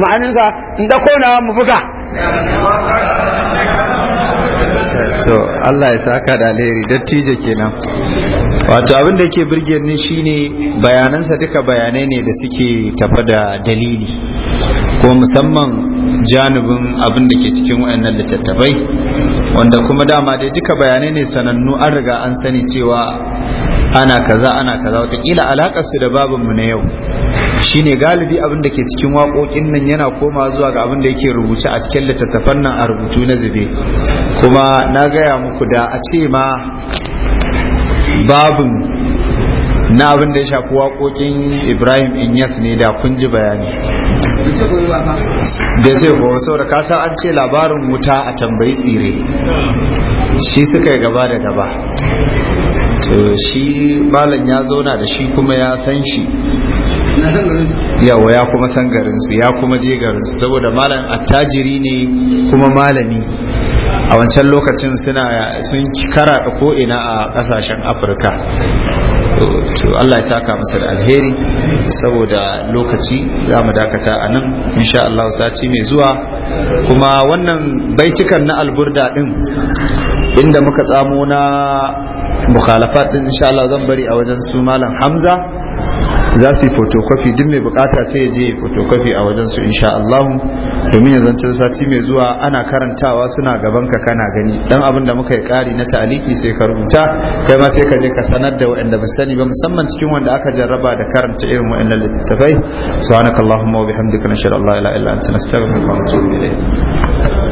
ma'aninsa in ɗauko na mu buga to Allah ya saka da alheri dattijo kenan wato abin da yake birge ni shine bayanansa duka bayanai ne da suke tafa da dalili ko musamman janubin abin da ke cikin waɗannan littattafai wanda kuma dama dai duka bayanai ne sanannu an riga an sani cewa ana kaza ana kaza watakila alakar su da babin mu na yau shine galibi abin da ke cikin waƙoƙin nan yana koma zuwa ga abin da yake rubuce a cikin littattafan nan a rubutu na zube kuma na gaya muku da a ce ma babin na abin da ya shafi waƙoƙin ibrahim inyas ne da kun ji bayani bai sai ko saboda ka san an ce labarin wuta a tambayi tsire shi suka yi gaba da gaba to shi malam ya zauna da shi kuma ya san shi yawa ya kuma san garinsu ya kuma je garinsu saboda malam attajiri ne kuma malami a wancan lokacin suna sun kara ko ina a kasashen afirka to Allah ya saka masa da alheri saboda lokaci za mu dakata a nan insha Allah sati mai zuwa kuma wannan baitukan na alburda din inda muka tsamo na mukhalafat din insha Allah zan bari a wajen su malam Hamza za su yi fotokofi duk mai bukata sai ya je fotokofi a wajen su insha Allah domin ya zanci sati mai zuwa ana karantawa suna gaban ka kana gani dan abin da muka yi kari na ta'aliki sai ka rubuta kai ma sai ka je ka sanar da waɗanda ba sani ba musamman cikin wanda aka jarraba da karanta irin waɗannan littattafai subhanakallahumma wa bihamdika nashhadu an la ilaha illa anta nastaghfiruka wa natubu ilayk